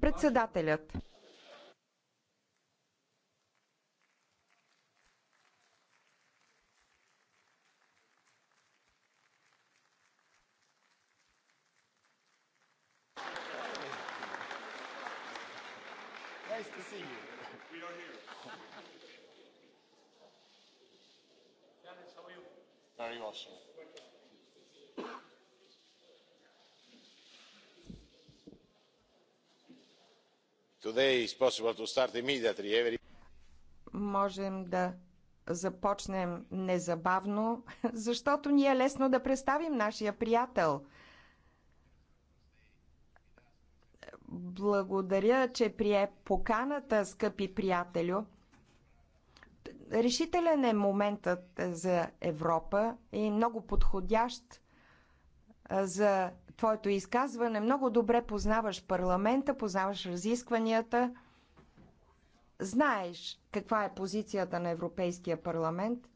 Председателят Можем да започнем незабавно, защото ни е лесно да представим нашия приятел. Благодаря, че прие поканата, скъпи приятелю. Решителен е моментът за Европа и много подходящ за твоето изказване. Много добре познаваш парламента, познаваш разискванията, знаеш каква е позицията на Европейския парламент.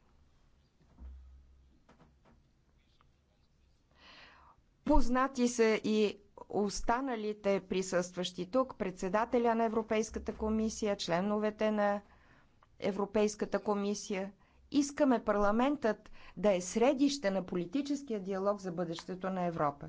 Познати са и останалите присъстващи тук, председателя на Европейската комисия, членовете на Европейската комисия. Искаме парламентът да е средище на политическия диалог за бъдещето на Европа.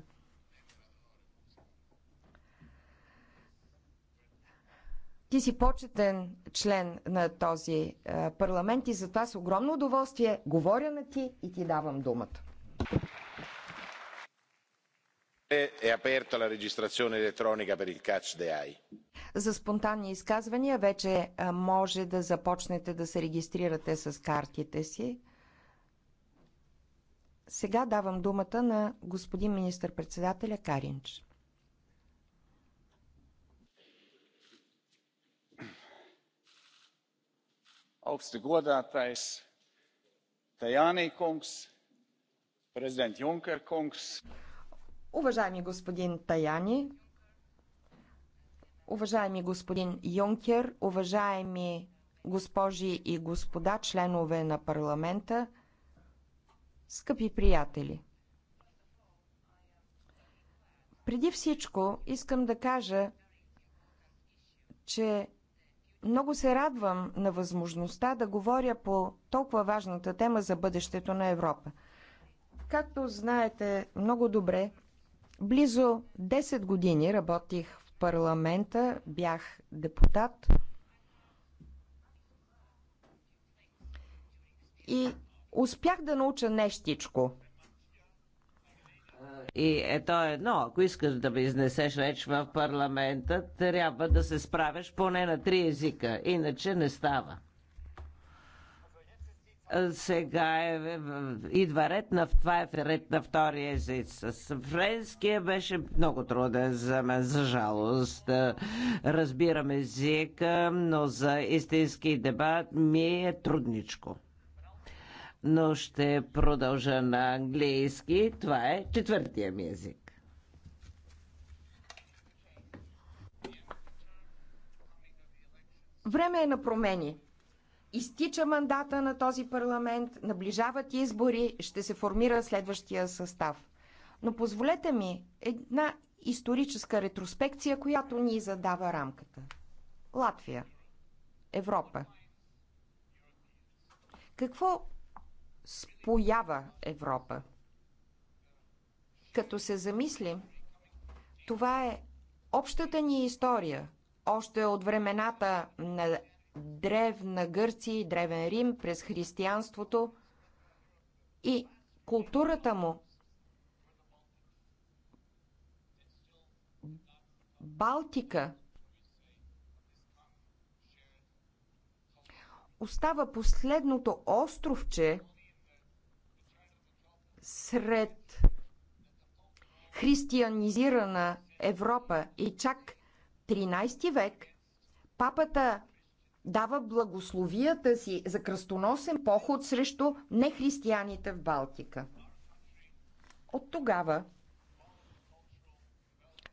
Ти си почетен член на този е, парламент и затова с огромно удоволствие говоря на ти и ти давам думата. Е aperta е la registrazione elettronica per il Catch the Eye. За спонтанни изказвания вече е, може да започнете да се регистрирате с картите си. Сега давам думата на господин министър-председателя Каринч. augsti godātais tajani kungs prezident juncker kungs Уважаеми господин Таяни, уважаеми господин Юнкер, уважаеми госпожи и господа, членове на парламента, скъпи приятели. Преди всичко искам да кажа, че много се радвам на възможността да говоря по толкова важната тема за бъдещето на Европа. Както знаете много добре, близо 10 години работих в парламента, бях депутат и успях да науча нещичко – и е то едно, ако искаш да ви изнесеш реч в парламента, трябва да се справяш поне на три езика, иначе не става. Сега е, е, е, идва ред на, това е ред на втори език. С френския беше много труден за мен, за жалост. Разбирам езика, но за истински дебат ми е трудничко но ще продължа на английски. Това е четвъртия ми език. Време е на промени. Изтича мандата на този парламент, наближават избори, ще се формира следващия състав. Но позволете ми една историческа ретроспекция, която ни задава рамката. Латвия. Европа. Какво споява Европа. Като се замислим, това е общата ни история, още от времената на древна Гърция и древен Рим през християнството и културата му. Балтика остава последното островче, сред християнизирана Европа и чак 13 век папата дава благословията си за кръстоносен поход срещу нехристияните в Балтика. От тогава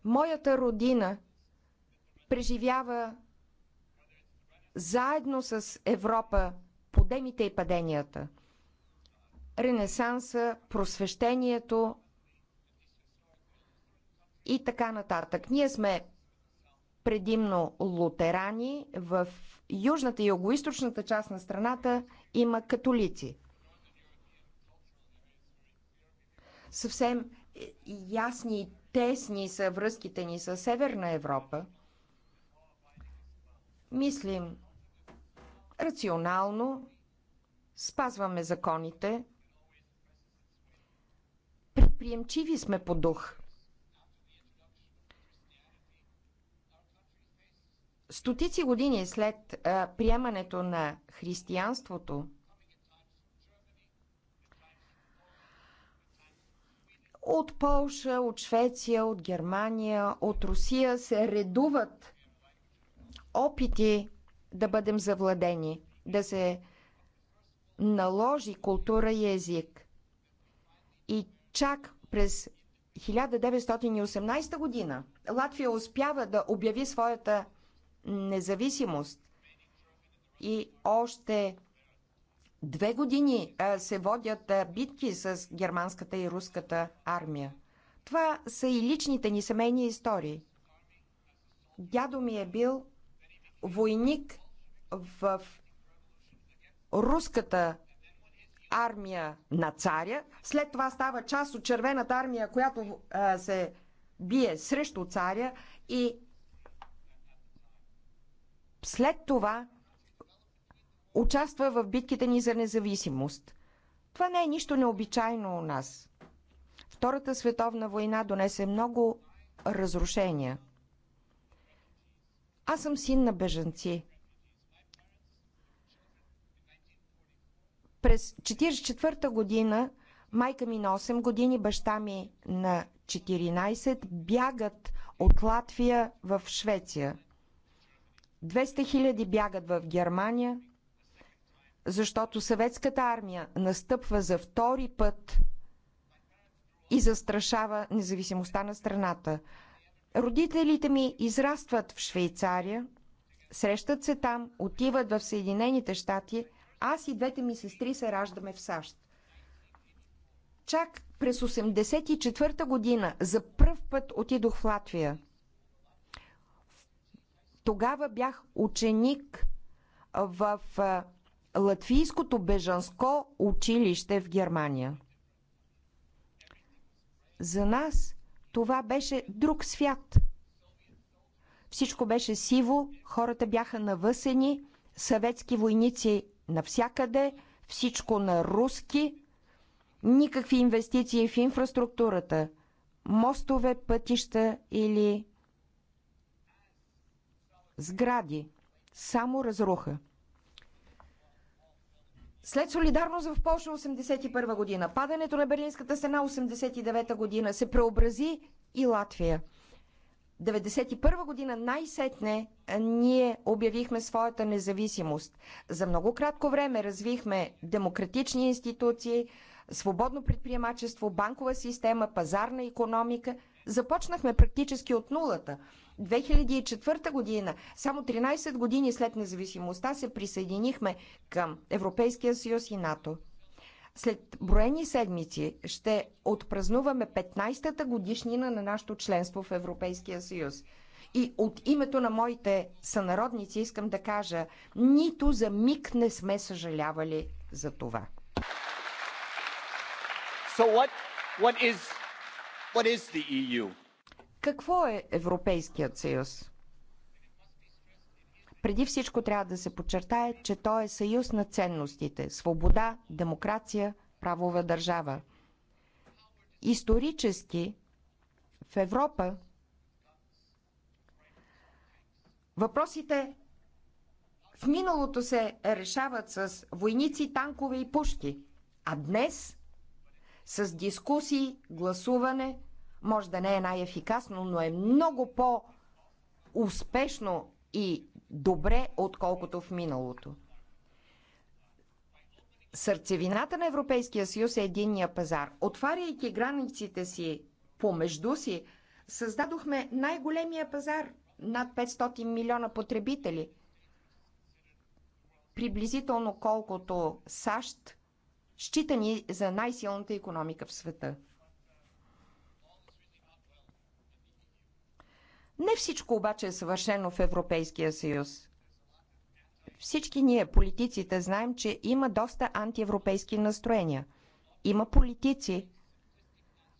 моята родина преживява заедно с Европа подемите и паденията – Ренесанса, просвещението и така нататък. Ние сме предимно лутерани, в южната и югоисточната част на страната има католици. Съвсем ясни и тесни са връзките ни с Северна Европа. Мислим рационално, спазваме законите, приемчиви сме по дух. Стотици години след а, приемането на християнството, от Полша, от Швеция, от Германия, от Русия се редуват опити да бъдем завладени, да се наложи култура и език. И Чак през 1918 година Латвия успява да обяви своята независимост и още две години се водят битки с германската и руската армия. Това са и личните ни семейни истории. Дядо ми е бил войник в руската армия на царя, след това става част от червената армия, която а, се бие срещу царя и след това участва в битките ни за независимост. Това не е нищо необичайно у нас. Втората световна война донесе много разрушения. Аз съм син на бежанци – През 1944 година майка ми на 8 години, баща ми на 14 бягат от Латвия в Швеция. 200 хиляди бягат в Германия, защото съветската армия настъпва за втори път и застрашава независимостта на страната. Родителите ми израстват в Швейцария, срещат се там, отиват в Съединените щати – аз и двете ми сестри се раждаме в САЩ. Чак през 84-та година за пръв път отидох в Латвия. Тогава бях ученик в Латвийското бежанско училище в Германия. За нас това беше друг свят. Всичко беше сиво, хората бяха навъсени, съветски войници навсякъде, всичко на руски, никакви инвестиции в инфраструктурата, мостове, пътища или сгради. Само разруха. След солидарност в Польша 81 година, падането на Берлинската стена 89 година се преобрази и Латвия. 1991 година най-сетне ние обявихме своята независимост. За много кратко време развихме демократични институции, свободно предприемачество, банкова система, пазарна економика. Започнахме практически от нулата. 2004 година, само 13 години след независимостта, се присъединихме към Европейския съюз и НАТО. След броени седмици ще отпразнуваме 15-та годишнина на нашето членство в Европейския съюз. И от името на моите сънародници искам да кажа, нито за миг не сме съжалявали за това. So what, what is, what is the EU? Какво е Европейският съюз? Преди всичко трябва да се подчертае, че той е съюз на ценностите – свобода, демокрация, правова държава. Исторически в Европа въпросите в миналото се решават с войници, танкове и пушки, а днес с дискусии, гласуване може да не е най-ефикасно, но е много по-успешно и добре, отколкото в миналото. Сърцевината на Европейския съюз е единния пазар. Отваряйки границите си помежду си, създадохме най-големия пазар над 500 милиона потребители. Приблизително колкото САЩ, считани за най-силната економика в света. Не всичко обаче е съвършено в Европейския съюз. Всички ние, политиците, знаем, че има доста антиевропейски настроения. Има политици,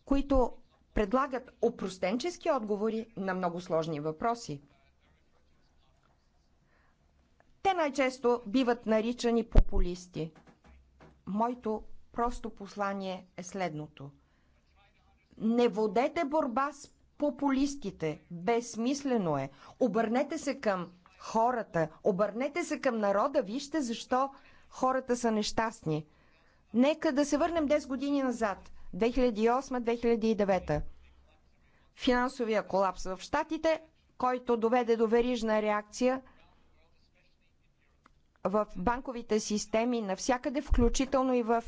които предлагат опростенчески отговори на много сложни въпроси. Те най-често биват наричани популисти. Моето просто послание е следното. Не водете борба с популистите. Безсмислено е. Обърнете се към хората, обърнете се към народа, вижте защо хората са нещастни. Нека да се върнем 10 години назад. 2008-2009. Финансовия колапс в Штатите, който доведе до верижна реакция в банковите системи навсякъде, включително и в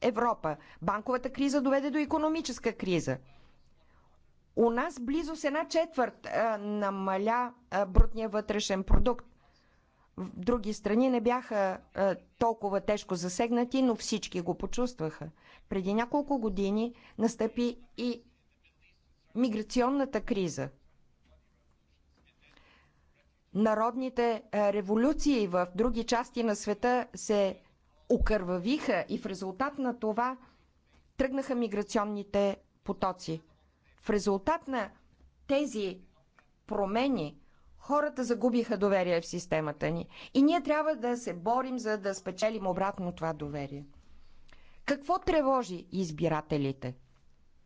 Европа. Банковата криза доведе до економическа криза. У нас близо с една четвърт а, намаля а, брутния вътрешен продукт. В други страни не бяха а, толкова тежко засегнати, но всички го почувстваха. Преди няколко години настъпи и миграционната криза. Народните революции в други части на света се окървавиха и в резултат на това тръгнаха миграционните потоци. В резултат на тези промени хората загубиха доверие в системата ни и ние трябва да се борим, за да спечелим обратно това доверие. Какво тревожи избирателите?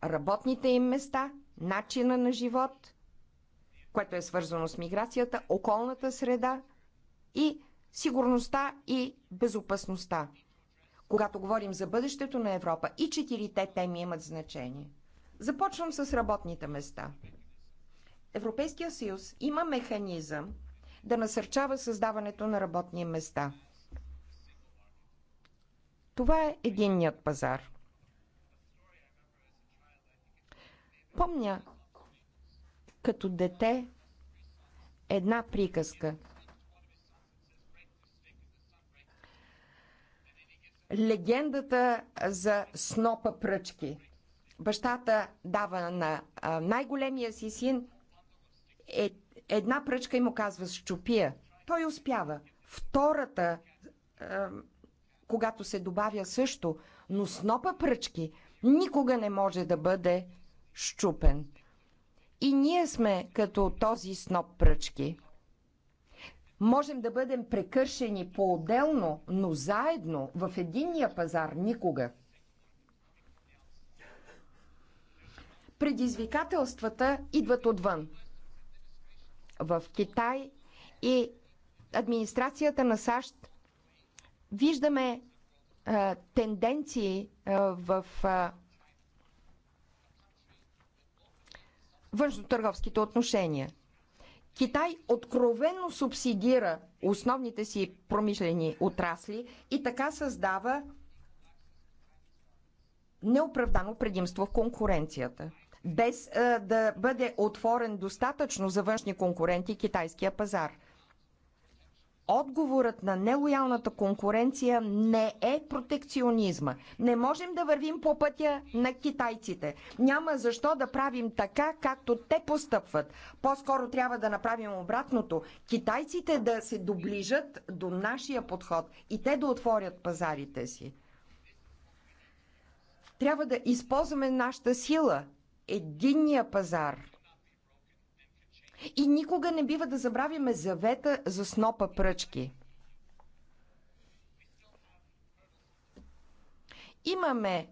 Работните им места, начина на живот, което е свързано с миграцията, околната среда и сигурността и безопасността. Когато говорим за бъдещето на Европа, и четирите теми имат значение – Започвам с работните места. Европейския съюз има механизъм да насърчава създаването на работни места. Това е единният пазар. Помня като дете една приказка. Легендата за снопа пръчки – Бащата дава на най-големия си син е, една пръчка и му казва щупия. Той успява. Втората, е, когато се добавя също, но снопа пръчки никога не може да бъде щупен. И ние сме като този сноп пръчки. Можем да бъдем прекършени по-отделно, но заедно в единния пазар никога. Предизвикателствата идват отвън. В Китай и администрацията на САЩ виждаме а, е, тенденции а, е, в а, е, външно-търговските отношения. Китай откровенно субсидира основните си промишлени отрасли и така създава неоправдано предимство в конкуренцията без е, да бъде отворен достатъчно за външни конкуренти китайския пазар. Отговорът на нелоялната конкуренция не е протекционизма. Не можем да вървим по пътя на китайците. Няма защо да правим така, както те постъпват. По-скоро трябва да направим обратното. Китайците да се доближат до нашия подход и те да отворят пазарите си. Трябва да използваме нашата сила, единния пазар. И никога не бива да забравяме завета за снопа пръчки. Имаме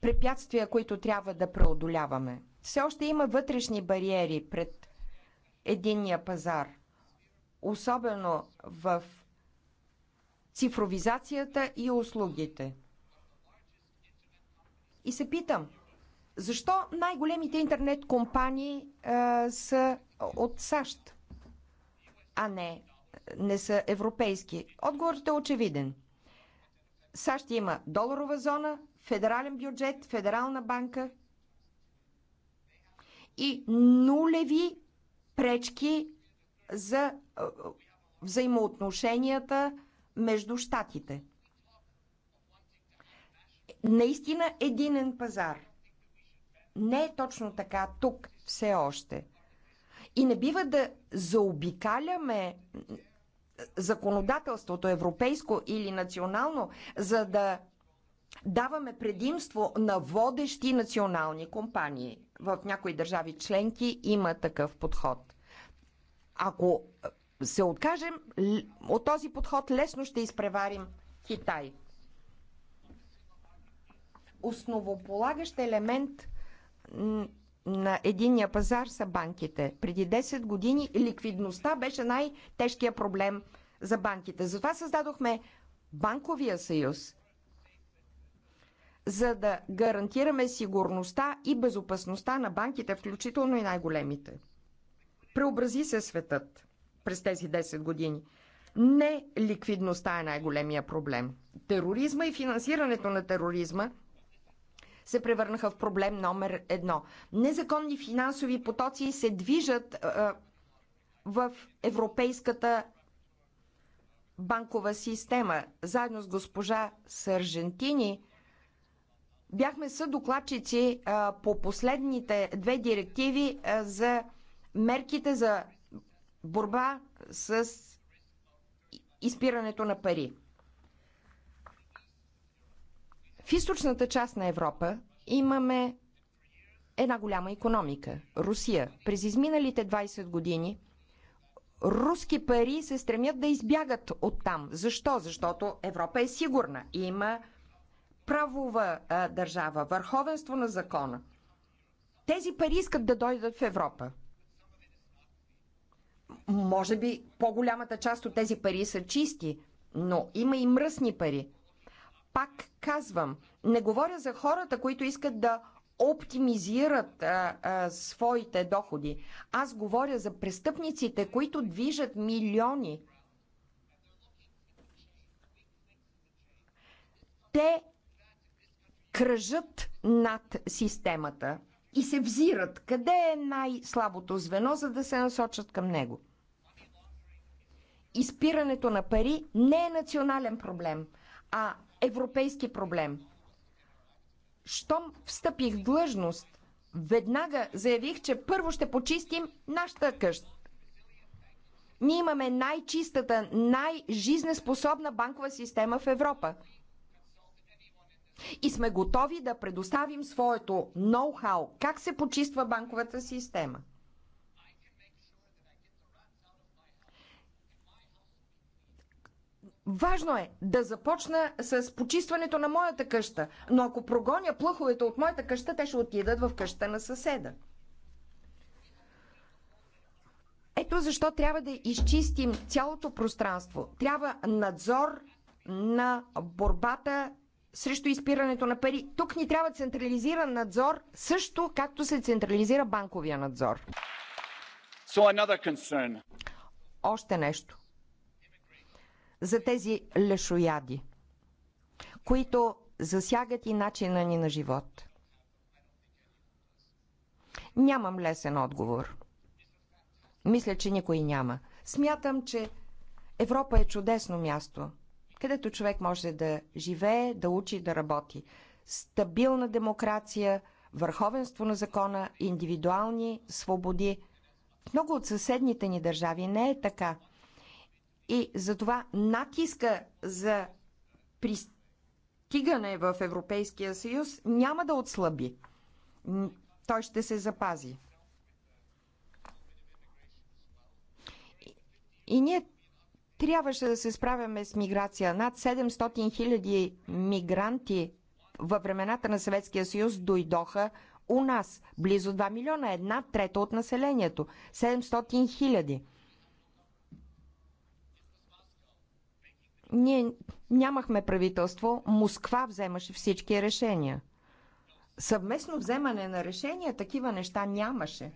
препятствия, които трябва да преодоляваме. Все още има вътрешни бариери пред единния пазар, особено в цифровизацията и услугите. И се питам, защо най-големите интернет компании а, са от САЩ, а не, не са европейски? Отговорът е очевиден. САЩ има доларова зона, федерален бюджет, федерална банка и нулеви пречки за взаимоотношенията между щатите. Наистина единен пазар – не е точно така тук все още. И не бива да заобикаляме законодателството, европейско или национално, за да даваме предимство на водещи национални компании. В някои държави членки има такъв подход. Ако се откажем от този подход, лесно ще изпреварим Китай. Основополагащ елемент на единния пазар са банките. Преди 10 години ликвидността беше най-тежкия проблем за банките. Затова създадохме Банковия съюз, за да гарантираме сигурността и безопасността на банките, включително и най-големите. Преобрази се светът през тези 10 години. Не ликвидността е най-големия проблем. Тероризма и финансирането на тероризма се превърнаха в проблем номер едно. Незаконни финансови потоци се движат в европейската банкова система. Заедно с госпожа Сържентини бяхме съдокладчици по последните две директиви за мерките за борба с изпирането на пари. В източната част на Европа имаме една голяма економика – Русия. През изминалите 20 години руски пари се стремят да избягат от там. Защо? Защото Европа е сигурна. Има правова а, държава, върховенство на закона. Тези пари искат да дойдат в Европа. Може би по-голямата част от тези пари са чисти, но има и мръсни пари – пак казвам, не говоря за хората, които искат да оптимизират а, а, своите доходи. Аз говоря за престъпниците, които движат милиони. Те кръжат над системата и се взират къде е най-слабото звено, за да се насочат към него. Изпирането на пари не е национален проблем, а европейски проблем. Щом встъпих в длъжност, веднага заявих, че първо ще почистим нашата къща. Ние имаме най-чистата, най-жизнеспособна банкова система в Европа. И сме готови да предоставим своето ноу-хау как се почиства банковата система. Важно е да започна с почистването на моята къща, но ако прогоня плъховете от моята къща, те ще отидат в къща на съседа. Ето защо трябва да изчистим цялото пространство. Трябва надзор на борбата срещу изпирането на пари. Тук ни трябва централизиран надзор, също както се централизира банковия надзор. So Още нещо за тези лешояди, които засягат и начина ни на живот? Нямам лесен отговор. Мисля, че никой няма. Смятам, че Европа е чудесно място, където човек може да живее, да учи, да работи. Стабилна демокрация, върховенство на закона, индивидуални свободи. В много от съседните ни държави не е така – и затова натиска за пристигане в Европейския съюз няма да отслаби. Той ще се запази. И, и ние трябваше да се справяме с миграция. Над 700 хиляди мигранти във времената на Съветския съюз дойдоха у нас. Близо 2 милиона, една трета от населението. 700 хиляди. Ние нямахме правителство, Москва вземаше всички решения. Съвместно вземане на решения такива неща нямаше.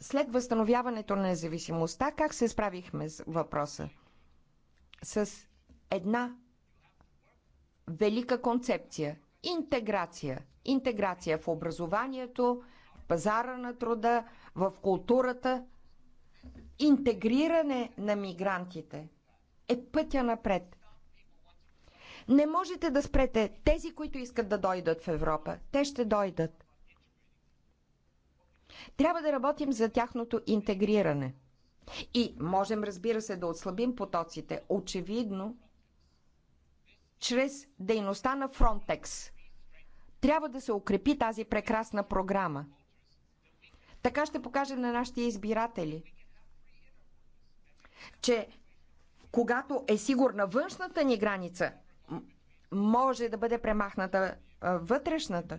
След възстановяването на независимостта, как се справихме с въпроса? С една велика концепция интеграция. Интеграция в образованието, в пазара на труда, в културата. Интегриране на мигрантите е пътя напред. Не можете да спрете тези, които искат да дойдат в Европа. Те ще дойдат. Трябва да работим за тяхното интегриране. И можем, разбира се, да отслабим потоците. Очевидно, чрез дейността на Фронтекс. Трябва да се укрепи тази прекрасна програма. Така ще покажем на нашите избиратели, че когато е сигурна външната ни граница, може да бъде премахната вътрешната.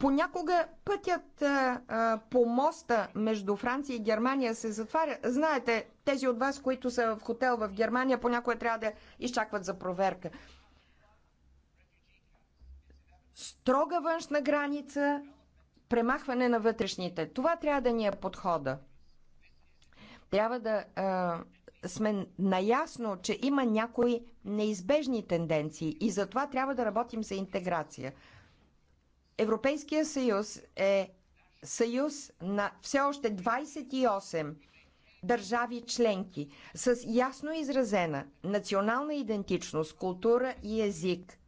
Понякога пътят а, по моста между Франция и Германия се затваря. Знаете, тези от вас, които са в хотел в Германия, понякога трябва да изчакват за проверка. Строга външна граница, премахване на вътрешните. Това трябва да ни е подхода. Трябва да а, сме наясно, че има някои неизбежни тенденции и затова трябва да работим за интеграция. Европейския съюз е съюз на все още 28 държави членки с ясно изразена национална идентичност, култура и език.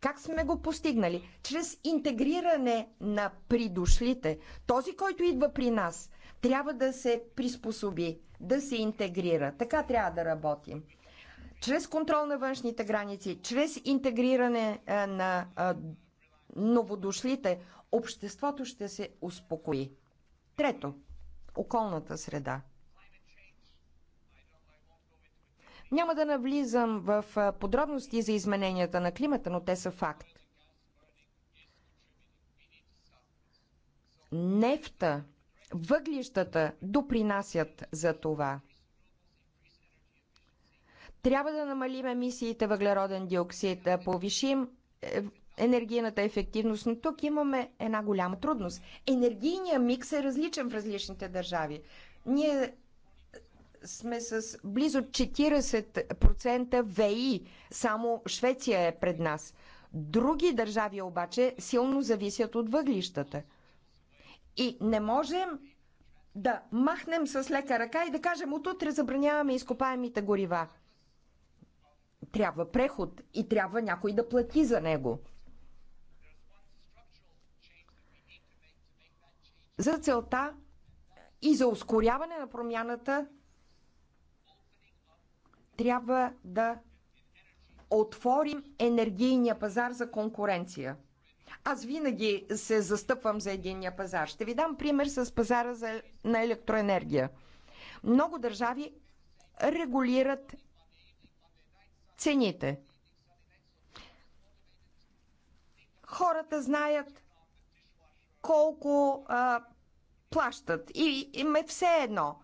Как сме го постигнали? Чрез интегриране на придошлите. Този, който идва при нас, трябва да се приспособи, да се интегрира. Така трябва да работим. Чрез контрол на външните граници, чрез интегриране е, на е, новодошлите, обществото ще се успокои. Трето, околната среда. Няма да навлизам в е, подробности за измененията на климата, но те са факт. Нефта Въглищата допринасят за това. Трябва да намалим емисиите въглероден диоксид, да повишим е, енергийната ефективност, но тук имаме една голяма трудност. Енергийният микс е различен в различните държави. Ние сме с близо 40% ВИ, само Швеция е пред нас. Други държави обаче силно зависят от въглищата – и не можем да махнем с лека ръка и да кажем от утре забраняваме изкопаемите горива. Трябва преход и трябва някой да плати за него. За целта и за ускоряване на промяната трябва да отворим енергийния пазар за конкуренция. Аз винаги се застъпвам за единния пазар. Ще ви дам пример с пазара за, на електроенергия. Много държави регулират цените. Хората знаят колко а, плащат и им е все едно.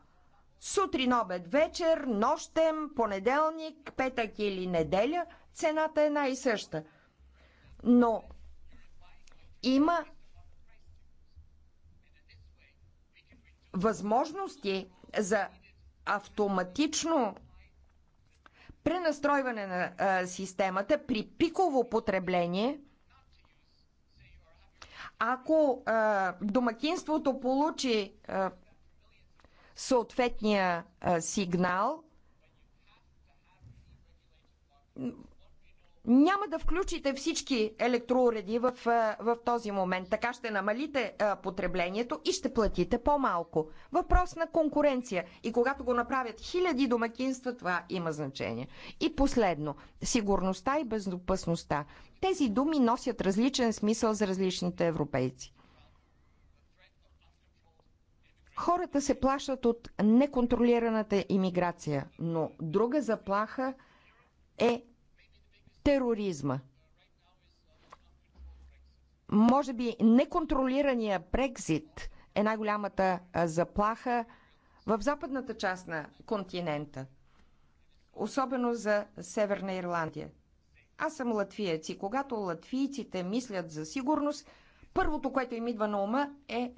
Сутрин, обед, вечер, нощем, понеделник, петък или неделя цената е една и съща. Но има възможности за автоматично пренастройване на а, системата при пиково потребление, ако а, домакинството получи а, съответния а, сигнал, няма да включите всички електроуреди в, в този момент. Така ще намалите а, потреблението и ще платите по-малко. Въпрос на конкуренция. И когато го направят хиляди домакинства, това има значение. И последно, сигурността и безопасността. Тези думи носят различен смисъл за различните европейци. Хората се плашат от неконтролираната иммиграция, но друга заплаха е тероризма. Може би неконтролирания Брекзит е най-голямата заплаха в западната част на континента, особено за Северна Ирландия. Аз съм латвиец и когато латвийците мислят за сигурност, първото, което им идва на ума е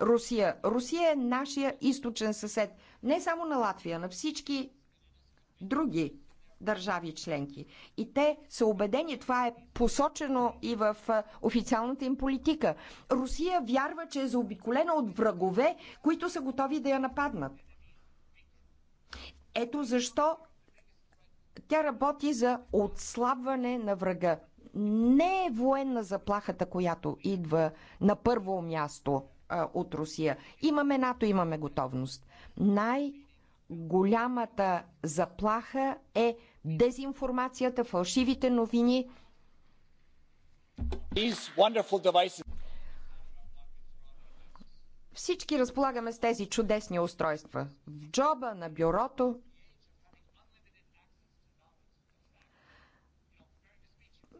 Русия. Русия е нашия източен съсед. Не само на Латвия, на всички други държави членки. И те са убедени, това е посочено и в официалната им политика. Русия вярва, че е заобиколена от врагове, които са готови да я нападнат. Ето защо тя работи за отслабване на врага. Не е военна заплахата, която идва на първо място а, от Русия. Имаме НАТО, имаме готовност. Най-голямата заплаха е дезинформацията, фалшивите новини. Всички разполагаме с тези чудесни устройства. В джоба, на бюрото.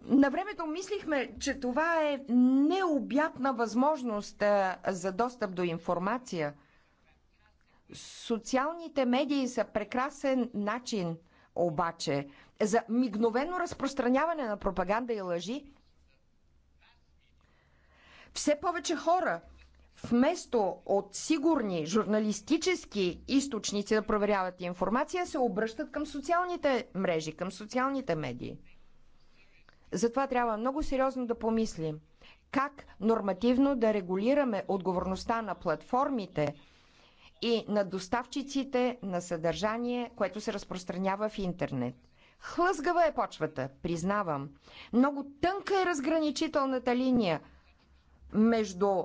На времето мислихме, че това е необятна възможност за достъп до информация. Социалните медии са прекрасен начин – обаче за мигновено разпространяване на пропаганда и лъжи, все повече хора, вместо от сигурни журналистически източници да проверяват информация, се обръщат към социалните мрежи, към социалните медии. Затова трябва много сериозно да помислим как нормативно да регулираме отговорността на платформите – и на доставчиците на съдържание, което се разпространява в интернет. Хлъзгава е почвата, признавам. Много тънка е разграничителната линия между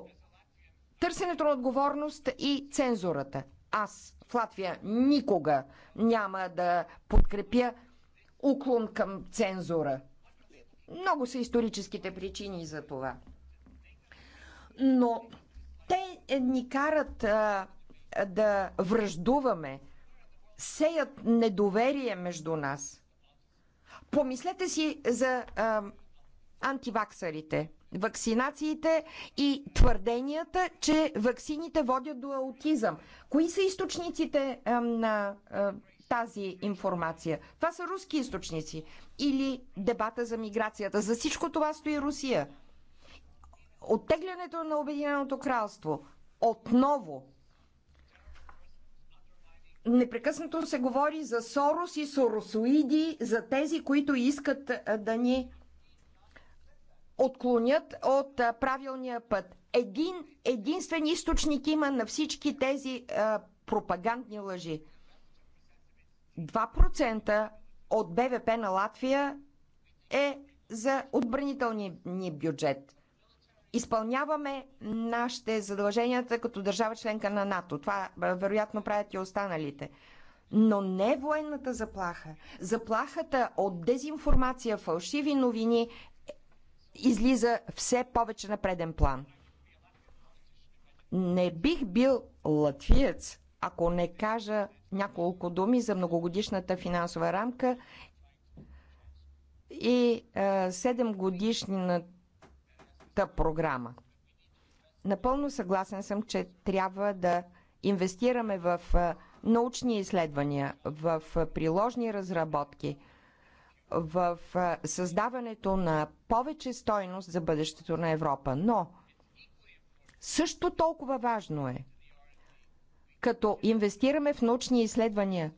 търсенето на отговорност и цензурата. Аз в Латвия никога няма да подкрепя уклон към цензура. Много са историческите причини за това. Но те ни карат а, да връждуваме, сеят недоверие между нас. Помислете си за а, антиваксарите, вакцинациите и твърденията, че ваксините водят до аутизъм. Кои са източниците а, на а, тази информация? Това са руски източници или дебата за миграцията. За всичко това стои Русия. Оттеглянето на Обединеното кралство отново непрекъснато се говори за Сорос и Соросоиди, за тези, които искат да ни отклонят от правилния път. Един единствен източник има на всички тези а, пропагандни лъжи. 2% от БВП на Латвия е за отбранителния бюджет. Изпълняваме нашите задълженията като държава членка на НАТО. Това вероятно правят и останалите. Но не военната заплаха. Заплахата от дезинформация, фалшиви новини излиза все повече на преден план. Не бих бил латвиец, ако не кажа няколко думи за многогодишната финансова рамка и 7 годишнината програма. Напълно съгласен съм, че трябва да инвестираме в научни изследвания, в приложни разработки, в създаването на повече стойност за бъдещето на Европа. Но също толкова важно е, като инвестираме в научни изследвания,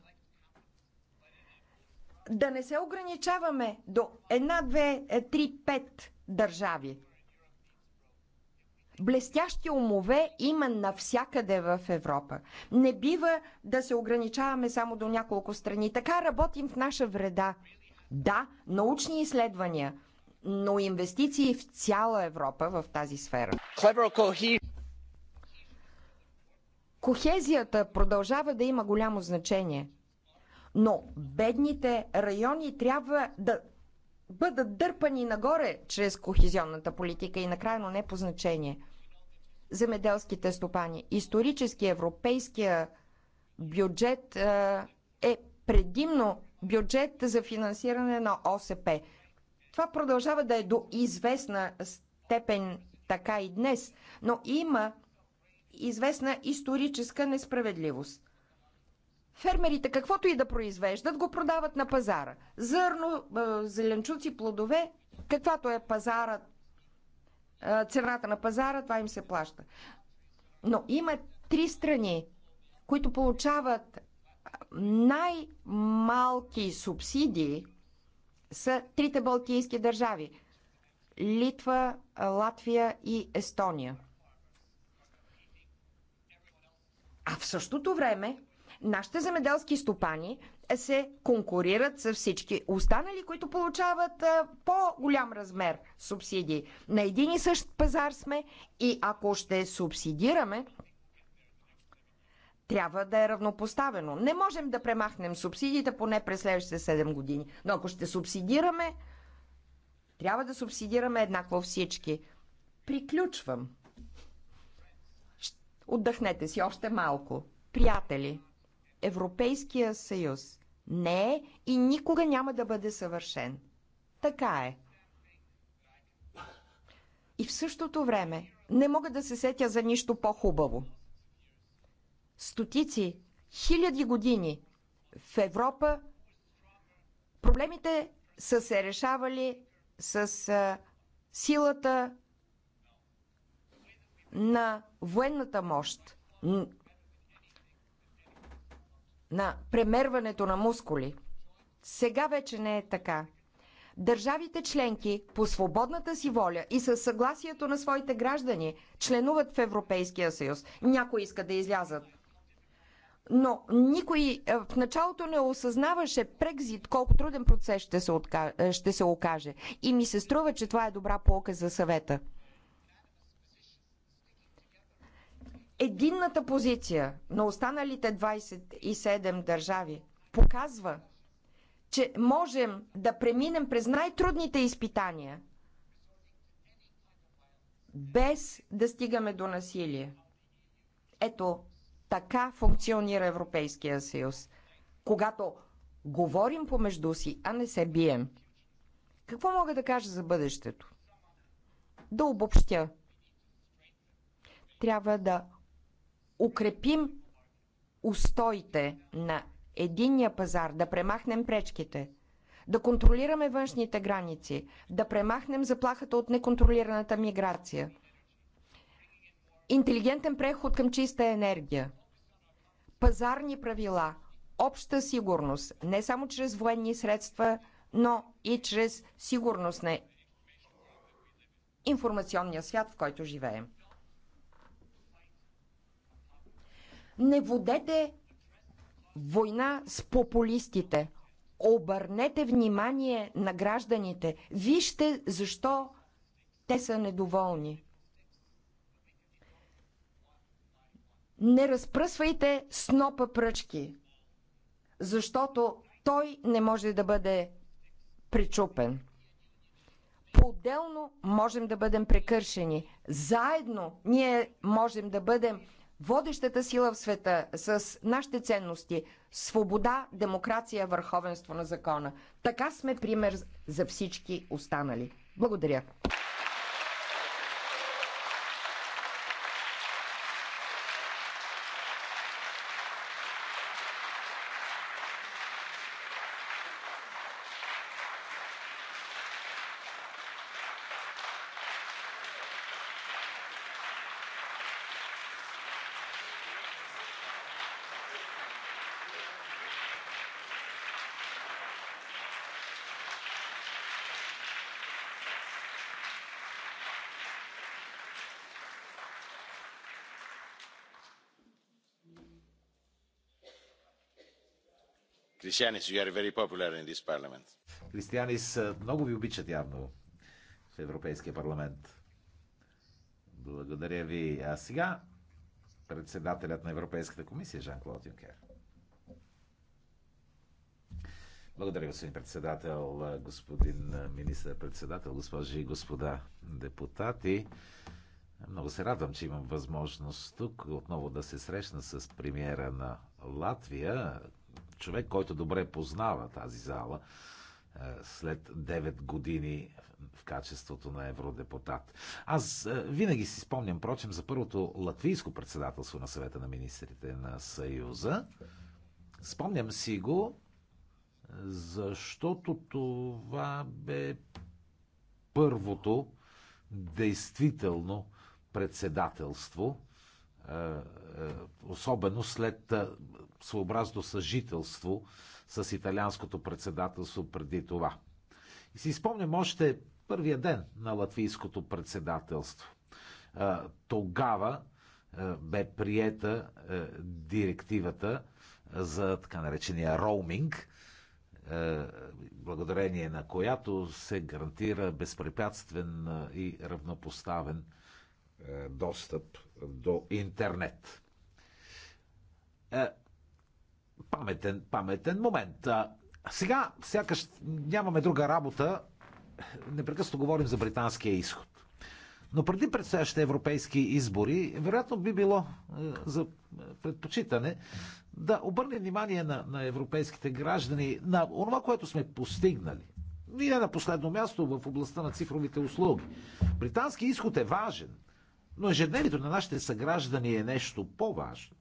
да не се ограничаваме до една, две, три, пет държави. Блестящи умове има навсякъде в Европа. Не бива да се ограничаваме само до няколко страни. Така работим в наша вреда. Да, научни изследвания, но инвестиции в цяла Европа в тази сфера. Кохезията продължава да има голямо значение, но бедните райони трябва да бъдат дърпани нагоре чрез кохезионната политика и накрая, но не по значение. Земеделските стопани. Исторически европейския бюджет е, е предимно бюджет за финансиране на ОСП. Това продължава да е до известна степен така и днес, но има известна историческа несправедливост. Фермерите, каквото и да произвеждат, го продават на пазара. Зърно, зеленчуци, плодове, каквато е пазара, цената на пазара, това им се плаща. Но има три страни, които получават най-малки субсидии са трите балтийски държави Литва, Латвия и Естония. А в същото време Нашите земеделски стопани се конкурират с всички останали, които получават по-голям размер субсидии. На един и същ пазар сме и ако ще субсидираме, трябва да е равнопоставено. Не можем да премахнем субсидиите поне през следващите 7 години. Но ако ще субсидираме, трябва да субсидираме еднакво всички. Приключвам. Отдъхнете си още малко. Приятели, Европейския съюз не е и никога няма да бъде съвършен. Така е. И в същото време не мога да се сетя за нищо по-хубаво. Стотици, хиляди години в Европа проблемите са се решавали с силата на военната мощ на премерването на мускули. Сега вече не е така. Държавите членки по свободната си воля и със съгласието на своите граждани членуват в Европейския съюз. Някои искат да излязат. Но никой е, в началото не осъзнаваше Брекзит, колко труден процес ще се, отка... ще се окаже. И ми се струва, че това е добра полка за съвета. единната позиция на останалите 27 държави показва, че можем да преминем през най-трудните изпитания без да стигаме до насилие. Ето така функционира Европейския съюз. Когато говорим помежду си, а не се бием. Какво мога да кажа за бъдещето? Да обобщя. Трябва да укрепим устоите на единния пазар, да премахнем пречките, да контролираме външните граници, да премахнем заплахата от неконтролираната миграция, интелигентен преход към чиста енергия, пазарни правила, обща сигурност, не само чрез военни средства, но и чрез сигурност на информационния свят, в който живеем. Не водете война с популистите. Обърнете внимание на гражданите. Вижте защо те са недоволни. Не разпръсвайте снопа пръчки, защото той не може да бъде причупен. Поделно можем да бъдем прекършени. Заедно ние можем да бъдем водещата сила в света с нашите ценности свобода, демокрация, върховенство на закона. Така сме пример за всички останали. Благодаря. Християнис, you are very popular in this parliament. Християнис, е, много ви обичат явно в Европейския парламент. Благодаря ви. А сега председателят на Европейската комисия Жан-Клод Юнкер. Благодаря, господин председател, господин министър-председател, госпожи и господа депутати. Много се радвам, че имам възможност тук отново да се срещна с премиера на Латвия, човек, който добре познава тази зала е, след 9 години в качеството на евродепутат. Аз е, винаги си спомням, прочим, за първото латвийско председателство на съвета на министрите на Съюза. Спомням си го, е, защото това бе първото действително председателство, особено след своеобразно съжителство с италианското председателство преди това. И си спомням още първия ден на латвийското председателство. Тогава бе приета директивата за така наречения роуминг, благодарение на която се гарантира безпрепятствен и равнопоставен достъп до интернет паметен, паметен момент. А, сега, сякаш нямаме друга работа, непрекъснато говорим за британския изход. Но преди предстоящите европейски избори, вероятно би било е, за предпочитане да обърнем внимание на, на европейските граждани на това, което сме постигнали. И не на последно място в областта на цифровите услуги. Британски изход е важен, но ежедневието на нашите съграждани е нещо по-важно.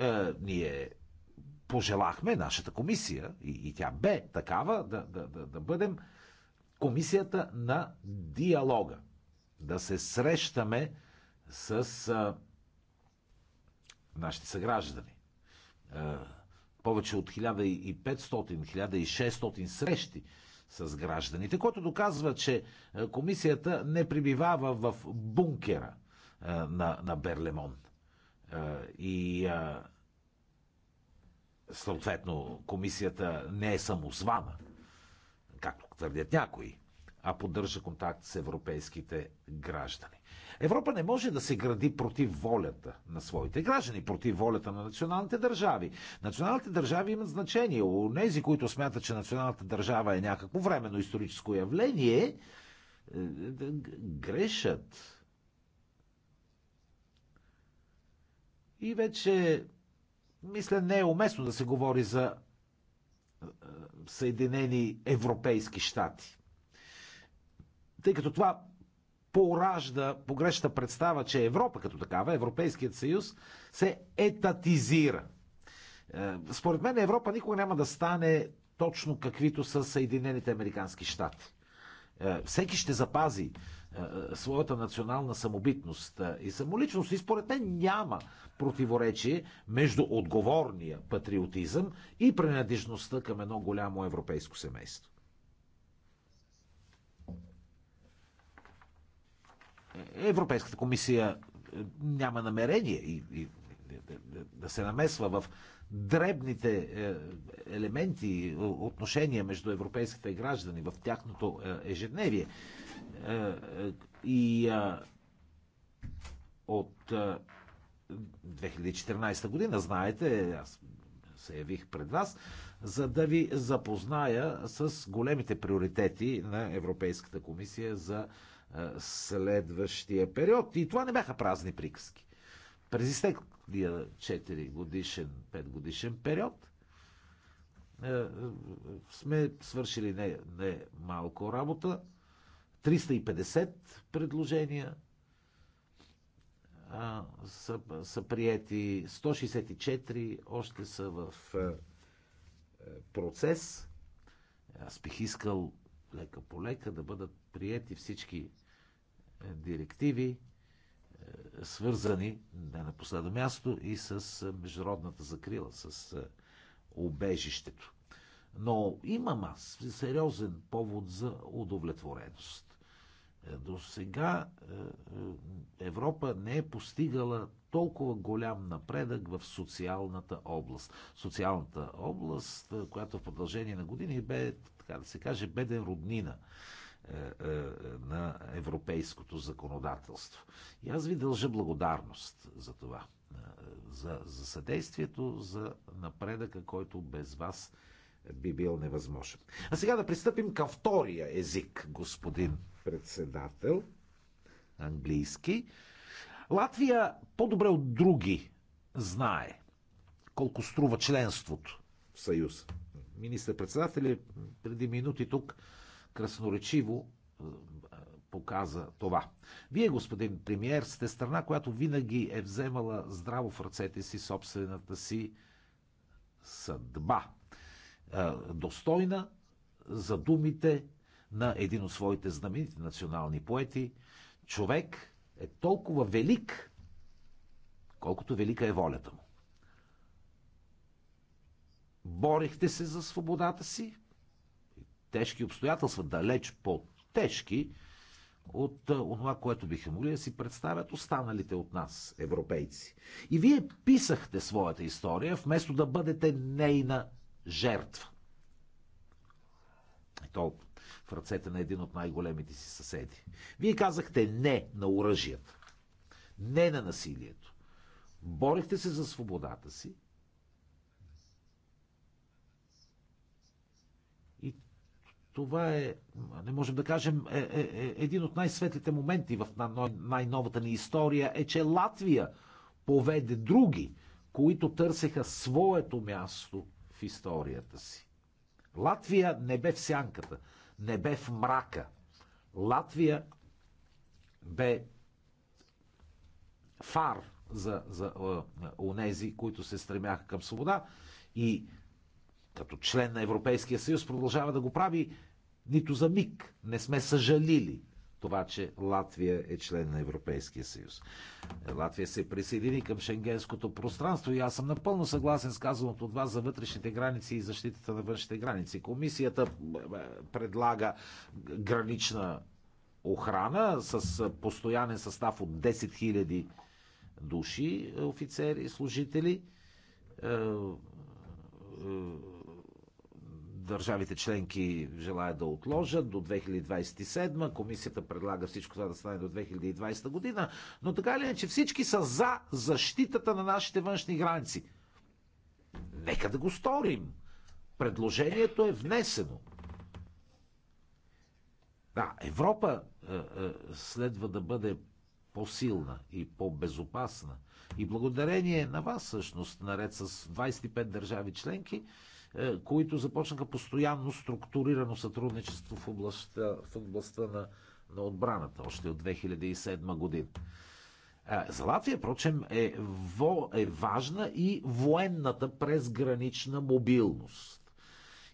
Е, ние пожелахме нашата комисия, и, и тя бе такава, да, да, да, да бъдем комисията на диалога. Да се срещаме с а, е, нашите съграждани. А, е, повече от 1500-1600 срещи с гражданите, което доказва, че комисията не прибивава в бункера а, на, на Берлемон и съответно комисията не е самозвана, както твърдят някои, а поддържа контакт с европейските граждани. Европа не може да се гради против волята на своите граждани, против волята на националните държави. Националните държави имат значение. У нези, които смятат, че националната държава е някакво временно историческо явление, е, е, грешат И вече, мисля, не е уместно да се говори за е, Съединени Европейски щати. Тъй като това поражда погрешна представа, че Европа като такава, Европейският съюз, се етатизира. Е, според мен Европа никога няма да стане точно каквито са Съединените Американски щати. Е, всеки ще запази е, своята национална самобитност е, и самоличност. И според мен няма противоречие между отговорния патриотизъм и принадлежността към едно голямо европейско семейство. Е, Европейската комисия няма намерение и, и, да се намесва в дребните елементи, отношения между европейските граждани в тяхното ежедневие. Е, е, и от 2014 година, знаете, аз се явих пред вас, за да ви запозная с големите приоритети на Европейската комисия за е, следващия период. И това не бяха празни приказки. През изтеклия 4 годишен, 5 годишен период сме свършили не, не малко работа. 350 предложения а, са, са приети, 164 още са в а, е, е, процес. Аз бих искал лека по лека да бъдат приети всички е, директиви, свързани не на последно място и с международната закрила, с обежището. Но имам аз сериозен повод за удовлетвореност. Е, до сега е, е, Европа не е постигала толкова голям напредък в социалната област. Социалната област, която в продължение на години бе, така да се каже, беден роднина на европейското законодателство. И аз ви дължа благодарност за това, за, за съдействието, за напредъка, който без вас би бил невъзможен. А сега да пристъпим към втория език, господин председател, английски. Латвия по-добре от други знае колко струва членството в Съюз. министър председател преди минути тук красноречиво е, показа това. Вие, господин премьер, сте страна, която винаги е вземала здраво в ръцете си собствената си съдба. Е, достойна за думите на един от своите знаменити национални поети. Човек е толкова велик, колкото велика е волята му. Борихте се за свободата си. Тежки обстоятелства, далеч по-тежки от това, е, което биха могли да си представят останалите от нас, европейци. И вие писахте своята история, вместо да бъдете нейна жертва. И то в ръцете на един от най-големите си съседи. Вие казахте не на оръжията. Не на насилието. Борихте се за свободата си. И това е, не можем да кажем, е, е, е, един от най-светлите моменти в най-новата ни история е, че Латвия поведе други, които търсеха своето място историята си. Латвия не бе в сянката, не бе в мрака. Латвия бе фар за, за е, е, онези, които се стремяха към свобода и като член на Европейския съюз продължава да го прави, нито за миг не сме съжалили това, че Латвия е член на Европейския съюз. Латвия се присъедини към шенгенското пространство и аз съм напълно съгласен с казаното от вас за вътрешните граници и защитата на външните граници. Комисията е, е, предлага гранична охрана с е, постоянен състав от 10 000 души, офицери, служители държавите членки желаят да отложат до 2027. Комисията предлага всичко това да стане до 2020 година. Но така е, че всички са за защитата на нашите външни граници. Нека да го сторим. Предложението е внесено. Да, Европа е, е, следва да бъде по-силна и по-безопасна. И благодарение на вас, всъщност, наред с 25 държави членки, е, които започнаха постоянно структурирано сътрудничество в областта, в областта на, на отбраната още от 2007 година. Е, за Латвия, впрочем, е, во, е важна и военната презгранична мобилност.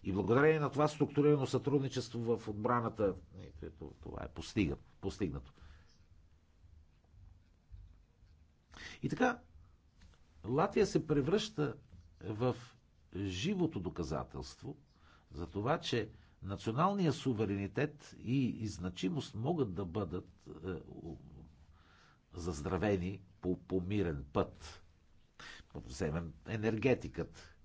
И благодарение на това структурирано сътрудничество в отбраната, е, това е постигнато. И така, Латвия се превръща в живото доказателство за това, че националния суверенитет и, и значимост могат да бъдат е, заздравени по, по мирен път. Вземем енергетиката.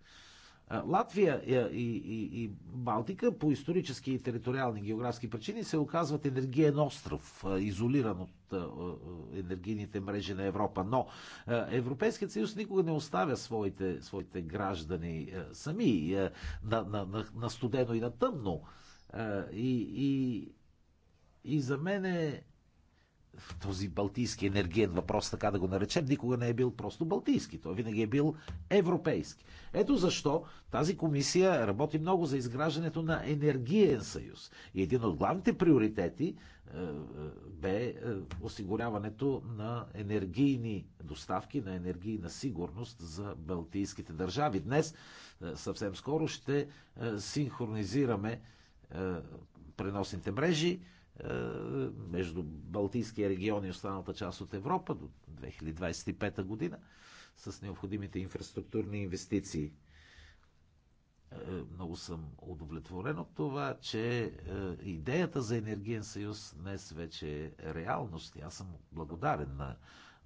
Латвия е, и, и, и Балтика по исторически и териториални географски причини се оказват енергиен остров, изолиран от енергийните мрежи на Европа. Но Европейският съюз никога не оставя своите, своите граждани сами, на, на, на, на студено и на тъмно. И, и, и за мен е този балтийски енергиен въпрос, така да го наречем, никога не е бил просто балтийски. Той винаги е бил европейски. Ето защо тази комисия работи много за изграждането на енергиен съюз. И един от главните приоритети е, е, бе е, осигуряването на енергийни доставки, на енергийна сигурност за балтийските държави. Днес съвсем скоро ще синхронизираме преносните мрежи е, между Балтийския регион и останалата част от Европа до 2025 година с необходимите инфраструктурни инвестиции. Е, много съм удовлетворен от това, че е, идеята за енергиен съюз днес вече е реалност. Аз съм благодарен на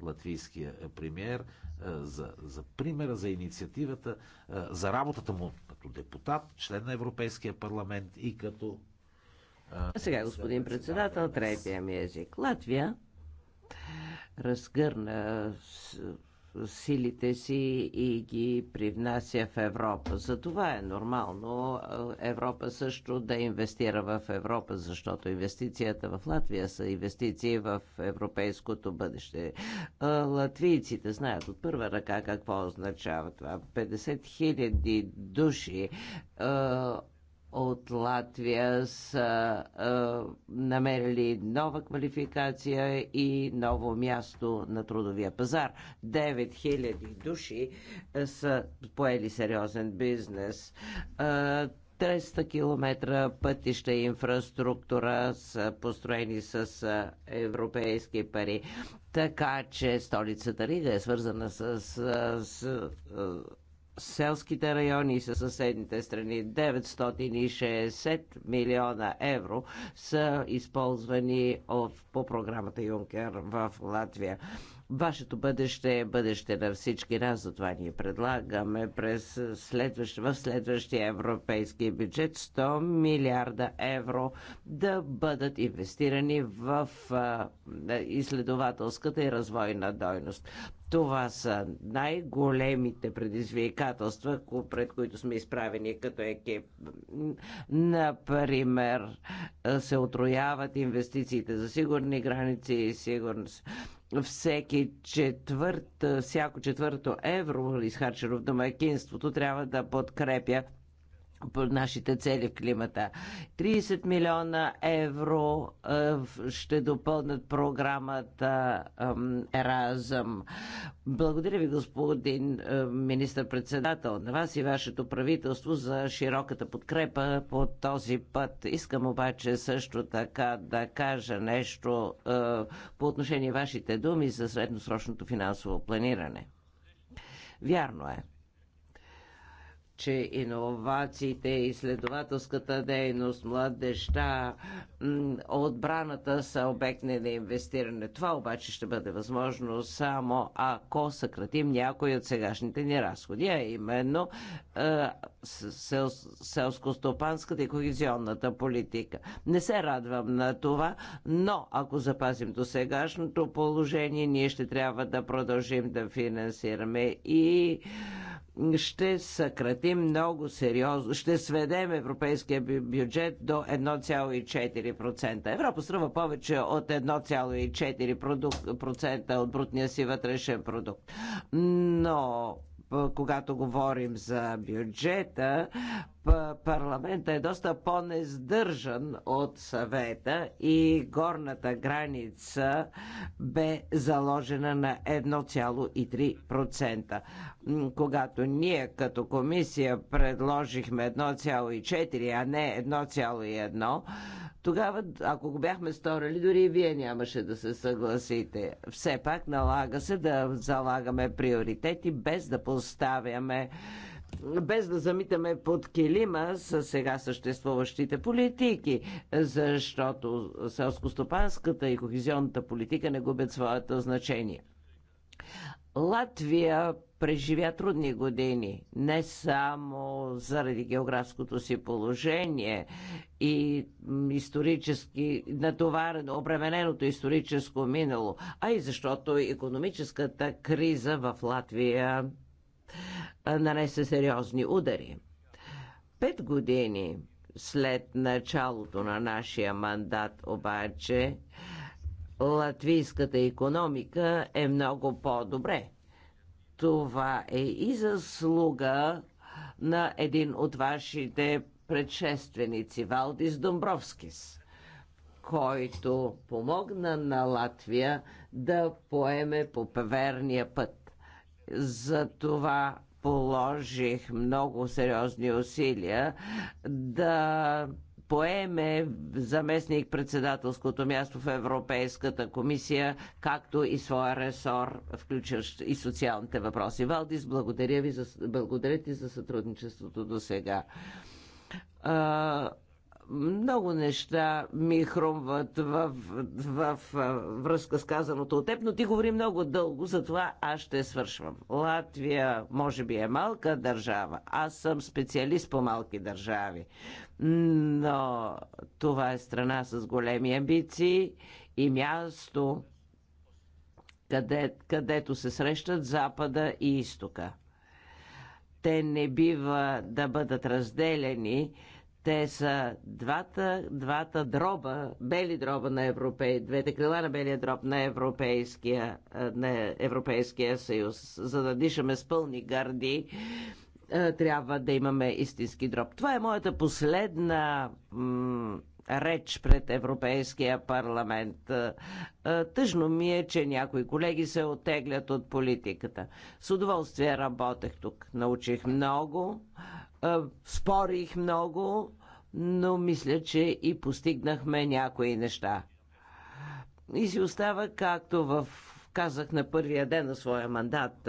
латвийския премьер за, за примера, за инициативата, за работата му като депутат, член на Европейския парламент и като а Сега, господин председател, третия ми език. Латвия разгърна силите си и ги привнася в Европа. За това е нормално Европа също да инвестира в Европа, защото инвестицията в Латвия са инвестиции в европейското бъдеще. Латвийците знаят от първа ръка какво означава това. 50 хиляди души от Латвия са а, е, намерили нова квалификация и ново място на трудовия пазар. 9000 души а, е, са поели сериозен бизнес. А, 300 км пътища и инфраструктура са построени с е, европейски пари. Така че столицата Рига е свързана с, с, с селските райони и със съседните страни. 960 милиона евро са използвани по програмата Юнкер в Латвия. Вашето бъдеще е бъдеще на всички нас, затова ние предлагаме през следващ, в следващия европейски бюджет 100 милиарда евро да бъдат инвестирани в изследователската и развойна дойност. Това са най-големите предизвикателства, пред които сме изправени като екип. Например, се отрояват инвестициите за сигурни граници и сигурност всеки четвърт, всяко четвърто евро, изхарчено в домакинството, трябва да подкрепя по нашите цели в климата. 30 милиона евро е, ще допълнат програмата Еразъм. Благодаря ви, господин е, министр-председател, на вас и вашето правителство за широката подкрепа по този път. Искам обаче също така да кажа нещо е, по отношение вашите думи за средносрочното финансово планиране. Вярно е че иновациите, изследователската дейност, младеща, отбраната са обектни на инвестиране. Това обаче ще бъде възможно само ако съкратим някои от сегашните ни разходи, а именно е, сел, селско-стопанската и когезионната политика. Не се радвам на това, но ако запазим до сегашното положение, ние ще трябва да продължим да финансираме и ще съкратим много сериозно, ще сведем европейския бюджет до 1,4%. Европа струва повече от 1,4% от брутния си вътрешен продукт. Но когато говорим за бюджета, парламента е доста по-нездържан от съвета и горната граница бе заложена на 1,3%. Когато ние като комисия предложихме 1,4, а не 1,1, тогава, ако го бяхме сторили, дори и вие нямаше да се съгласите. Все пак налага се да залагаме приоритети, без да поставяме без да замитаме под килима с сега съществуващите политики, защото селско-стопанската и кохезионната политика не губят своето значение. Латвия преживя трудни години, не само заради географското си положение и исторически натоварено, обремененото историческо минало, а и защото економическата криза в Латвия нанесе сериозни удари. Пет години след началото на нашия мандат обаче латвийската економика е много по-добре това е и заслуга на един от вашите предшественици, Валдис Домбровскис, който помогна на Латвия да поеме по певерния път. За това положих много сериозни усилия да поеме заместник председателското място в Европейската комисия, както и своя ресор, включващ и социалните въпроси. Валдис, благодаря ви за, благодаря ти за сътрудничеството до сега много неща ми хрумват в, в, в, връзка с казаното от теб, но ти говори много дълго, затова аз ще свършвам. Латвия може би е малка държава. Аз съм специалист по малки държави. Но това е страна с големи амбиции и място, къде, където се срещат Запада и Изтока. Те не бива да бъдат разделени те са двата, двата дроба, бели дроба на Европей, двете крила на белия дроб на Европейския, е, на Европейския съюз. За да дишаме с пълни гърди, е, трябва да имаме истински дроб. Това е моята последна реч пред Европейския парламент. Е, тъжно ми е, че някои колеги се отеглят от политиката. С удоволствие работех тук. Научих много е, спорих много, но мисля, че и постигнахме някои неща. И си остава, както в, казах на първия ден на своя мандат,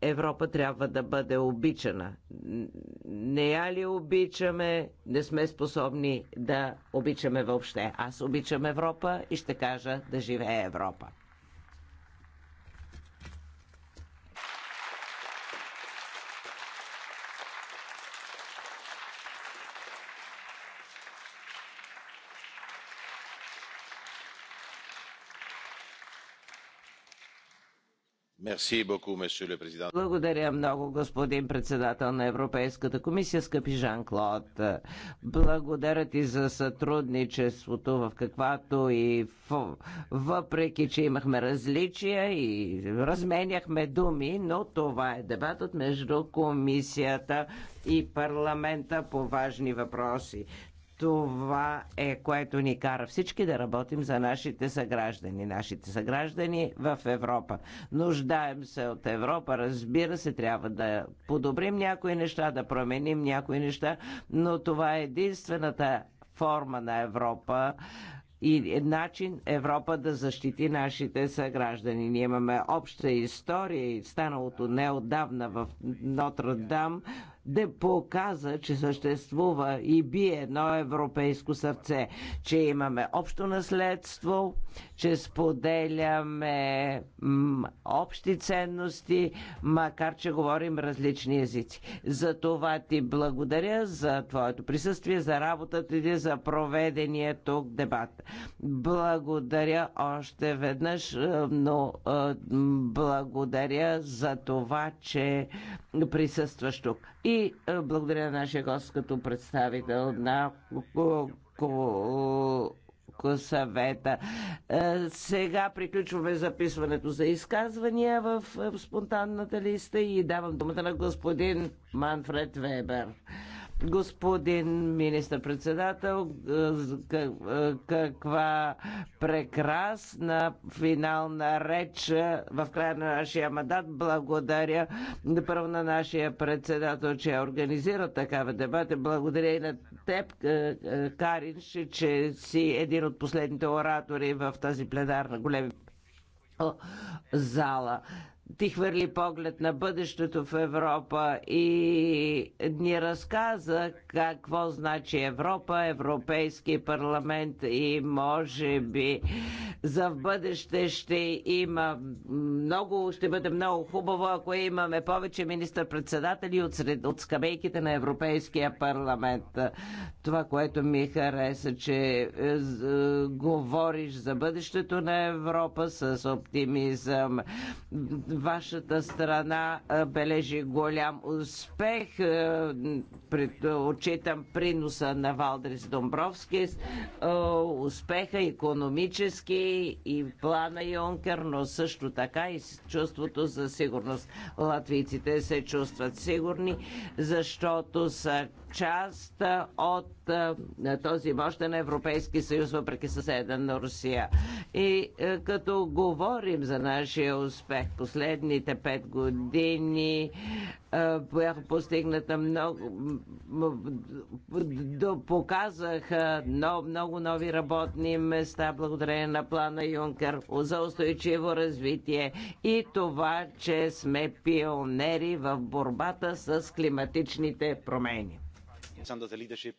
Европа трябва да бъде обичана. Не я ли обичаме, не сме способни да обичаме въобще. Аз обичам Европа и ще кажа да живее Европа. Благодаря много, господин председател на Европейската комисия, скъпи Жан-Клод. Благодаря ти за сътрудничеството в каквато и в... въпреки, че имахме различия и разменяхме думи, но това е дебатът между комисията и парламента по важни въпроси. Това е което ни кара всички да работим за нашите съграждани, нашите съграждани в Европа. Нуждаем се от Европа, разбира се, трябва да подобрим някои неща, да променим някои неща, но това е единствената форма на Европа, и начин Европа да защити нашите съграждани. Ние имаме обща история и станалото неодавна в Нотр-Дам да показа, че съществува и бие едно европейско сърце, че имаме общо наследство, че споделяме общи ценности, макар че говорим различни езици. За това ти благодаря за твоето присъствие, за работата ти, за проведения тук дебат. Благодаря още веднъж, е, но е, благодаря за това, че присъстваш тук. И и е, благодаря на нашия гост като представител на съвета. Е, сега приключваме записването за изказвания е, в спонтанната листа и давам думата на господин Манфред Вебер. Господин министър-председател, е, е, каква прекрасна финална реч е, в края на нашия мандат. Благодаря първо на нашия председател, че организира такава дебата. Благодаря и на теб, Карин, че си един от последните оратори в тази пледарна големи зала ти хвърли поглед на бъдещето в Европа и ни разказа какво значи Европа, Европейски парламент и може би за в бъдеще ще има много, ще бъде много хубаво, ако имаме повече министър-председатели от, сред, от скамейките на Европейския парламент. Това, което ми хареса, че е, е, говориш за бъдещето на Европа с оптимизъм Вашата страна бележи голям успех. Отчитам приноса на Валдрис Домбровски, успеха економически и плана Йонкер, но също така и чувството за сигурност. Латвийците се чувстват сигурни, защото са част от този мощен Европейски съюз, въпреки съседа на Русия. И е, като говорим за нашия успех последните пет години, е, бяха постигната много, показаха много, много нови работни места благодарение на плана Юнкер за устойчиво развитие и това, че сме пионери в борбата с климатичните промени. Under the leadership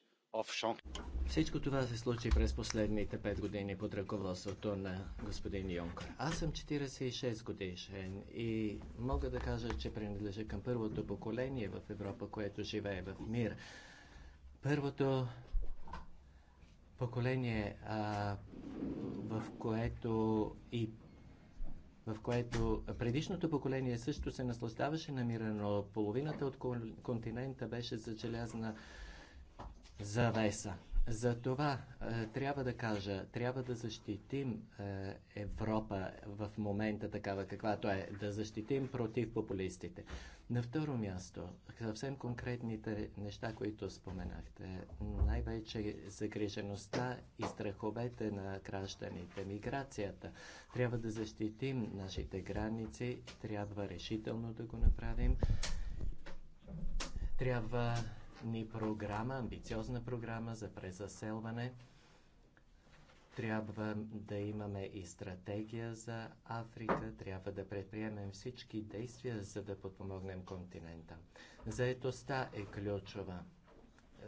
всичко това се случи през последните пет години под ръководството на господин Юнкър. Аз съм 46 годишен и мога да кажа, че принадлежа към първото поколение в Европа, което живее в мир. Първото поколение, а, в което и в което предишното поколение също се наслаждаваше на мира, но половината от континента беше зачелязна завеса. За това е, трябва да кажа, трябва да защитим е, Европа в момента такава каквато е, да защитим против популистите. На второ място, съвсем конкретните неща, които споменахте, най-вече загрижеността и страховете на гражданите, миграцията. Трябва да защитим нашите граници, трябва решително да го направим. Трябва ни програма, амбициозна програма за презаселване. Трябва да имаме и стратегия за Африка, трябва да предприемем всички действия, за да подпомогнем континента. Заетостта е ключова,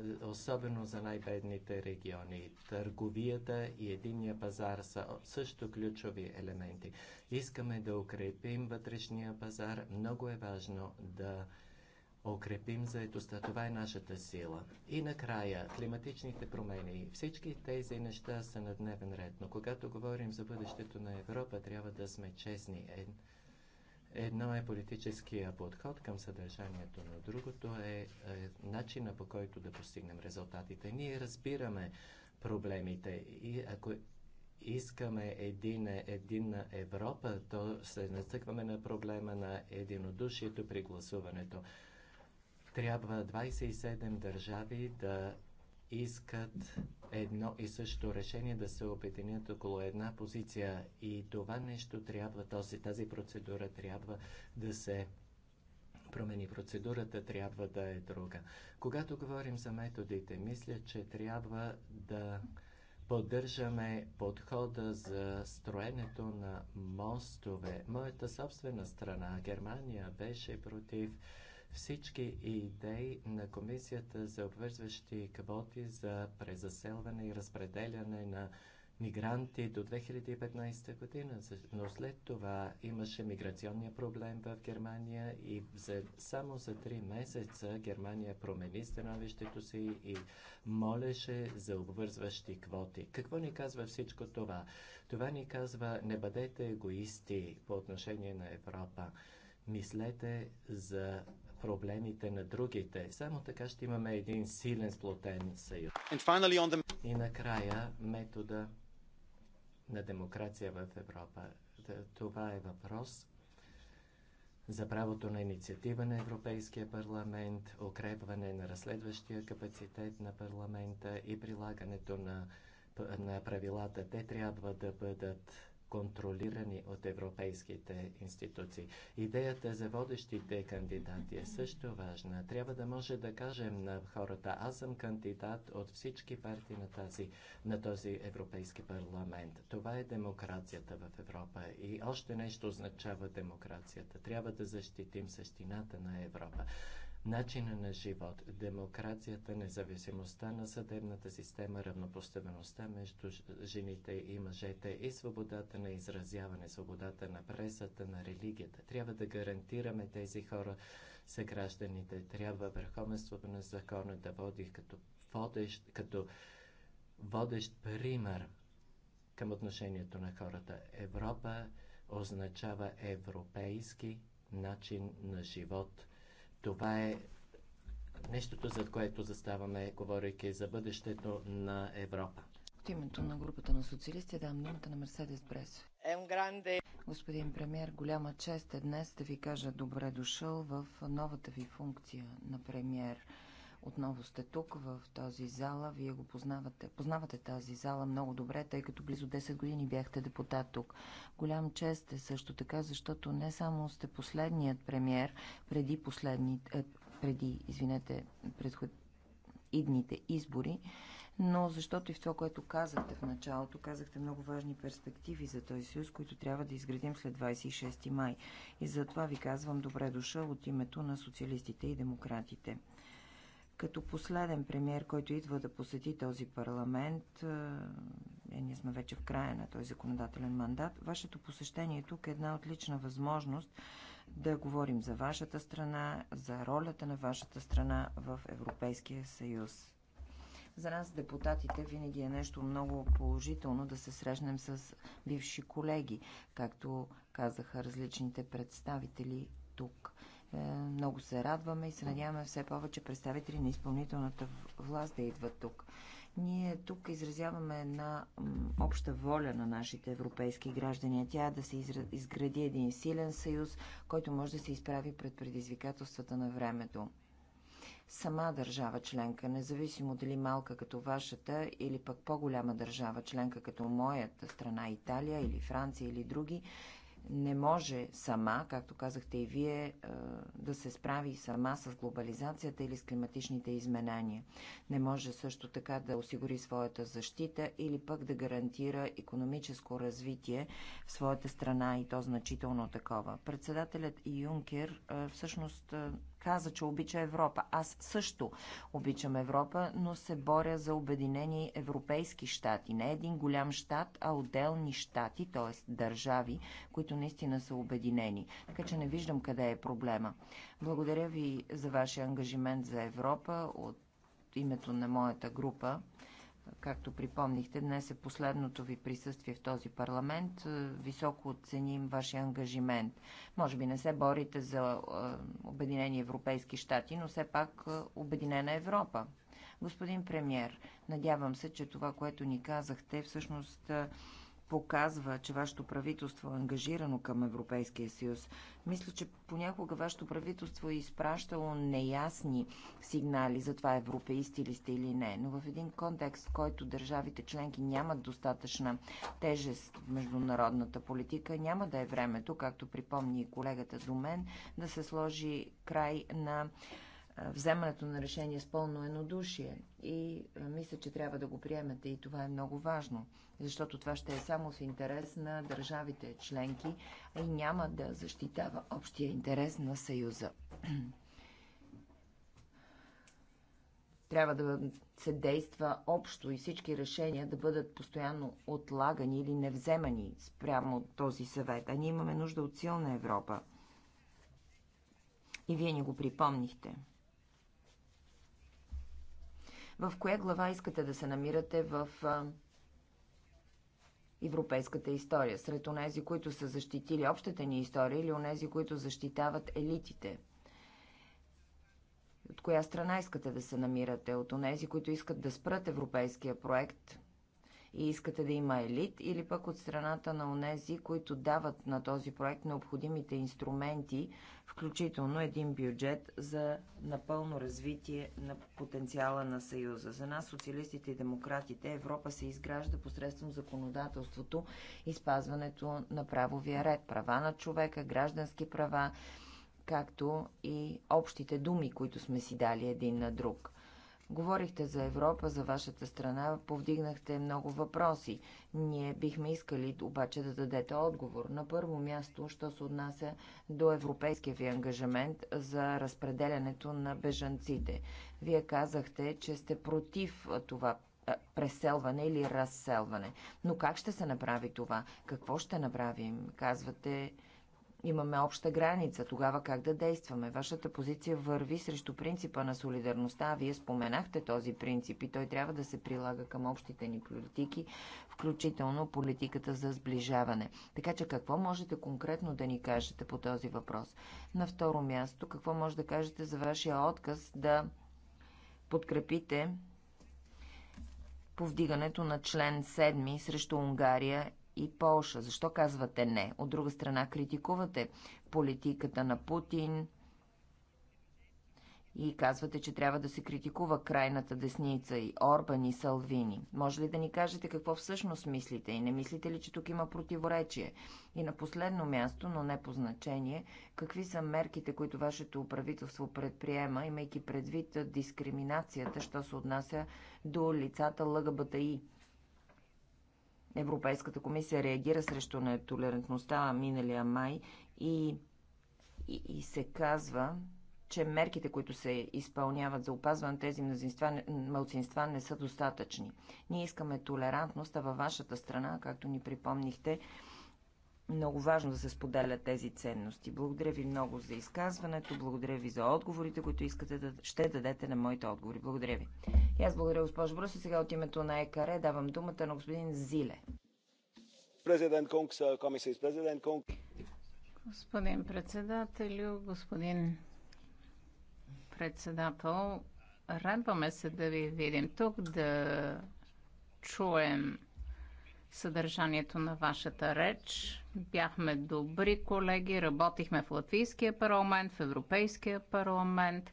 е, особено за най-бедните региони. Търговията и единния пазар са също ключови елементи. Искаме да укрепим вътрешния пазар. Много е важно да укрепим заедостта. Това е нашата сила. И накрая, климатичните промени. Всички тези неща са на дневен ред, но когато говорим за бъдещето на Европа, трябва да сме честни. Е, едно е политическия подход към съдържанието, но другото е, е начина по който да постигнем резултатите. Ние разбираме проблемите и ако искаме един, единна Европа, то се натъкваме на проблема на единодушието при гласуването трябва 27 държави да искат едно и също решение да се обединят около една позиция. И това нещо трябва, този, тази процедура трябва да се промени. Процедурата трябва да е друга. Когато говорим за методите, мисля, че трябва да поддържаме подхода за строенето на мостове. Моята собствена страна, Германия, беше против всички идеи на Комисията за обвързващи квоти за презаселване и разпределяне на мигранти до 2015 година, но след това имаше миграционния проблем в Германия и за, само за три месеца Германия промени становището си и молеше за обвързващи квоти. Какво ни казва всичко това? Това ни казва не бъдете егоисти по отношение на Европа. Мислете за проблемите на другите. Само така ще имаме един силен сплотен съюз. The... И накрая метода на демокрация в Европа. Това е въпрос за правото на инициатива на Европейския парламент, укрепване на разследващия капацитет на парламента и прилагането на, на правилата. Те трябва да бъдат контролирани от европейските институции. Идеята за водещите кандидати е също важна. Трябва да може да кажем на хората, аз съм кандидат от всички партии на, тази, на този Европейски парламент. Това е демокрацията в Европа и още нещо означава демокрацията. Трябва да защитим същината на Европа начина на живот, демокрацията, независимостта на съдебната система, равнопоставеността между жените и мъжете и свободата на изразяване, свободата на пресата, на религията. Трябва да гарантираме тези хора са гражданите. Трябва върховенството на закона да води като водещ, като водещ пример към отношението на хората. Европа означава европейски начин на живот – това е нещото, за което заставаме, говорейки за бъдещето на Европа. От името на групата на социалисти дам думата на Мерседес Брес. Господин премьер, голяма чест е днес да ви кажа добре дошъл в новата ви функция на премьер. Отново сте тук в този зала. Вие го познавате. Познавате тази зала много добре, тъй като близо 10 години бяхте депутат тук. Голям чест е също така, защото не само сте последният премьер преди последни, е, преди, извинете, предход... идните избори, но защото и в това, което казахте в началото, казахте много важни перспективи за този съюз, които трябва да изградим след 26 май. И затова ви казвам добре душа от името на социалистите и демократите. Като последен премьер, който идва да посети този парламент, е, ние сме вече в края на този законодателен мандат, вашето посещение тук е една отлична възможност да говорим за вашата страна, за ролята на вашата страна в Европейския съюз. За нас, депутатите, винаги е нещо много положително да се срещнем с бивши колеги, както казаха различните представители тук. Е, много се радваме и се надяваме все повече представители на изпълнителната власт да идват тук. Ние тук изразяваме една обща воля на нашите европейски граждани. Тя е да се изгради един силен съюз, който може да се изправи пред предизвикателствата на времето. Сама държава членка, независимо дали малка като вашата или пък по-голяма държава членка като моята страна Италия или Франция или други, не може сама, както казахте и вие, е, да се справи сама с глобализацията или с климатичните изменения. Не може също така да осигури своята защита или пък да гарантира економическо развитие в своята страна и то значително такова. Председателят Юнкер е, всъщност е, каза, че обича Европа. Аз също обичам Европа, но се боря за обединени европейски щати. Не един голям щат, а отделни щати, т.е. държави, които наистина са обединени. Така че не виждам къде е проблема. Благодаря ви за вашия ангажимент за Европа от името на моята група. Както припомнихте, днес е последното ви присъствие в този парламент. Е, високо оценим вашия ангажимент. Може би не се борите за е, Обединени Европейски щати, но все пак е, Обединена Европа. Господин премьер, надявам се, че това, което ни казахте, всъщност показва, че вашето правителство е ангажирано към Европейския съюз. Мисля, че понякога вашето правителство е изпращало неясни сигнали за това европеисти ли сте или не, но в един контекст, в който държавите членки нямат достатъчна тежест в международната политика, няма да е времето, както припомни колегата до мен, да се сложи край на вземането на решение с пълно еднодушие. И мисля, че трябва да го приемете и това е много важно, защото това ще е само в интерес на държавите членки и няма да защитава общия интерес на Съюза. Трябва да се действа общо и всички решения да бъдат постоянно отлагани или невземани спрямо от този съвет. А ние имаме нужда от силна Европа. И вие ни го припомнихте. В коя глава искате да се намирате в европейската история? Сред онези, които са защитили общата ни история или онези, които защитават елитите? От коя страна искате да се намирате? От онези, които искат да спрат европейския проект и искате да има елит, или пък от страната на онези, които дават на този проект необходимите инструменти, включително един бюджет за напълно развитие на потенциала на Съюза. За нас, социалистите и демократите, Европа се изгражда посредством законодателството и спазването на правовия ред. Права на човека, граждански права, както и общите думи, които сме си дали един на друг. Говорихте за Европа, за вашата страна, повдигнахте много въпроси. Ние бихме искали обаче да дадете отговор. На първо място, що се отнася до европейския ви ангажамент за разпределянето на бежанците. Вие казахте, че сте против това преселване или разселване. Но как ще се направи това? Какво ще направим? Казвате, имаме обща граница, тогава как да действаме? Вашата позиция върви срещу принципа на солидарността. Вие споменахте този принцип и той трябва да се прилага към общите ни политики, включително политиката за сближаване. Така че какво можете конкретно да ни кажете по този въпрос? На второ място, какво може да кажете за вашия отказ да подкрепите повдигането на член 7 срещу Унгария и Полша. Защо казвате не? От друга страна критикувате политиката на Путин и казвате, че трябва да се критикува крайната десница и Орбан и Салвини. Може ли да ни кажете какво всъщност мислите и не мислите ли, че тук има противоречие? И на последно място, но не по значение, какви са мерките, които вашето правителство предприема, имайки предвид дискриминацията, що се отнася до лицата ЛГБТИ? Европейската комисия реагира срещу нетолерантността миналия май и, и, и се казва, че мерките, които се изпълняват за опазване на тези мълцинства, не са достатъчни. Ние искаме толерантност, а във вашата страна, както ни припомнихте, много важно да се споделят тези ценности. Благодаря ви много за изказването, благодаря ви за отговорите, които искате да ще дадете на моите отговори. Благодаря ви. И аз благодаря, госпожо Брус. И сега от името на ЕКАРЕ давам думата на господин Зиле. Президент Кункс, комисия президент Конг. Господин председател, господин председател, радваме се да ви видим тук, да чуем съдържанието на вашата реч. Бяхме добри колеги, работихме в Латвийския парламент, в Европейския парламент.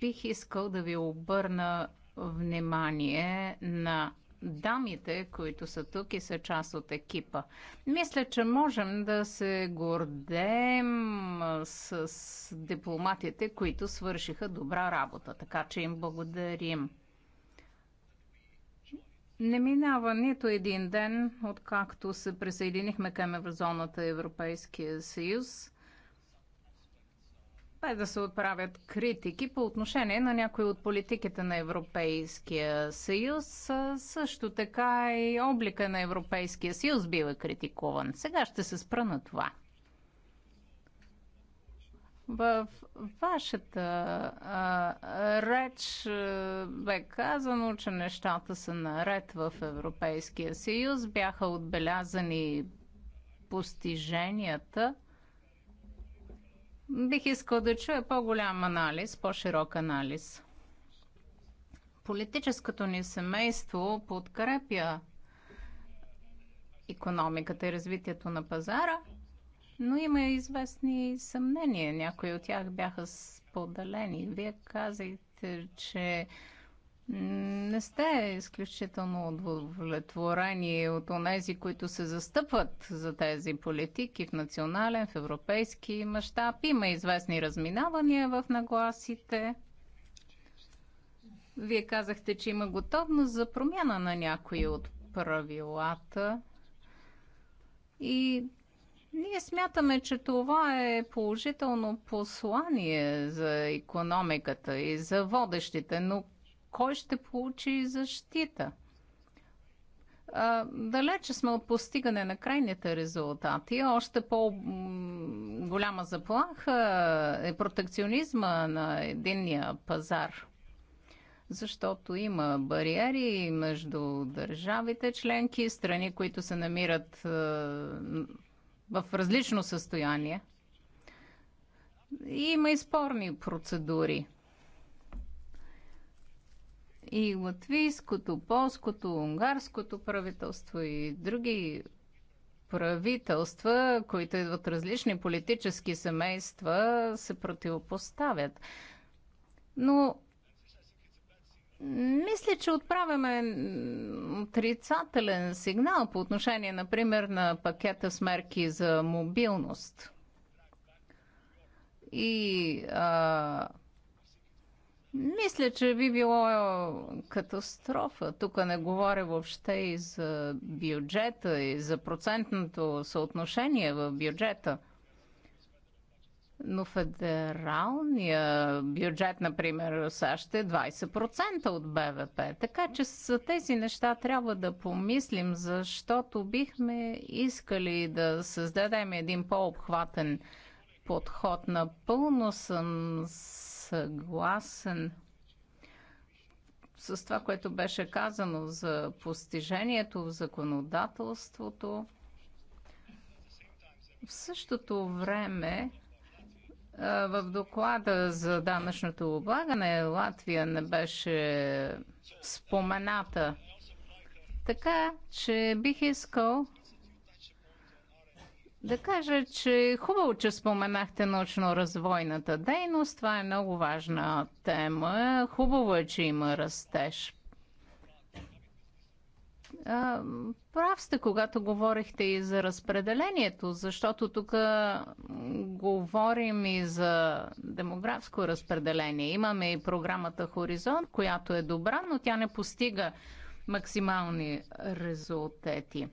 Бих искал да ви обърна внимание на дамите, които са тук и са част от екипа. Мисля, че можем да се гордеем с дипломатите, които свършиха добра работа, така че им благодарим. Не минава нито един ден, откакто се присъединихме към еврозоната Европейския съюз, бе да се отправят критики по отношение на някои от политиките на Европейския съюз. Също така и облика на Европейския съюз бива критикуван. Сега ще се спра на това. В вашата а, реч бе казано, че нещата са наред в Европейския съюз. Бяха отбелязани постиженията. Бих искал да чуя по-голям анализ, по-широк анализ. Политическото ни семейство подкрепя економиката и развитието на пазара – но има известни съмнения. Някои от тях бяха споделени. Вие казахте, че не сте изключително удовлетворени от онези, които се застъпват за тези политики в национален, в европейски мащаб. Има известни разминавания в нагласите. Вие казахте, че има готовност за промяна на някои от правилата. И ние смятаме, че това е положително послание за економиката и за водещите, но кой ще получи защита? далече сме от постигане на крайните резултати. Още по-голяма заплаха е протекционизма на единния пазар. Защото има бариери между държавите членки, страни, които се намират в различно състояние. И има и спорни процедури. И латвийското, полското, унгарското правителство и други правителства, които идват различни политически семейства, се противопоставят. Но мисля, че отправяме отрицателен сигнал по отношение, например, на пакета с мерки за мобилност. И а, мисля, че би било катастрофа. Тук не говоря въобще и за бюджета, и за процентното съотношение в бюджета – но федералния бюджет, например, САЩ е 20% от БВП. Така че за тези неща трябва да помислим, защото бихме искали да създадем един по-обхватен подход. Напълно съм съгласен с това, което беше казано за постижението в законодателството. В същото време в доклада за данъчното облагане Латвия не беше спомената. Така че бих искал да кажа, че хубаво, че споменахте научно-развойната дейност. Това е много важна тема. Хубаво е, че има растеж. Прав сте, когато говорихте и за разпределението, защото тук говорим и за демографско разпределение. Имаме и програмата Хоризонт, която е добра, но тя не постига максимални резултати.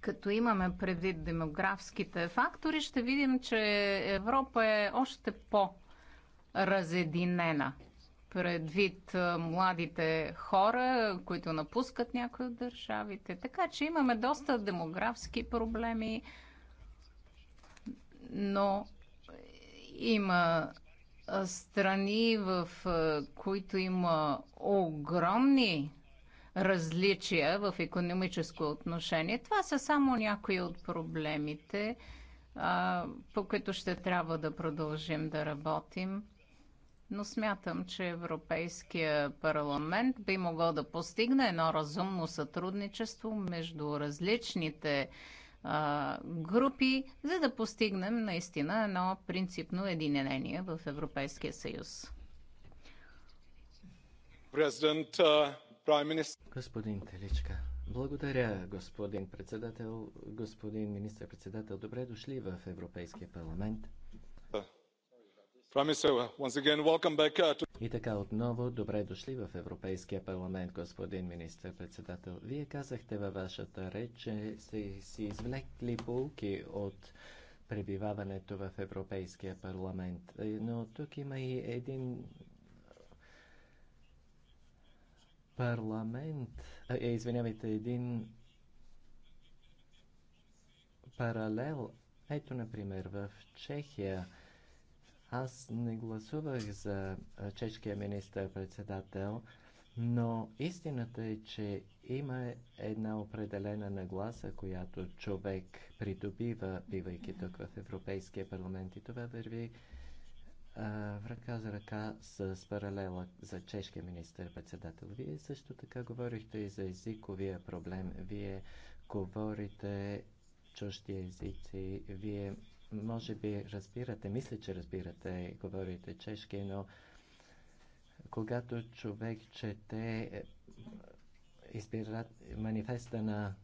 Като имаме предвид демографските фактори, ще видим, че Европа е още по-разединена предвид младите хора, които напускат някои от държавите. Така че имаме доста демографски проблеми, но има страни, в които има огромни различия в економическо отношение. Това са само някои от проблемите, по които ще трябва да продължим да работим но смятам, че Европейския парламент би могъл да постигне едно разумно сътрудничество между различните а, групи, за да постигнем наистина едно принципно единение в Европейския съюз. Господин Теличка, благодаря, господин председател, господин министър-председател. Добре дошли в Европейския парламент. Uh, и така отново добре дошли в Европейския парламент, господин министр-председател. Вие казахте във вашата реч, че сте си извлекли полки от пребиваването в Европейския парламент. Е, но тук има и един парламент, а, е, извинявайте, един паралел. Ето, например, в Чехия – аз не гласувах за чешкия министър-председател, но истината е, че има една определена нагласа, която човек придобива, бивайки тук в Европейския парламент. И това върви в ръка за ръка с паралела за чешкия министър-председател. Вие също така говорихте и за езиковия проблем. Вие говорите чужди езици. Вие може би разбирате, мисля, че разбирате, говорите чешки, но когато човек чете е, избира манифеста на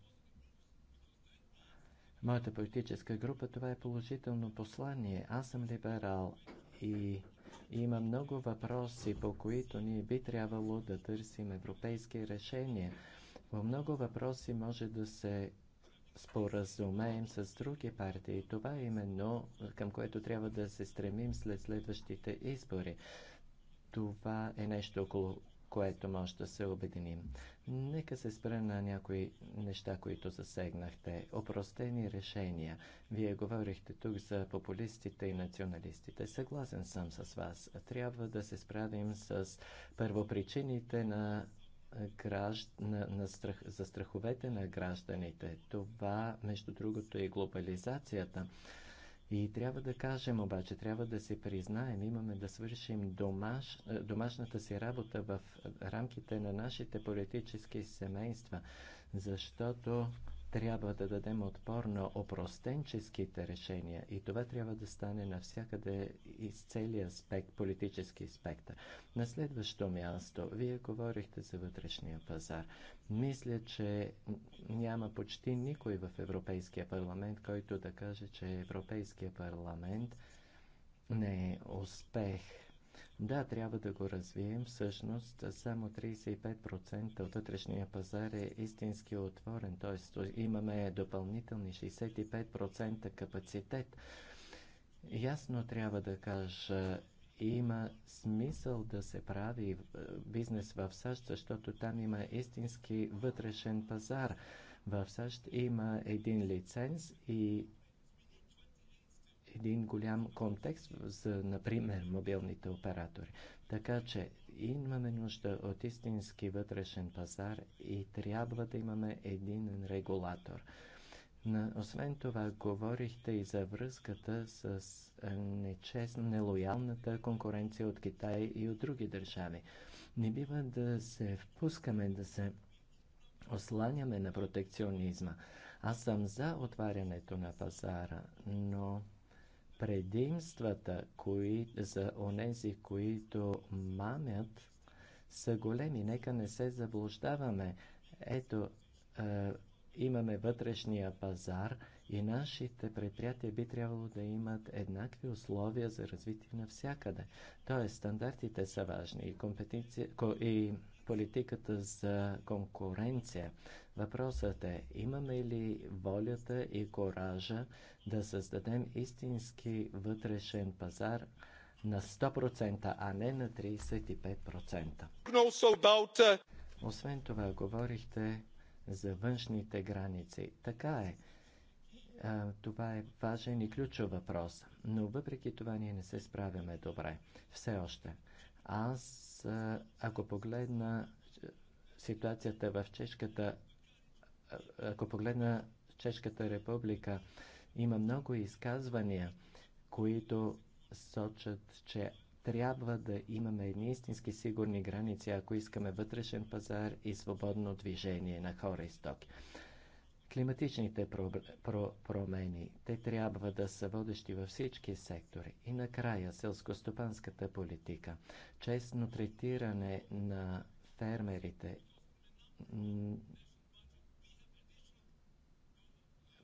моята политическа група, това е положително послание. Аз съм либерал и има много въпроси, по които ние би трябвало да търсим европейски решения. По много въпроси може да се споразумеем с други партии. Това е именно към което трябва да се стремим след следващите избори. Това е нещо, около което може да се обединим. Нека се спра на някои неща, които засегнахте. Опростени решения. Вие говорихте тук за популистите и националистите. Съгласен съм с вас. Трябва да се справим с първопричините на гражд... на, на страх... за страховете на гражданите. Това, между другото, е глобализацията. И трябва да кажем обаче, трябва да се признаем, имаме да свършим домаш, е, домашната си работа в рамките на нашите политически семейства, защото трябва да дадем отпор на опростенческите решения и това трябва да стане навсякъде из целия аспект, политически спектър. На следващо място, вие говорихте за вътрешния пазар. Мисля, че няма почти никой в Европейския парламент, който да каже, че Европейския парламент не е успех да, трябва да го развием. Всъщност, само 35% от вътрешния пазар е истински отворен, т.е. имаме допълнителни 65% капацитет. Ясно трябва да кажа, има смисъл да се прави е, бизнес в САЩ, защото там има истински вътрешен пазар. В САЩ има един лиценз и един голям контекст за, например, мобилните оператори. Така че имаме нужда от истински вътрешен пазар и трябва да имаме един регулатор. На, освен това, говорихте и за връзката с е, нечест, нелоялната конкуренция от Китай и от други държави. Не бива да се впускаме, да се осланяме на протекционизма. Аз съм за отварянето на пазара, но Предимствата кои, за онези, които мамят, са големи. Нека не се заблуждаваме. Ето, е, имаме вътрешния пазар и нашите предприятия би трябвало да имат еднакви условия за развитие навсякъде. Тоест, стандартите са важни и, компетенци... и политиката за конкуренция. Въпросът е, имаме ли волята и коража да създадем истински вътрешен пазар на 100%, а не на 35%? Освен това, говорихте за външните граници. Така е. Това е важен и ключов въпрос, но въпреки това ние не се справяме добре. Все още. Аз, ако погледна ситуацията в Чешката, ако погледна Чешката република, има много изказвания, които сочат, че трябва да имаме едни истински сигурни граници, ако искаме вътрешен пазар и свободно движение на хора и стоки климатичните промени. Те трябва да са водещи във всички сектори. И накрая селскостопанската политика. Честно третиране на фермерите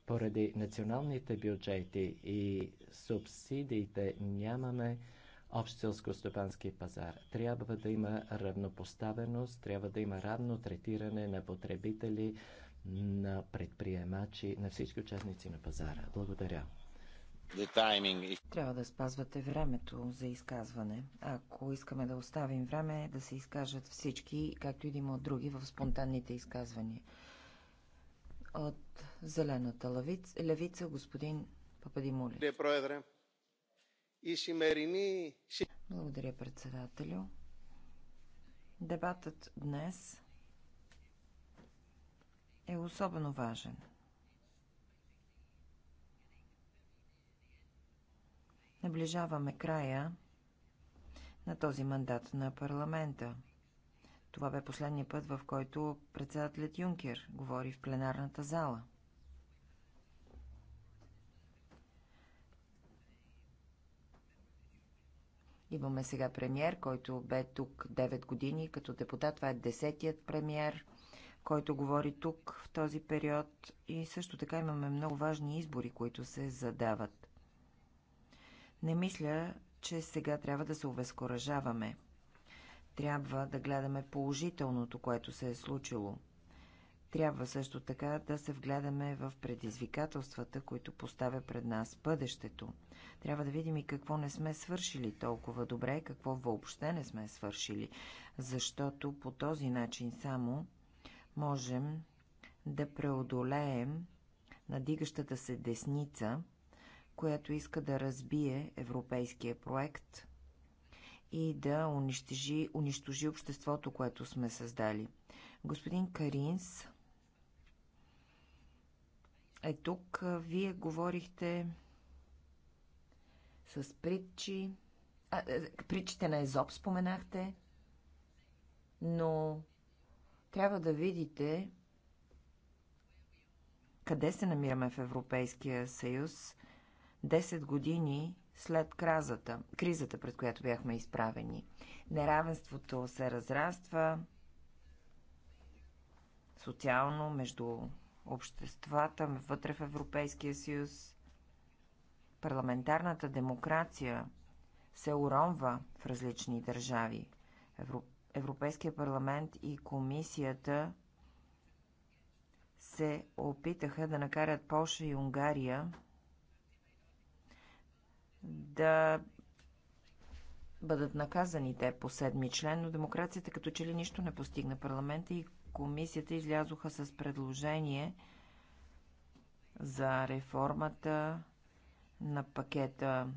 поради националните бюджети и субсидиите нямаме общ селскостопански пазар. Трябва да има равнопоставеност, трябва да има равно третиране на потребители, на предприемачи, на всички участници на пазара. Благодаря. Трябва да спазвате времето за изказване. Ако искаме да оставим време, да се изкажат всички, както и да има други в спонтанните изказвания. От Зелената левица, левица господин Пападимули. Благодаря, председателю. Дебатът днес е особено важен. Наближаваме края на този мандат на парламента. Това бе последния път, в който председателят Юнкер говори в пленарната зала. Имаме сега премьер, който бе тук 9 години като депутат. Това е десетият премьер – който говори тук в този период и също така имаме много важни избори, които се задават. Не мисля, че сега трябва да се обезкуражаваме. Трябва да гледаме положителното, което се е случило. Трябва също така да се вгледаме в предизвикателствата, които поставя пред нас бъдещето. Трябва да видим и какво не сме свършили толкова добре, какво въобще не сме свършили, защото по този начин само можем да преодолеем надигащата се десница, която иска да разбие европейския проект и да унищожи, унищожи обществото, което сме създали. Господин Каринс е тук. Вие говорихте с притчи. А, е, притчите на Езоп споменахте, но трябва да видите къде се намираме в Европейския съюз 10 години след кразата, кризата, пред която бяхме изправени. Неравенството се разраства социално между обществата вътре в Европейския съюз. Парламентарната демокрация се уронва в различни държави. Европ... Европейския парламент и комисията се опитаха да накарат Польша и Унгария да бъдат наказани те по седми член, но демокрацията като че ли нищо не постигна. Парламента и комисията излязоха с предложение за реформата на пакета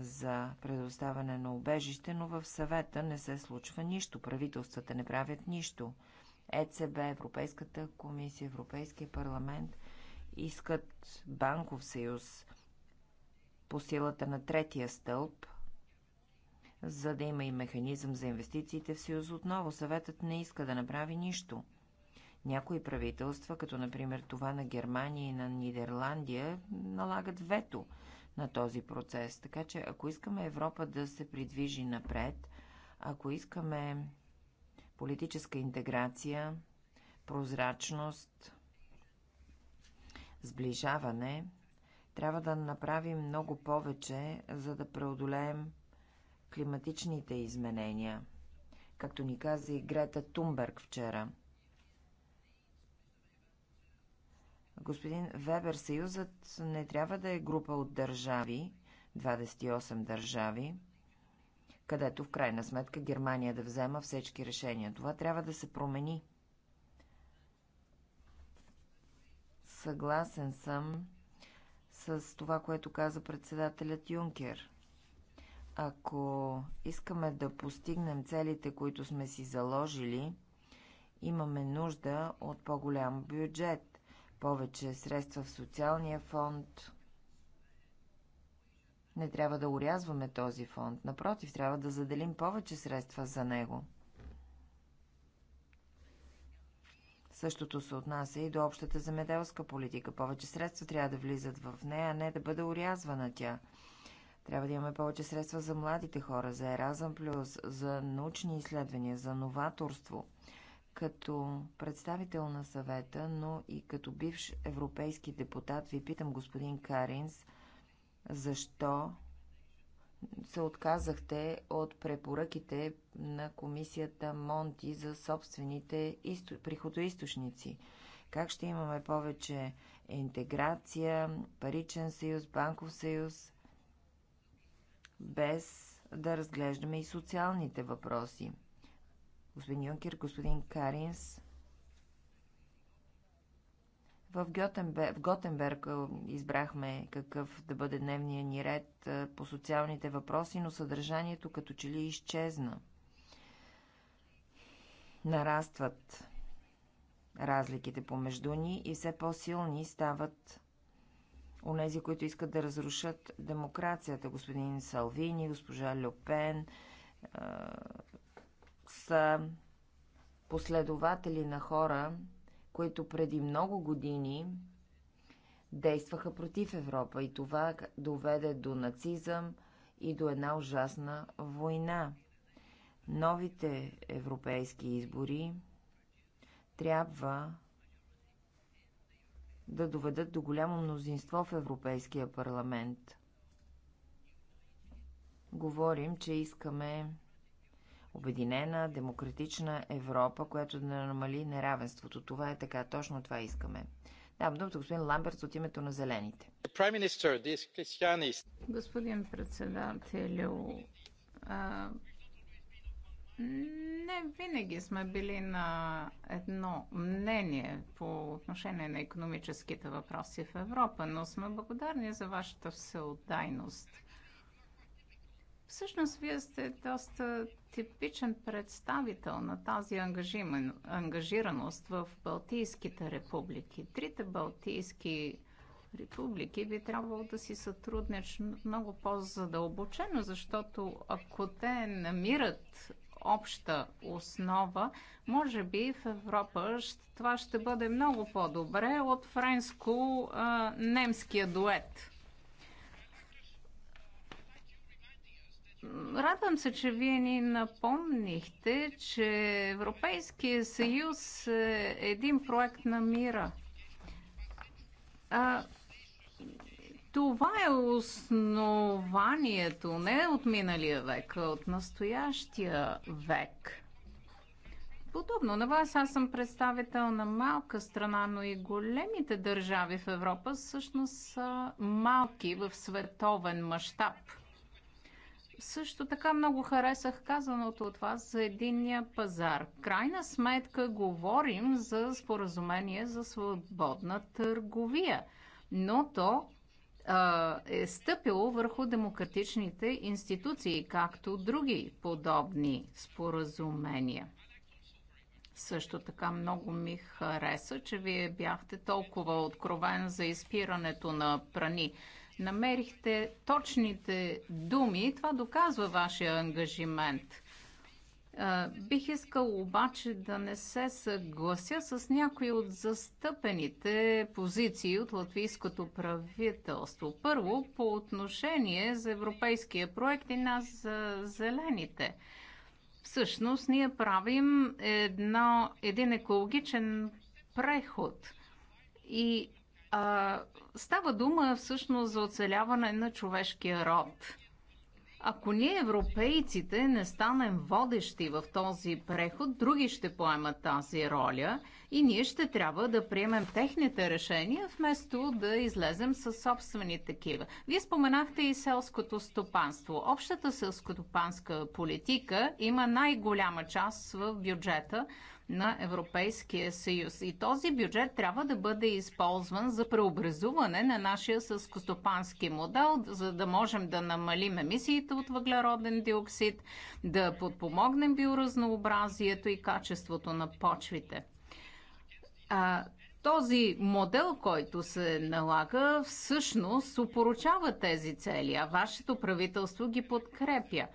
за предоставяне на убежище, но в съвета не се случва нищо. Правителствата не правят нищо. ЕЦБ, Европейската комисия, Европейския парламент искат банков съюз по силата на третия стълб, за да има и механизъм за инвестициите в съюз отново. Съветът не иска да направи нищо. Някои правителства, като например това на Германия и на Нидерландия, налагат вето на този процес. Така че, ако искаме Европа да се придвижи напред, ако искаме политическа интеграция, прозрачност, сближаване, трябва да направим много повече, за да преодолеем климатичните изменения. Както ни каза и Грета Тумберг вчера – Господин Вебер, Съюзът не трябва да е група от държави, 28 държави, където в крайна сметка Германия да взема всички решения. Това трябва да се промени. Съгласен съм с това, което каза председателят Юнкер. Ако искаме да постигнем целите, които сме си заложили, имаме нужда от по-голям бюджет повече средства в социалния фонд. Не трябва да урязваме този фонд. Напротив, трябва да заделим повече средства за него. Същото се отнася и до общата земеделска политика. Повече средства трябва да влизат в нея, а не да бъде урязвана тя. Трябва да имаме повече средства за младите хора, за Еразъм Плюс, за научни изследвания, за новаторство – като представител на съвета, но и като бивш европейски депутат, ви питам, господин Каринс, защо се отказахте от препоръките на комисията Монти за собствените приходоисточници? Как ще имаме повече интеграция, паричен съюз, банков съюз, без да разглеждаме и социалните въпроси? господин Юнкер, господин Каринс. В, Гьотенбер, в Готенберг избрахме какъв да бъде дневния ни ред по социалните въпроси, но съдържанието като че ли изчезна. Нарастват разликите помежду ни и все по-силни стават онези, които искат да разрушат демокрацията. Господин Салвини, госпожа Люпен, са последователи на хора, които преди много години действаха против Европа и това доведе до нацизъм и до една ужасна война. Новите европейски избори трябва да доведат до голямо мнозинство в Европейския парламент. Говорим, че искаме обединена, демократична Европа, която да намали неравенството. Това е така, точно това искаме. Да, думата господин Ламберт от името на Зелените. Господин председател, а... Не винаги сме били на едно мнение по отношение на економическите въпроси в Европа, но сме благодарни за вашата всеотдайност. Всъщност, вие сте доста типичен представител на тази ангажираност в Балтийските републики. Трите Балтийски републики би трябвало да си сътруднеш много по-задълбочено, защото ако те намират обща основа, може би в Европа това ще бъде много по-добре от френско-немския дует. Радвам се, че вие ни напомнихте, че Европейския съюз е един проект на мира. А, това е основанието не от миналия век, а от настоящия век. Подобно на вас, аз съм представител на малка страна, но и големите държави в Европа всъщност са малки в световен мащаб. Също така много харесах казаното от вас за единния пазар. Крайна сметка говорим за споразумение за свободна търговия, но то а, е стъпило върху демократичните институции, както други подобни споразумения. Също така много ми хареса, че вие бяхте толкова откровен за изпирането на прани намерихте точните думи. Това доказва вашия ангажимент. Бих искал обаче да не се съглася с някои от застъпените позиции от латвийското правителство. Първо, по отношение за европейския проект и нас за зелените. Всъщност, ние правим едно, един екологичен преход. И а, става дума всъщност за оцеляване на човешкия род. Ако ние, европейците, не станем водещи в този преход, други ще поемат тази роля и ние ще трябва да приемем техните решения, вместо да излезем със собствени такива. Вие споменахте и селското стопанство. Общата селскотопанска политика има най-голяма част в бюджета на Европейския съюз. И този бюджет трябва да бъде използван за преобразуване на нашия съскостопански модел, за да можем да намалим емисиите от въглероден диоксид, да подпомогнем биоразнообразието и качеството на почвите. А, този модел, който се налага, всъщност опоручава тези цели, а вашето правителство ги подкрепя.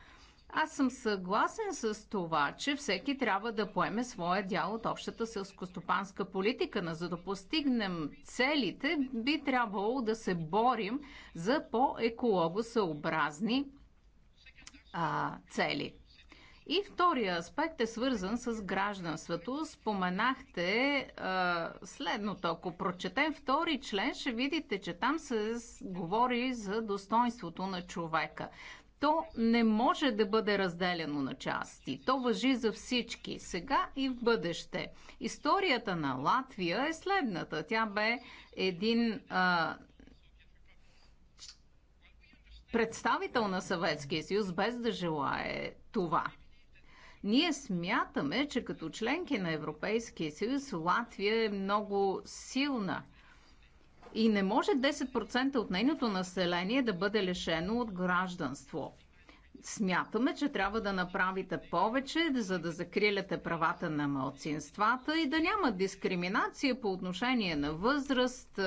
Аз съм съгласен с това, че всеки трябва да поеме своя дял от общата селскостопанска политика, но за да постигнем целите, би трябвало да се борим за по-екологосъобразни цели. И втория аспект е свързан с гражданството. Споменахте а, следното. Ако прочетем втори член, ще видите, че там се говори за достоинството на човека то не може да бъде разделено на части. То въжи за всички, сега и в бъдеще. Историята на Латвия е следната. Тя бе един а, представител на Съветския съюз, без да желае това. Ние смятаме, че като членки на Европейския съюз Латвия е много силна – и не може 10% от нейното население да бъде лишено от гражданство. Смятаме, че трябва да направите повече, за да закриляте правата на малцинствата и да няма дискриминация по отношение на възраст,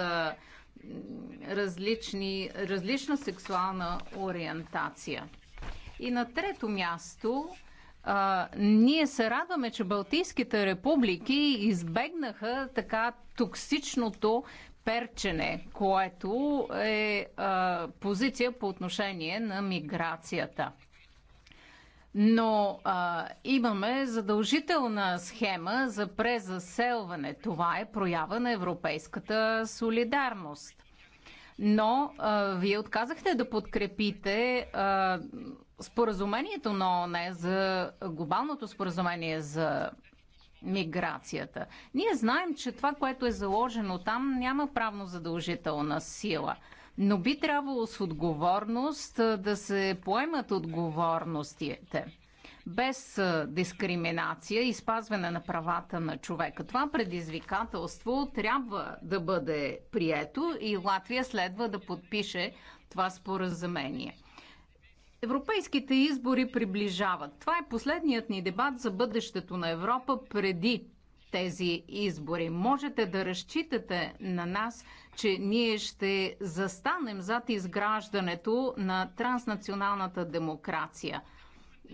различни, различна сексуална ориентация. И на трето място, а, ние се радваме, че Балтийските републики избегнаха така токсичното перчене, което е а, позиция по отношение на миграцията. Но а, имаме задължителна схема за презаселване. Това е проява на европейската солидарност. Но а, вие отказахте да подкрепите а, споразумението на ОНЕ за глобалното споразумение за миграцията. Ние знаем, че това, което е заложено там, няма правно задължителна сила. Но би трябвало с отговорност да се поемат отговорностите без дискриминация и спазване на правата на човека. Това предизвикателство трябва да бъде прието и Латвия следва да подпише това споразумение. Европейските избори приближават. Това е последният ни дебат за бъдещето на Европа преди тези избори. Можете да разчитате на нас, че ние ще застанем зад изграждането на транснационалната демокрация.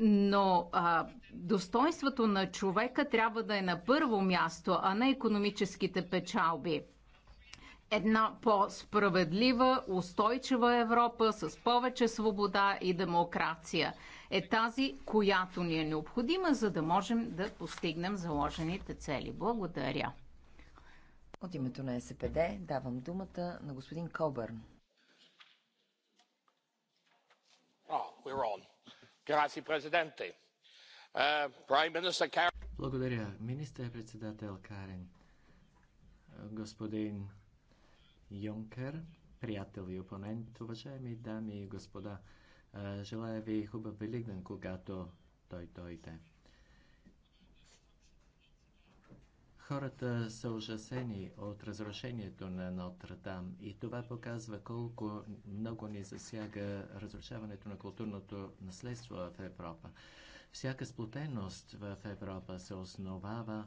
Но а, достоинството на човека трябва да е на първо място, а не економическите печалби една по-справедлива, устойчива Европа с повече свобода и демокрация е тази, която ни е необходима, за да можем да постигнем заложените цели. Благодаря. От името на СПД давам думата на господин Кобърн. Oh, uh, Благодаря. Министър-председател Карен, господин Юнкер, приятел и опонент, уважаеми дами и господа, желая ви хубав великден, когато той дойде. Хората са ужасени от разрушението на Нотр-Дам и това показва колко много ни засяга разрушаването на културното наследство в Европа. Всяка сплотеност в Европа се основава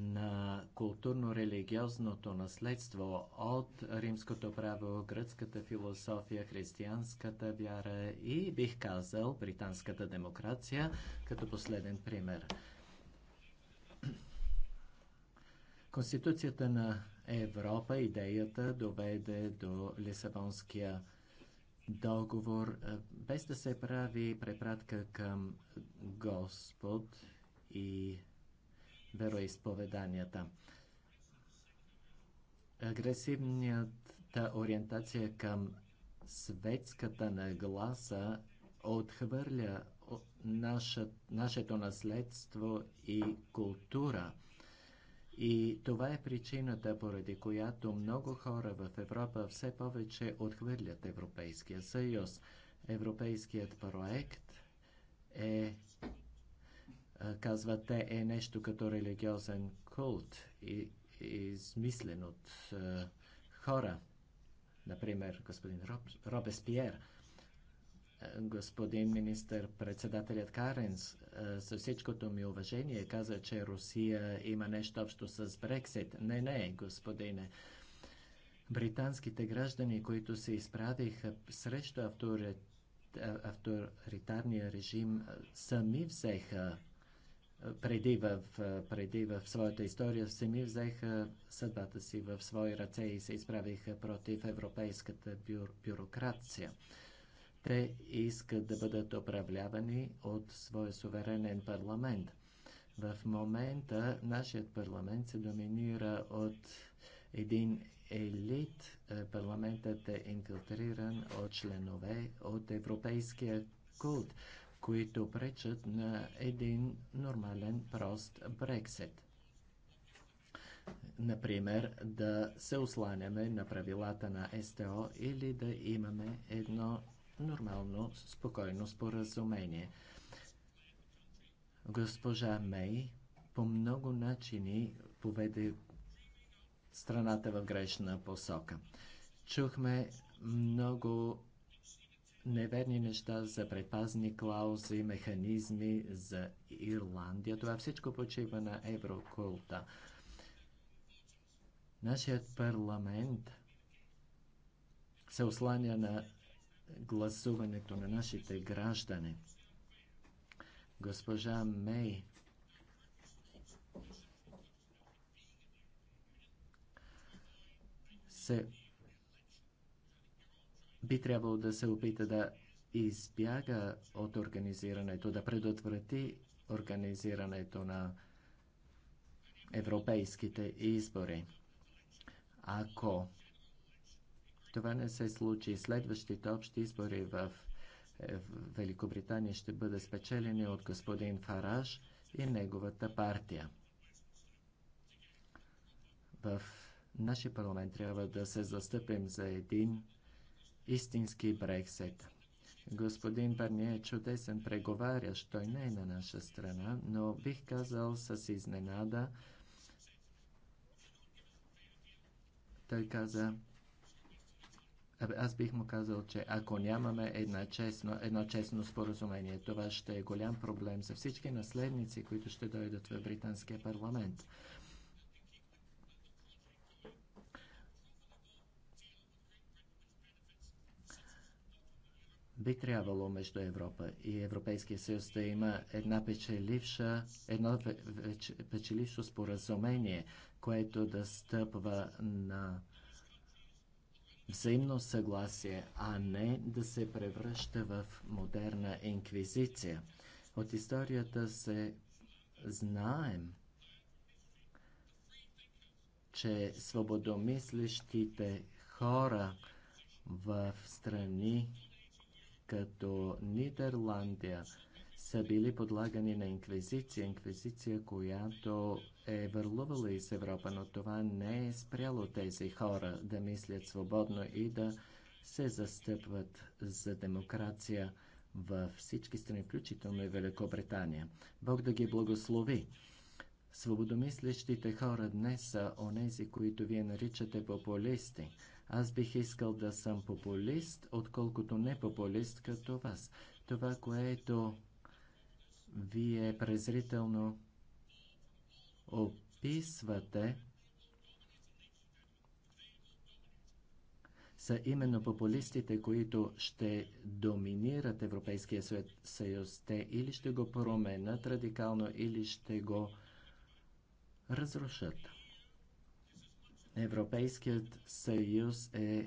на културно-религиозното наследство от римското право, гръцката философия, християнската вяра и, бих казал, британската демокрация, като последен пример. Конституцията на Европа, идеята доведе до Лисабонския договор, е, без да се прави препратка към Господ и вероисповеданията. Агресивната ориентация към светската нагласа отхвърля нашето наследство и култура. И това е причината, поради която много хора в Европа все повече отхвърлят Европейския съюз. Европейският проект е казват те, е нещо като религиозен култ, и, измислен от хора. Например, господин Роб, Робеспиер, господин министър-председателят Каренс, с всичкото ми уважение каза, че Русия има нещо общо с Брексит. Не, не, господине. Британските граждани, които се изправиха срещу авторитарния режим, сами взеха преди в, преди в своята история сами взеха съдбата си в свои ръце и се изправиха против европейската бюр, бюрокрация. Те искат да бъдат управлявани от своя суверенен парламент. В момента нашият парламент се доминира от един елит. Е, парламентът е инфилтриран от членове от европейския култ които пречат на един нормален прост Брексит. Например, да се осланяме на правилата на СТО или да имаме едно нормално, спокойно споразумение. Госпожа Мей по много начини поведе страната в грешна посока. Чухме много неверни неща, за предпазни клаузи, механизми за Ирландия. Това всичко почива на еврокулта. Нашият парламент се осланя на гласуването на нашите граждани. Госпожа Мей се би трябвало да се опита да избяга от организирането, да предотврати организирането на европейските избори. Ако това не се случи, следващите общи избори в е, Великобритания ще бъдат спечелени от господин Фараж и неговата партия. В нашия парламент трябва да се застъпим за един истински Брексит. Господин Барни е чудесен преговарящ, той не е на наша страна, но бих казал с изненада, той каза, аз бих му казал, че ако нямаме една честно, едно честно споразумение, това ще е голям проблем за всички наследници, които ще дойдат в британския парламент. би трябвало между Европа и Европейския съюз да има една печеливша, едно печелившо споразумение, което да стъпва на взаимно съгласие, а не да се превръща в модерна инквизиция. От историята се знаем, че свободомислещите хора в страни като Нидерландия са били подлагани на инквизиция, инквизиция, която е върлувала из Европа, но това не е спряло тези хора да мислят свободно и да се застъпват за демокрация във всички страни, включително и Великобритания. Бог да ги благослови! Свободомислещите хора днес са онези, които вие наричате популисти – аз бих искал да съм популист, отколкото не популист като вас. Това, което вие презрително описвате, са именно популистите, които ще доминират Европейския съюз. Те или ще го променят радикално, или ще го разрушат. Европейският съюз е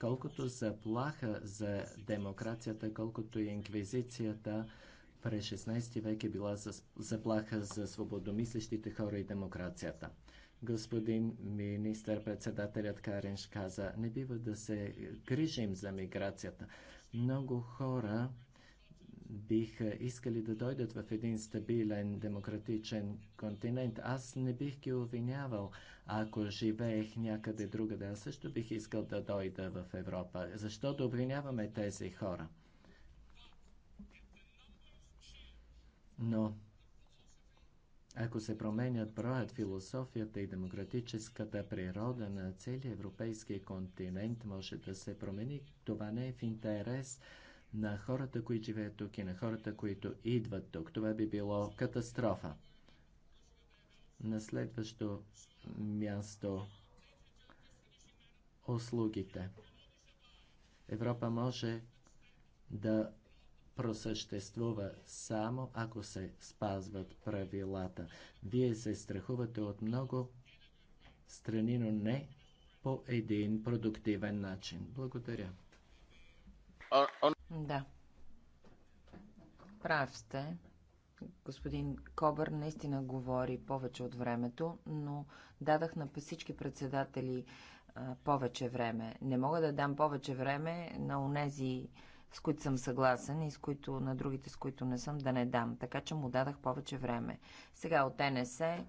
колкото заплаха за демокрацията, колкото и инквизицията през 16 век е била заплаха за свободомислещите хора и демокрацията. Господин министър-председателят Каренш каза, не бива да се грижим за миграцията. Много хора бих искали да дойдат в един стабилен демократичен континент. Аз не бих ги обвинявал, ако живеех някъде другаде. Аз също бих искал да дойда в Европа. Защо да обвиняваме тези хора? Но ако се променят броят, философията и демократическата природа на целия европейски континент може да се промени, това не е в интерес на хората, които живеят тук и на хората, които идват тук. Това би било катастрофа. На следващо място услугите. Европа може да просъществува само ако се спазват правилата. Вие се страхувате от много страни, но не по един продуктивен начин. Благодаря. Да. Прав сте. Господин Кобър наистина говори повече от времето, но дадах на всички председатели а, повече време. Не мога да дам повече време на унези, с които съм съгласен и с които, на другите, с които не съм, да не дам. Така че му дадах повече време. Сега от НСЕ,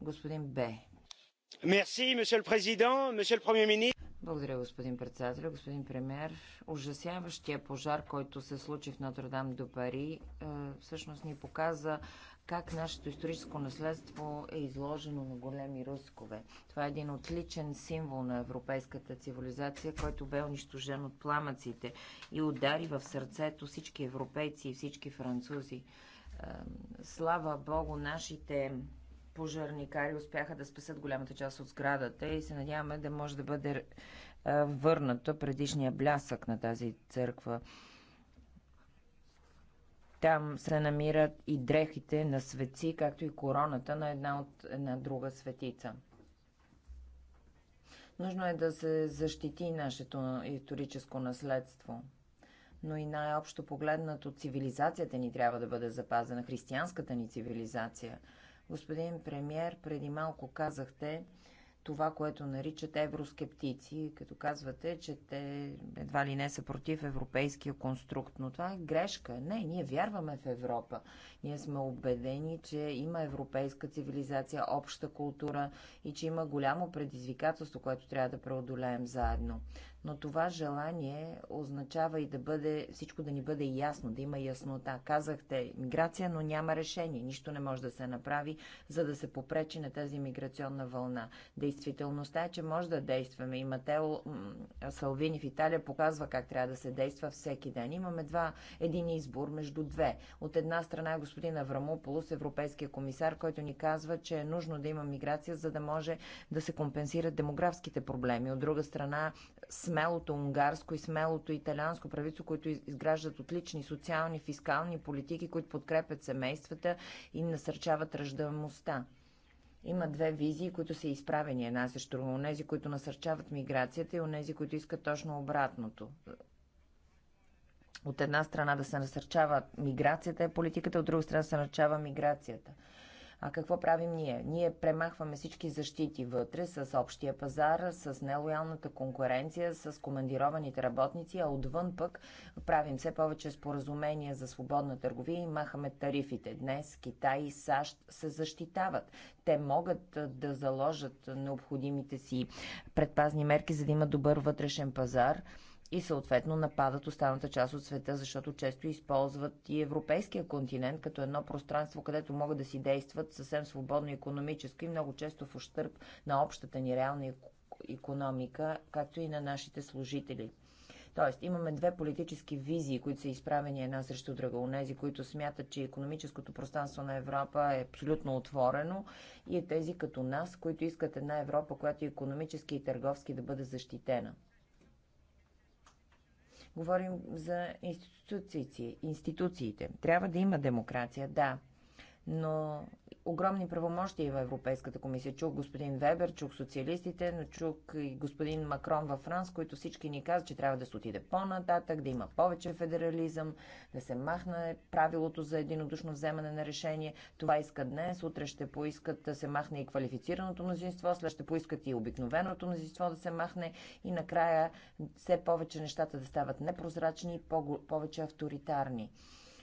господин Б. Мерси, месье президент, месье премьер министр. Благодаря, господин председател. Господин премьер, ужасяващия пожар, който се случи в Нотр-Дам до Пари, е, всъщност ни показа как нашето историческо наследство е изложено на големи рускове. Това е един отличен символ на европейската цивилизация, който бе унищожен от пламъците и удари в сърцето всички европейци и всички французи. Е, слава Богу, нашите пожарникари успяха да спасат голямата част от сградата и се надяваме да може да бъде върната предишния блясък на тази църква. Там се намират и дрехите на светци, както и короната на една от една друга светица. Нужно е да се защити нашето историческо наследство. Но и най-общо погледнато цивилизацията ни трябва да бъде запазена, християнската ни цивилизация – Господин премьер, преди малко казахте това, което наричат евроскептици, като казвате, че те едва ли не са против европейския конструкт. Но това е грешка. Не, ние вярваме в Европа. Ние сме убедени, че има европейска цивилизация, обща култура и че има голямо предизвикателство, което трябва да преодолеем заедно но това желание означава и да бъде, всичко да ни бъде ясно, да има яснота. Казахте миграция, но няма решение. Нищо не може да се направи, за да се попречи на тази миграционна вълна. Действителността е, че може да действаме. И Матео Салвини в Италия показва как трябва да се действа всеки ден. Имаме два, един избор между две. От една страна е господин Аврамополос, европейския комисар, който ни казва, че е нужно да има миграция, за да може да се компенсират демографските проблеми. От друга страна, смелото унгарско и смелото италианско правителство, които изграждат отлични социални, фискални политики, които подкрепят семействата и насърчават ръждаемостта. Има две визии, които са изправени една срещу онези, които насърчават миграцията и онези, които искат точно обратното от една страна да се насърчава миграцията е политиката, от друга страна да се насърчава миграцията. А какво правим ние? Ние премахваме всички защити вътре с общия пазар, с нелоялната конкуренция, с командированите работници, а отвън пък правим все повече споразумения за свободна търговия и махаме тарифите. Днес Китай и САЩ се защитават. Те могат да заложат необходимите си предпазни мерки, за да има добър вътрешен пазар и съответно нападат останалата част от света, защото често използват и европейския континент като едно пространство, където могат да си действат съвсем свободно економически и много често в ущърп на общата ни реална економика, както и на нашите служители. Тоест, имаме две политически визии, които са изправени една срещу друга. Унези, които смятат, че економическото пространство на Европа е абсолютно отворено и е тези като нас, които искат една Европа, която економически и търговски да бъде защитена. Говорим за институциите. Трябва да има демокрация, да, но огромни правомощия в Европейската комисия. Чух господин Вебер, чух социалистите, но чух и господин Макрон във Франс, които всички ни казват, че трябва да се отиде по-нататък, да има повече федерализъм, да се махне правилото за единодушно вземане на решение. Това иска днес, утре ще поискат да се махне и квалифицираното мнозинство, след ще поискат и обикновеното мнозинство да се махне и накрая все повече нещата да стават непрозрачни и повече авторитарни.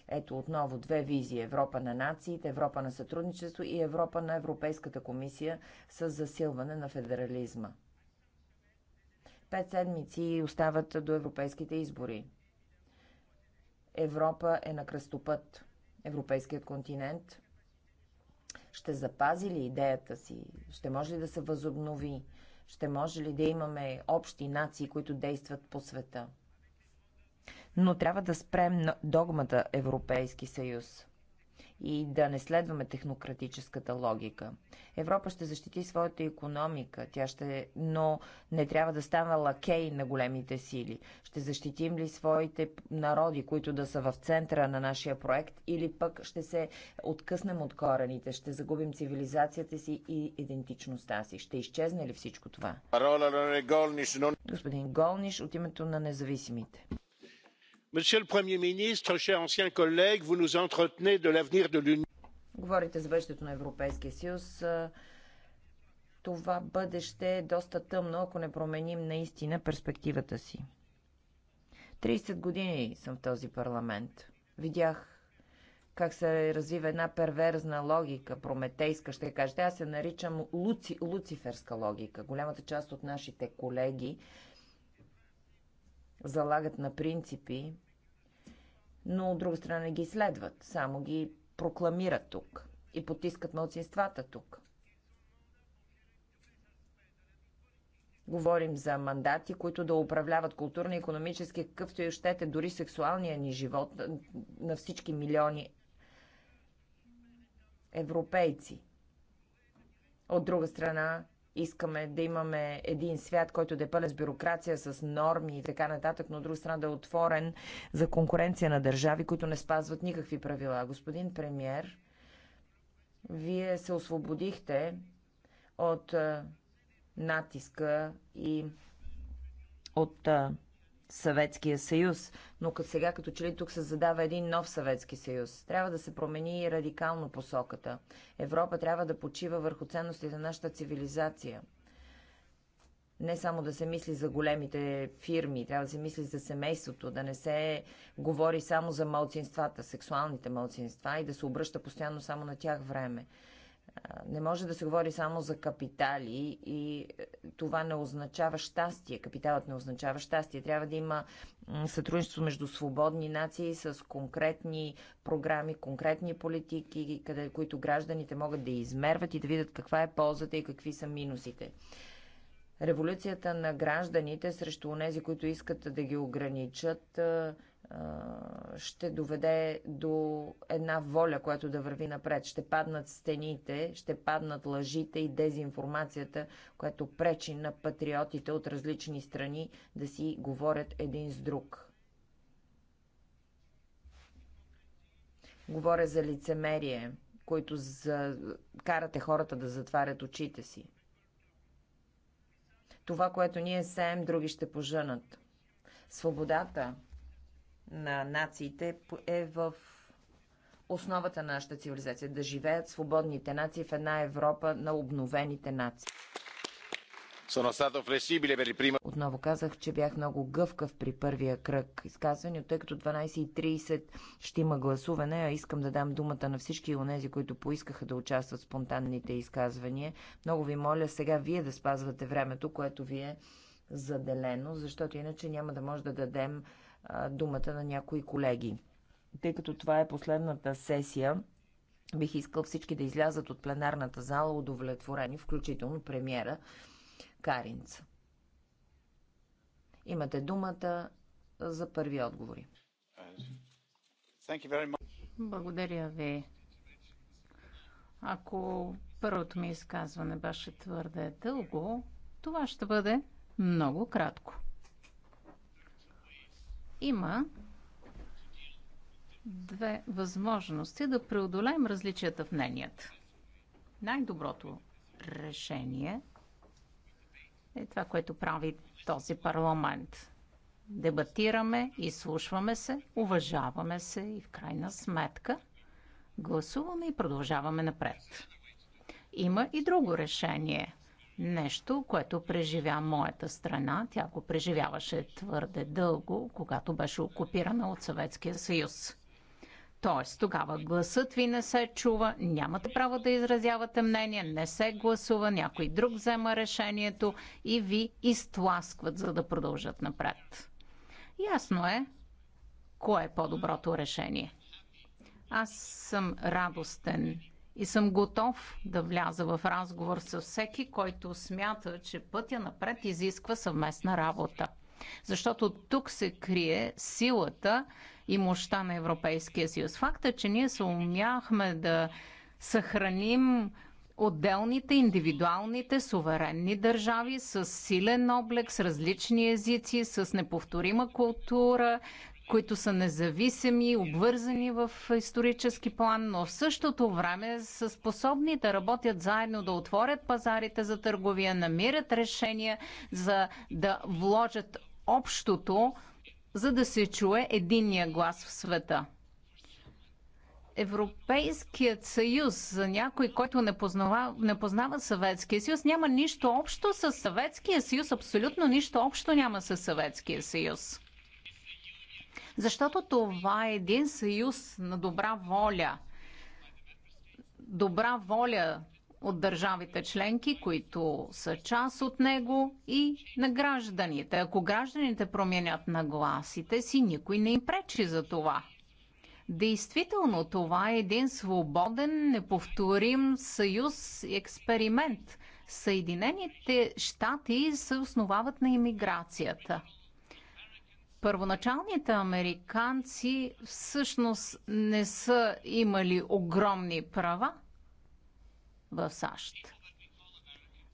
Ето отново две визии. Европа на нациите, Европа на сътрудничество и Европа на Европейската комисия с засилване на федерализма. Пет седмици остават до европейските избори. Европа е на кръстопът. Европейският континент ще запази ли идеята си? Ще може ли да се възобнови? Ще може ли да имаме общи нации, които действат по света? но трябва да спрем на догмата Европейски съюз и да не следваме технократическата логика. Европа ще защити своята економика, тя ще, но не трябва да става лакей на големите сили. Ще защитим ли своите народи, които да са в центъра на нашия проект, или пък ще се откъснем от корените, ще загубим цивилизацията си и идентичността си? Ще изчезне ли всичко това? Господин Голниш от името на независимите. Monsieur le Premier ministre, cher ancien collègue, vous nous entretenez de l'avenir de l'Union. Говорите за бъдещето на Европейския съюз. Това бъдеще е доста тъмно, ако не променим наистина перспективата си. 30 години съм в този парламент. Видях как се развива една перверзна логика, прометейска, ще кажете. Аз се наричам луци, луциферска логика. Голямата част от нашите колеги залагат на принципи, но от друга страна не ги следват, само ги прокламират тук и потискат мълцинствата тук. Говорим за мандати, които да управляват културно, и економически, какъвто и щете, дори сексуалния ни живот на всички милиони европейци. От друга страна, Искаме да имаме един свят, който да е пълен с бюрокрация, с норми и така нататък, но от друга страна да е отворен за конкуренция на държави, които не спазват никакви правила. Господин премьер, вие се освободихте от натиска и от Съветския съюз. Но като сега, като че ли тук се задава един нов Съветски съюз. Трябва да се промени радикално посоката. Европа трябва да почива върху ценностите на нашата цивилизация. Не само да се мисли за големите фирми, трябва да се мисли за семейството, да не се говори само за малцинствата, сексуалните малцинства и да се обръща постоянно само на тях време. Не може да се говори само за капитали и е, това не означава щастие. Капиталът не означава щастие. Трябва да има сътрудничество между свободни нации с конкретни програми, конкретни политики, къде, които гражданите могат да измерват и да видят каква е ползата и какви са минусите. Революцията на гражданите срещу онези, които искат да ги ограничат, е, ще доведе до една воля, която да върви напред. Ще паднат стените, ще паднат лъжите и дезинформацията, която пречи на патриотите от различни страни да си говорят един с друг. Говоря за лицемерие, които за... карате хората да затварят очите си. Това, което ние сеем, други ще поженат. Свободата, на нациите е в основата на нашата цивилизация. Да живеят свободните нации в една Европа на обновените нации. Отново казах, че бях много гъвкав при първия кръг изказване, тъй като 12.30 ще има гласуване, а искам да дам думата на всички онези, които поискаха да участват в спонтанните изказвания. Много ви моля сега вие да спазвате времето, което ви е заделено, защото иначе няма да може да дадем думата на някои колеги. Тъй като това е последната сесия, бих искал всички да излязат от пленарната зала удовлетворени, включително премиера Каринц. Имате думата за първи отговори. Благодаря ви. Ако първото ми изказване беше твърде дълго, това ще бъде много кратко. Има две възможности да преодолеем различията в мненията. Най-доброто решение е това, което прави този парламент. Дебатираме, изслушваме се, уважаваме се и в крайна сметка гласуваме и продължаваме напред. Има и друго решение – Нещо, което преживя моята страна. Тя го преживяваше твърде дълго, когато беше окупирана от Съветския съюз. Тоест, тогава гласът ви не се чува, нямате право да изразявате мнение, не се гласува, някой друг взема решението и ви изтласкват, за да продължат напред. Ясно е кое е по-доброто решение. Аз съм радостен и съм готов да вляза в разговор с всеки, който смята, че пътя напред изисква съвместна работа. Защото тук се крие силата и мощта на Европейския съюз. Факта, че ние се умяхме да съхраним отделните, индивидуалните, суверенни държави с силен облек, с различни езици, с неповторима култура, които са независими, обвързани в исторически план, но в същото време са способни да работят заедно, да отворят пазарите за търговия, намират решения за да вложат общото, за да се чуе единния глас в света. Европейският съюз за някой, който не познава, не познава Съветския съюз, няма нищо общо с Съветския съюз, абсолютно нищо общо няма с Съветския съюз. Защото това е един съюз на добра воля. Добра воля от държавите членки, които са част от него и на гражданите. Ако гражданите променят нагласите си, никой не им пречи за това. Действително, това е един свободен, неповторим съюз експеримент. Съединените щати се основават на иммиграцията – първоначалните американци всъщност не са имали огромни права в САЩ.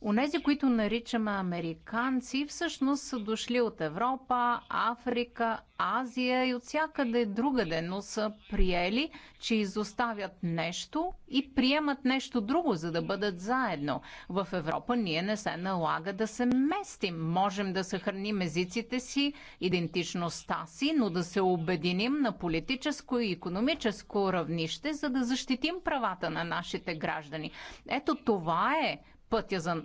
Онези, които наричаме американци, всъщност са дошли от Европа, Африка, Азия и от всякъде другаде, но са приели, че изоставят нещо и приемат нещо друго, за да бъдат заедно. В Европа ние не се налага да се местим. Можем да съхраним езиците си, идентичността си, но да се обединим на политическо и економическо равнище, за да защитим правата на нашите граждани. Ето това е пътя за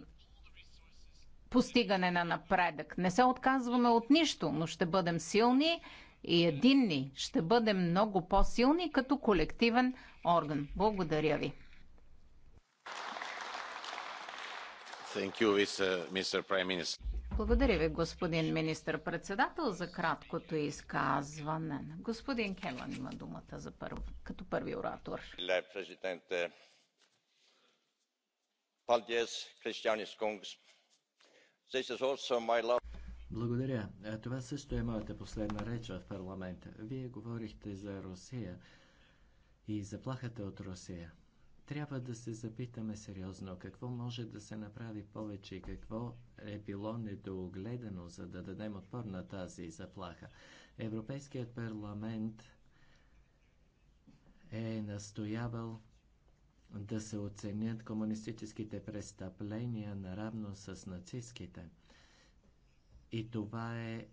постигане на напредък. Не се отказваме от нищо, но ще бъдем силни и единни. Ще бъдем много по-силни като колективен орган. Благодаря ви. Благодаря ви, господин министр-председател, за краткото изказване. Господин Келан има думата за първ, като първи оратор. Благодаря. Е, това също е моята последна реч в парламента. Вие говорихте за Русия и заплахата от Русия. Трябва да се запитаме сериозно какво може да се направи повече и какво е било недоогледано, за да дадем отпор на тази заплаха. Европейският парламент е настоявал да се оценят комунистическите престъпления наравно с нацистските. И това е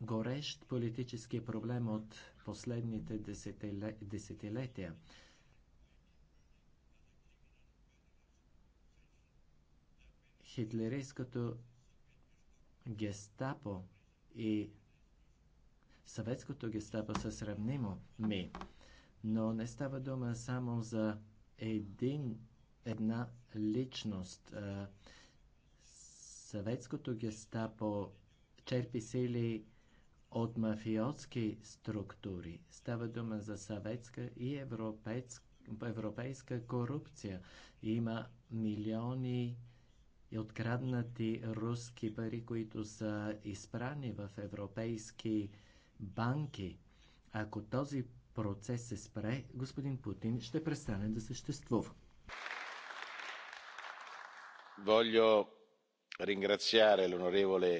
горещ политически проблем от последните десетилетия. Хитлерийското гестапо и съветското гестапо са сравнимо ми но не става дума само за един, една личност. Съветското гестапо черпи сили от мафиотски структури. Става дума за съветска и европейска, европейска корупция. Има милиони откраднати руски пари, които са изпрани в европейски банки. Ако този процес се спре, господин Путин ще престане да съществува. Voglio ringraziare l'onorevole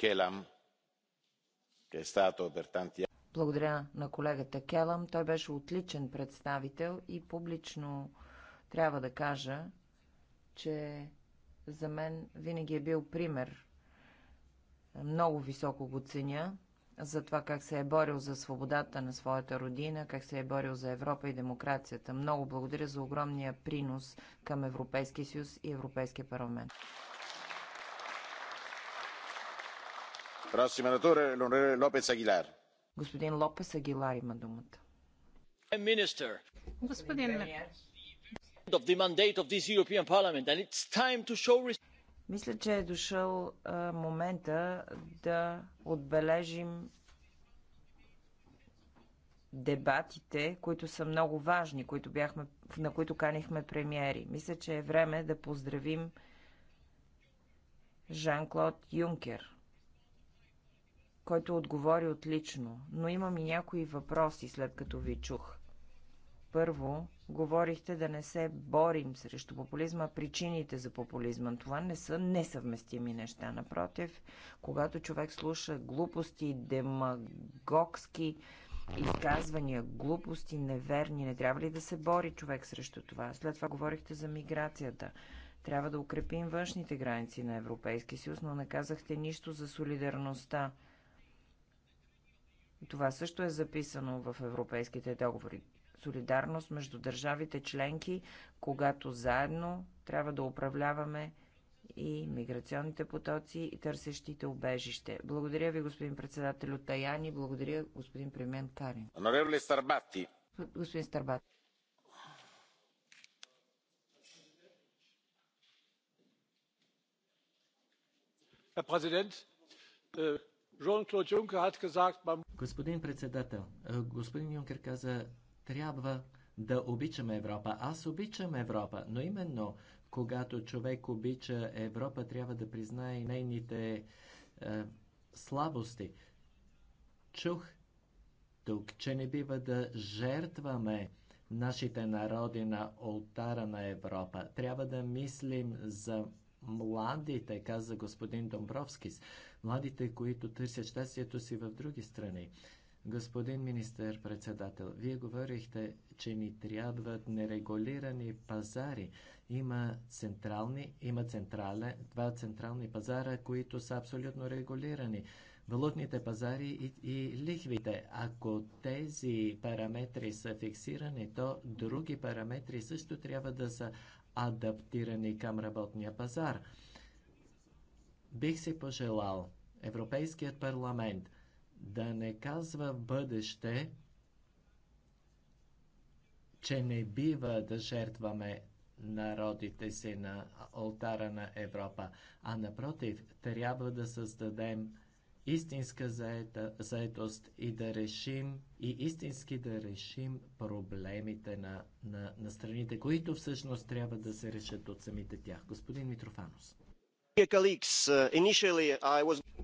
Kelam, che è stato per tanti anni. Благодаря на колегата Келам. Той беше отличен представител и публично трябва да кажа, че за мен винаги е бил пример. Много високо го ценя за това как се е борил за свободата на своята родина, как се е борил за Европа и демокрацията. Много благодаря за огромния принос към Европейския съюз и Европейския парламент. Господин Лопес Агилар има думата. Господин Лопес. Мисля, че е дошъл а, момента да отбележим дебатите, които са много важни, които бяхме, на които канихме премиери. Мисля, че е време да поздравим Жан-Клод Юнкер, който отговори отлично, но имам и някои въпроси, след като ви чух. Първо, Говорихте да не се борим срещу популизма, причините за популизма. Това не са несъвместими неща. Напротив, когато човек слуша глупости, демагогски изказвания, глупости, неверни, не трябва ли да се бори човек срещу това? След това говорихте за миграцията. Трябва да укрепим външните граници на Европейски съюз, но не казахте нищо за солидарността. Това също е записано в европейските договори солидарност между държавите членки, когато заедно трябва да управляваме и миграционните потоци и търсещите убежище. Благодаря ви, господин председател Таяни. Благодаря, господин премиен Карин. Старбати. Господин Старбати. Äh, господин председател, äh, господин Юнкер каза, трябва да обичаме Европа. Аз обичам Европа, но именно когато човек обича Европа, трябва да признае нейните е, слабости. Чух тук, че не бива да жертваме нашите народи на олтара на Европа. Трябва да мислим за младите, каза господин Домбровскис, младите, които търсят щастието си в други страни. Господин министър-председател, вие говорихте, че ни трябват нерегулирани пазари. Има, централни, има централе, два централни пазара, които са абсолютно регулирани. Валутните пазари и, и лихвите. Ако тези параметри са фиксирани, то други параметри също трябва да са адаптирани към работния пазар. Бих си пожелал Европейският парламент да не казва в бъдеще, че не бива да жертваме народите си на алтара на Европа, а напротив, трябва да създадем истинска заета, заетост и да решим и истински да решим проблемите на, на, на страните, които всъщност трябва да се решат от самите тях. Господин Митрофанов. Uh,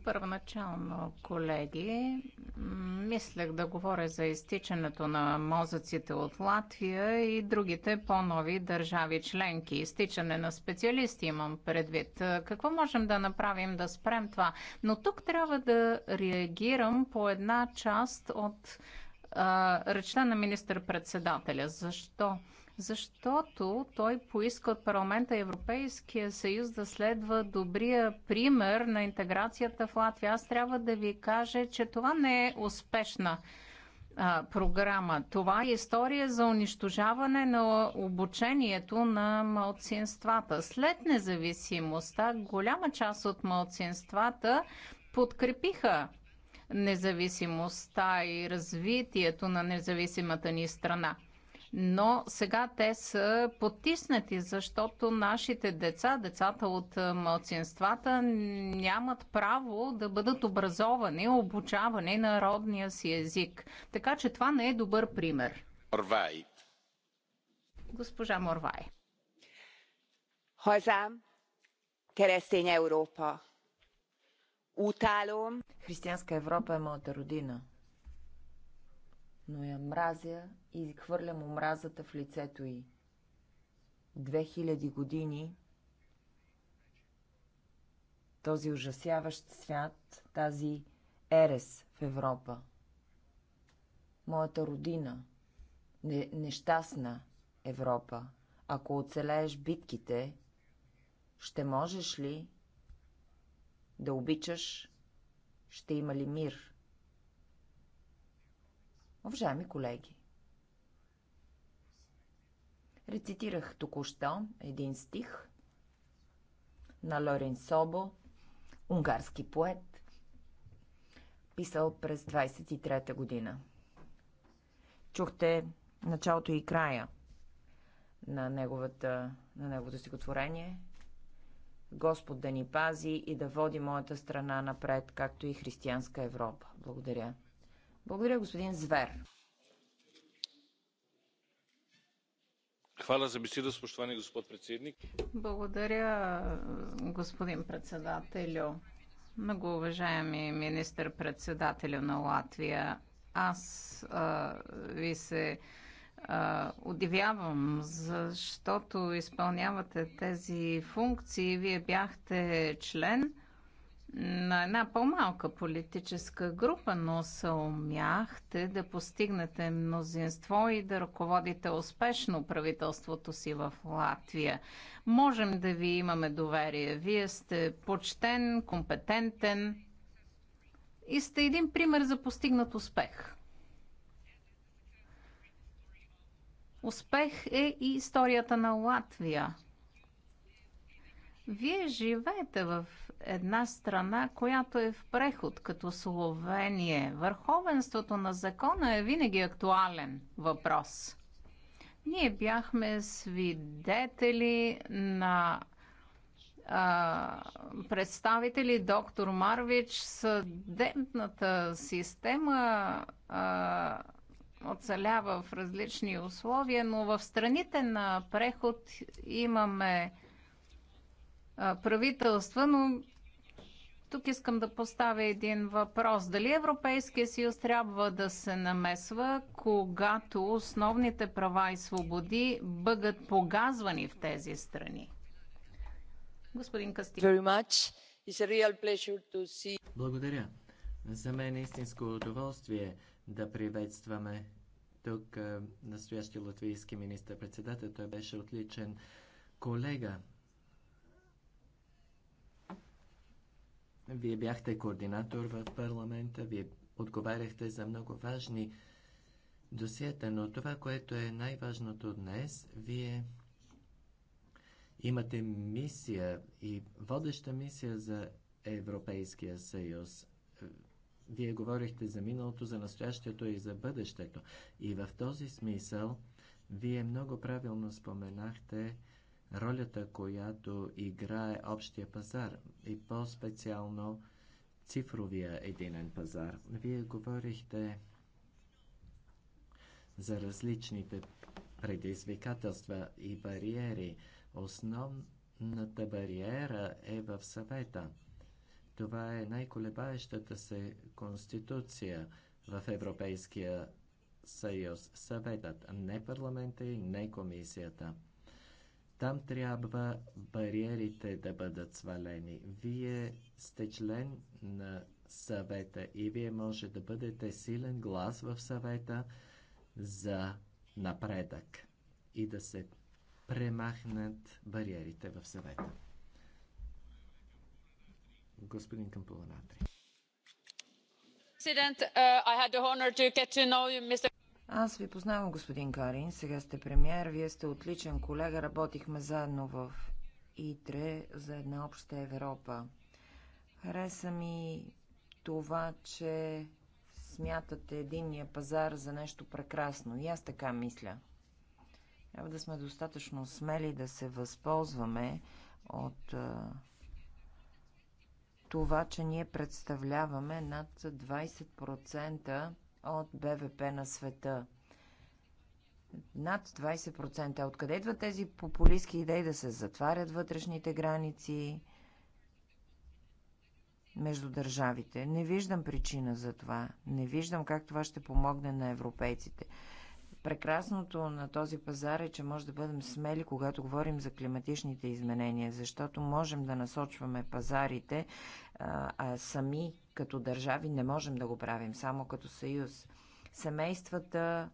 Първоначално, колеги, мислех да говоря за изтичането на мозъците от Латвия и другите по-нови държави членки. Изтичане на специалисти имам предвид. Е, какво можем да направим да спрем това? Но тук трябва да реагирам по една част от а, речта на министър-председателя. Защо? защото той поиска от парламента Европейския съюз да следва добрия пример на интеграцията в Латвия. Аз трябва да ви кажа, че това не е успешна а, програма. Това е история за унищожаване на обучението на малцинствата. След независимостта, голяма част от малцинствата подкрепиха независимостта и развитието на независимата ни страна но сега те са потиснати, защото нашите деца, децата от младсинствата, нямат право да бъдат образовани, обучавани на родния си език. Така че това не е добър пример. Морвай. Госпожа Морвай. Хозам, Керестень Европа. Уталом. Християнска Европа е моята родина но я мразя и хвърлям омразата в лицето й. Две хиляди години този ужасяващ свят, тази ерес в Европа. Моята родина, не, нещастна Европа, ако оцелееш битките, ще можеш ли да обичаш, ще има ли мир – Уважаеми колеги, рецитирах току-що един стих на Лорен Собо, унгарски поет, писал през 23-та година. Чухте началото и края на, неговата, на неговото стихотворение. Господ да ни пази и да води моята страна напред, както и християнска Европа. Благодаря. Благодаря, господин Звер. Хвала за беседа, господ председник. Благодаря, господин председателю. Много уважаеми министър-председателю на Латвия, аз а, ви се а, удивявам, защото изпълнявате тези функции. Вие бяхте член на една по-малка политическа група, но се умяхте да постигнете мнозинство и да ръководите успешно правителството си в Латвия. Можем да ви имаме доверие. Вие сте почтен, компетентен и сте един пример за постигнат успех. Успех е и историята на Латвия – вие живеете в една страна, която е в преход, като Словения. Върховенството на закона е винаги актуален въпрос. Ние бяхме свидетели на а, представители доктор Марвич, съдебната система а, оцелява в различни условия, но в страните на преход имаме правителства, но тук искам да поставя един въпрос. Дали Европейския съюз трябва да се намесва, когато основните права и свободи бъдат погазвани в тези страни? Господин Кастин. Благодаря. За мен е истинско удоволствие да приветстваме тук настоящия латвийски министър-председател. Той беше отличен колега Вие бяхте координатор в парламента, вие отговаряхте за много важни досиета, но това, което е най-важното днес, вие имате мисия и водеща мисия за Европейския съюз. Вие говорихте за миналото, за настоящето и за бъдещето. И в този смисъл, вие много правилно споменахте ролята, която играе общия пазар и по-специално цифровия единен пазар. Вие говорихте за различните предизвикателства и бариери. Основната бариера е в съвета. Това е най-колебаещата се конституция в Европейския съюз. Съветът, не парламента и не комисията. Там трябва бариерите да бъдат свалени. Вие сте член на съвета и вие може да бъдете силен глас в съвета за напредък и да се премахнат бариерите в съвета. Господин Кампуланатри. Аз ви познавам, господин Карин. Сега сте премьер. Вие сте отличен колега. Работихме заедно в ИТРЕ за една обща Европа. Хареса ми това, че смятате единния пазар за нещо прекрасно. И аз така мисля. Трябва да сме достатъчно смели да се възползваме от това, че ние представляваме над 20% от БВП на света. Над 20%. Откъде идват тези популистски идеи да се затварят вътрешните граници между държавите? Не виждам причина за това. Не виждам как това ще помогне на европейците. Прекрасното на този пазар е, че може да бъдем смели, когато говорим за климатичните изменения, защото можем да насочваме пазарите а, а сами като държави не можем да го правим, само като съюз. Семействата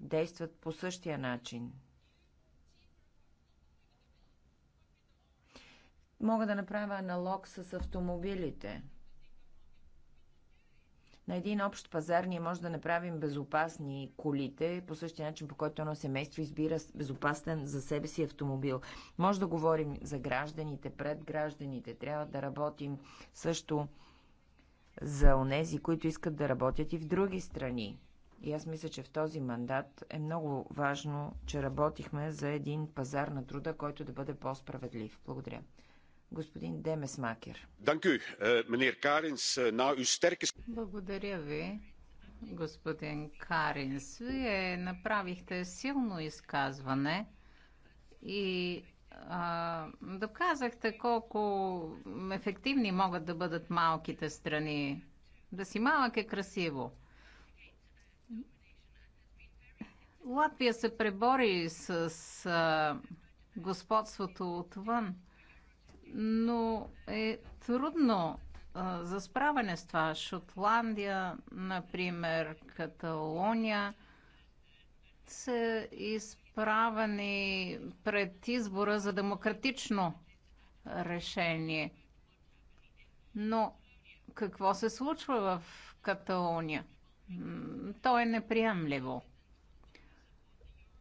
действат по същия начин. Мога да направя аналог с автомобилите. На един общ пазар ние може да направим безопасни колите, по същия начин, по който едно семейство избира безопасен за себе си автомобил. Може да говорим за гражданите, пред гражданите. Трябва да работим също за онези, които искат да работят и в други страни. И аз мисля, че в този мандат е много важно, че работихме за един пазар на труда, който да бъде по-справедлив. Благодаря. Господин Демес Макер. Eh, eh, Благодаря ви, господин Каринс. Вие направихте силно изказване и доказахте колко ефективни могат да бъдат малките страни. Да си малък е красиво. Латвия се пребори с а, господството отвън, но е трудно а, за справяне с това. Шотландия, например, Каталония се изправя изправени пред избора за демократично решение. Но какво се случва в Каталуния? То е неприемливо.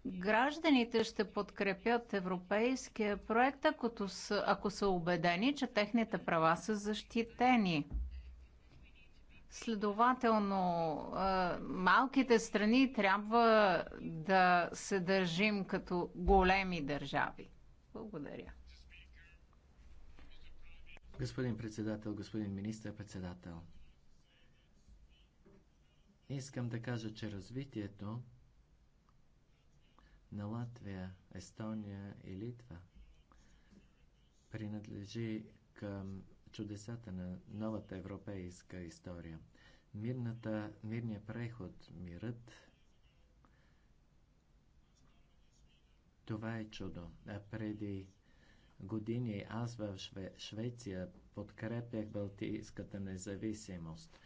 Гражданите ще подкрепят европейския проект, ако са убедени, че техните права са защитени. Следователно, малките страни трябва да се държим като големи държави. Благодаря. Господин председател, господин министър-председател, искам да кажа, че развитието на Латвия, Естония и Литва принадлежи към чудесата на новата европейска история. Мирната, мирният преход, мирът, това е чудо. А преди години аз в Шве, Швеция подкрепях Балтийската независимост.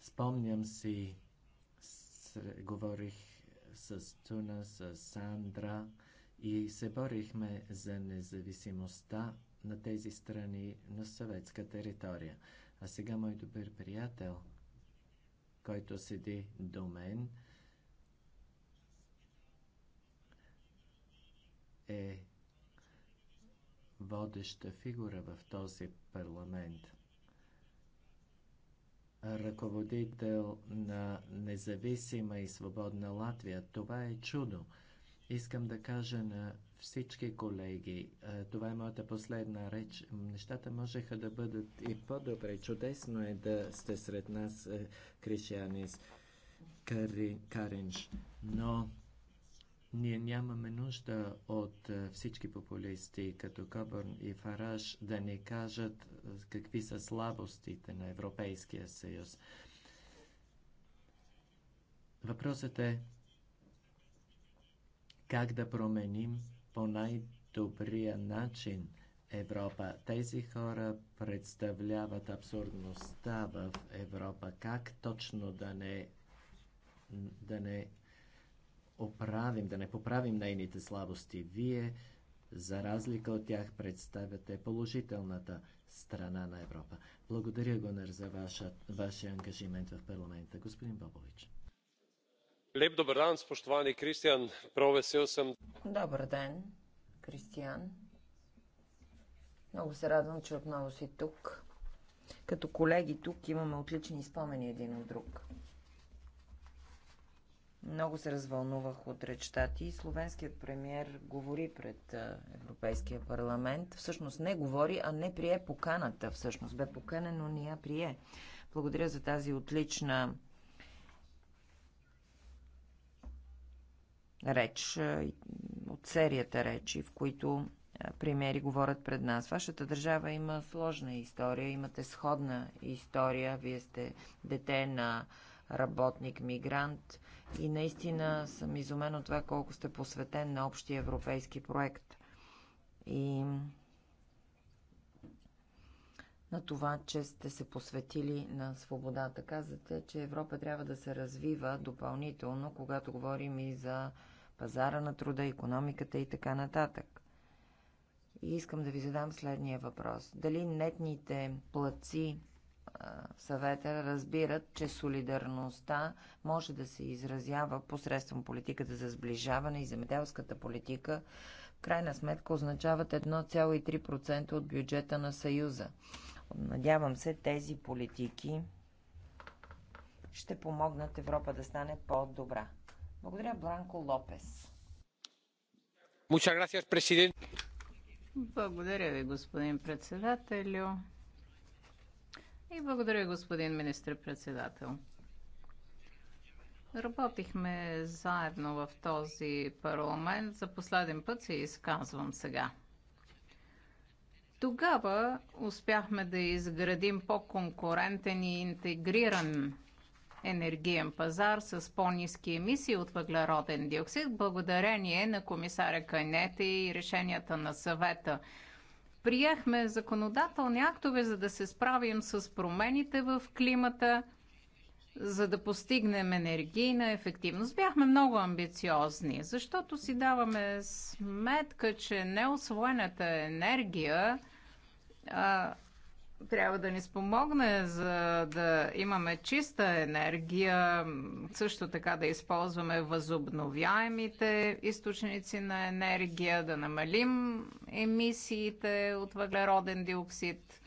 Спомням си, с, говорих с Туна, с Сандра и се борихме за независимостта на тези страни на съветска територия. А сега мой добър приятел, който седи до мен, е водеща фигура в този парламент. Ръководител на независима и свободна Латвия. Това е чудо. Искам да кажа на всички колеги. Това е моята последна реч. Нещата можеха да бъдат и по-добре. Чудесно е да сте сред нас, е, Кришианис Каринш. Но ние нямаме нужда от е, всички популисти, като Кобърн и Фараш, да ни кажат е, какви са слабостите на Европейския съюз. Въпросът е как да променим по най-добрия начин Европа. Тези хора представляват абсурдността в Европа. Как точно да не, да не оправим, да не поправим нейните слабости? Вие, за разлика от тях, представяте положителната страна на Европа. Благодаря, Гонер, за ваша, вашия ангажимент в парламента. Господин Бобович. Lep dober dan, spoštovani Kristjan. Prav vesel съм. Добър ден, Кристиян. Много се радвам, че отново си тук. Като колеги тук имаме отлични спомени един от друг. Много се развълнувах от речта ти. Словенският премьер говори пред Европейския парламент. Всъщност не говори, а не прие поканата. Всъщност бе поканен, но не я прие. Благодаря за тази отлична реч, от серията речи, в които премиери говорят пред нас. Вашата държава има сложна история, имате сходна история. Вие сте дете на работник-мигрант и наистина съм изумен от това колко сте посветен на общия европейски проект. И на това, че сте се посветили на свободата. Казвате, че Европа трябва да се развива допълнително, когато говорим и за пазара на труда, економиката и така нататък. И искам да ви задам следния въпрос. Дали нетните плаци в съвета разбират, че солидарността може да се изразява посредством политиката за сближаване и земеделската политика, в крайна сметка означават 1,3% от бюджета на Съюза. Надявам се тези политики ще помогнат Европа да стане по-добра. Благодаря, Бланко Лопес. Благодаря ви, господин председателю. И благодаря, господин министр-председател. Работихме заедно в този парламент. За последен път се изказвам сега. Тогава успяхме да изградим по-конкурентен и интегриран енергиен пазар с по-низки емисии от въглероден диоксид, благодарение на комисаря Кайнете и решенията на съвета. Приехме законодателни актове, за да се справим с промените в климата, за да постигнем енергийна ефективност. Бяхме много амбициозни, защото си даваме сметка, че неосвоената енергия а, трябва да ни спомогне за да имаме чиста енергия, също така да използваме възобновяемите източници на енергия, да намалим емисиите от въглероден диоксид.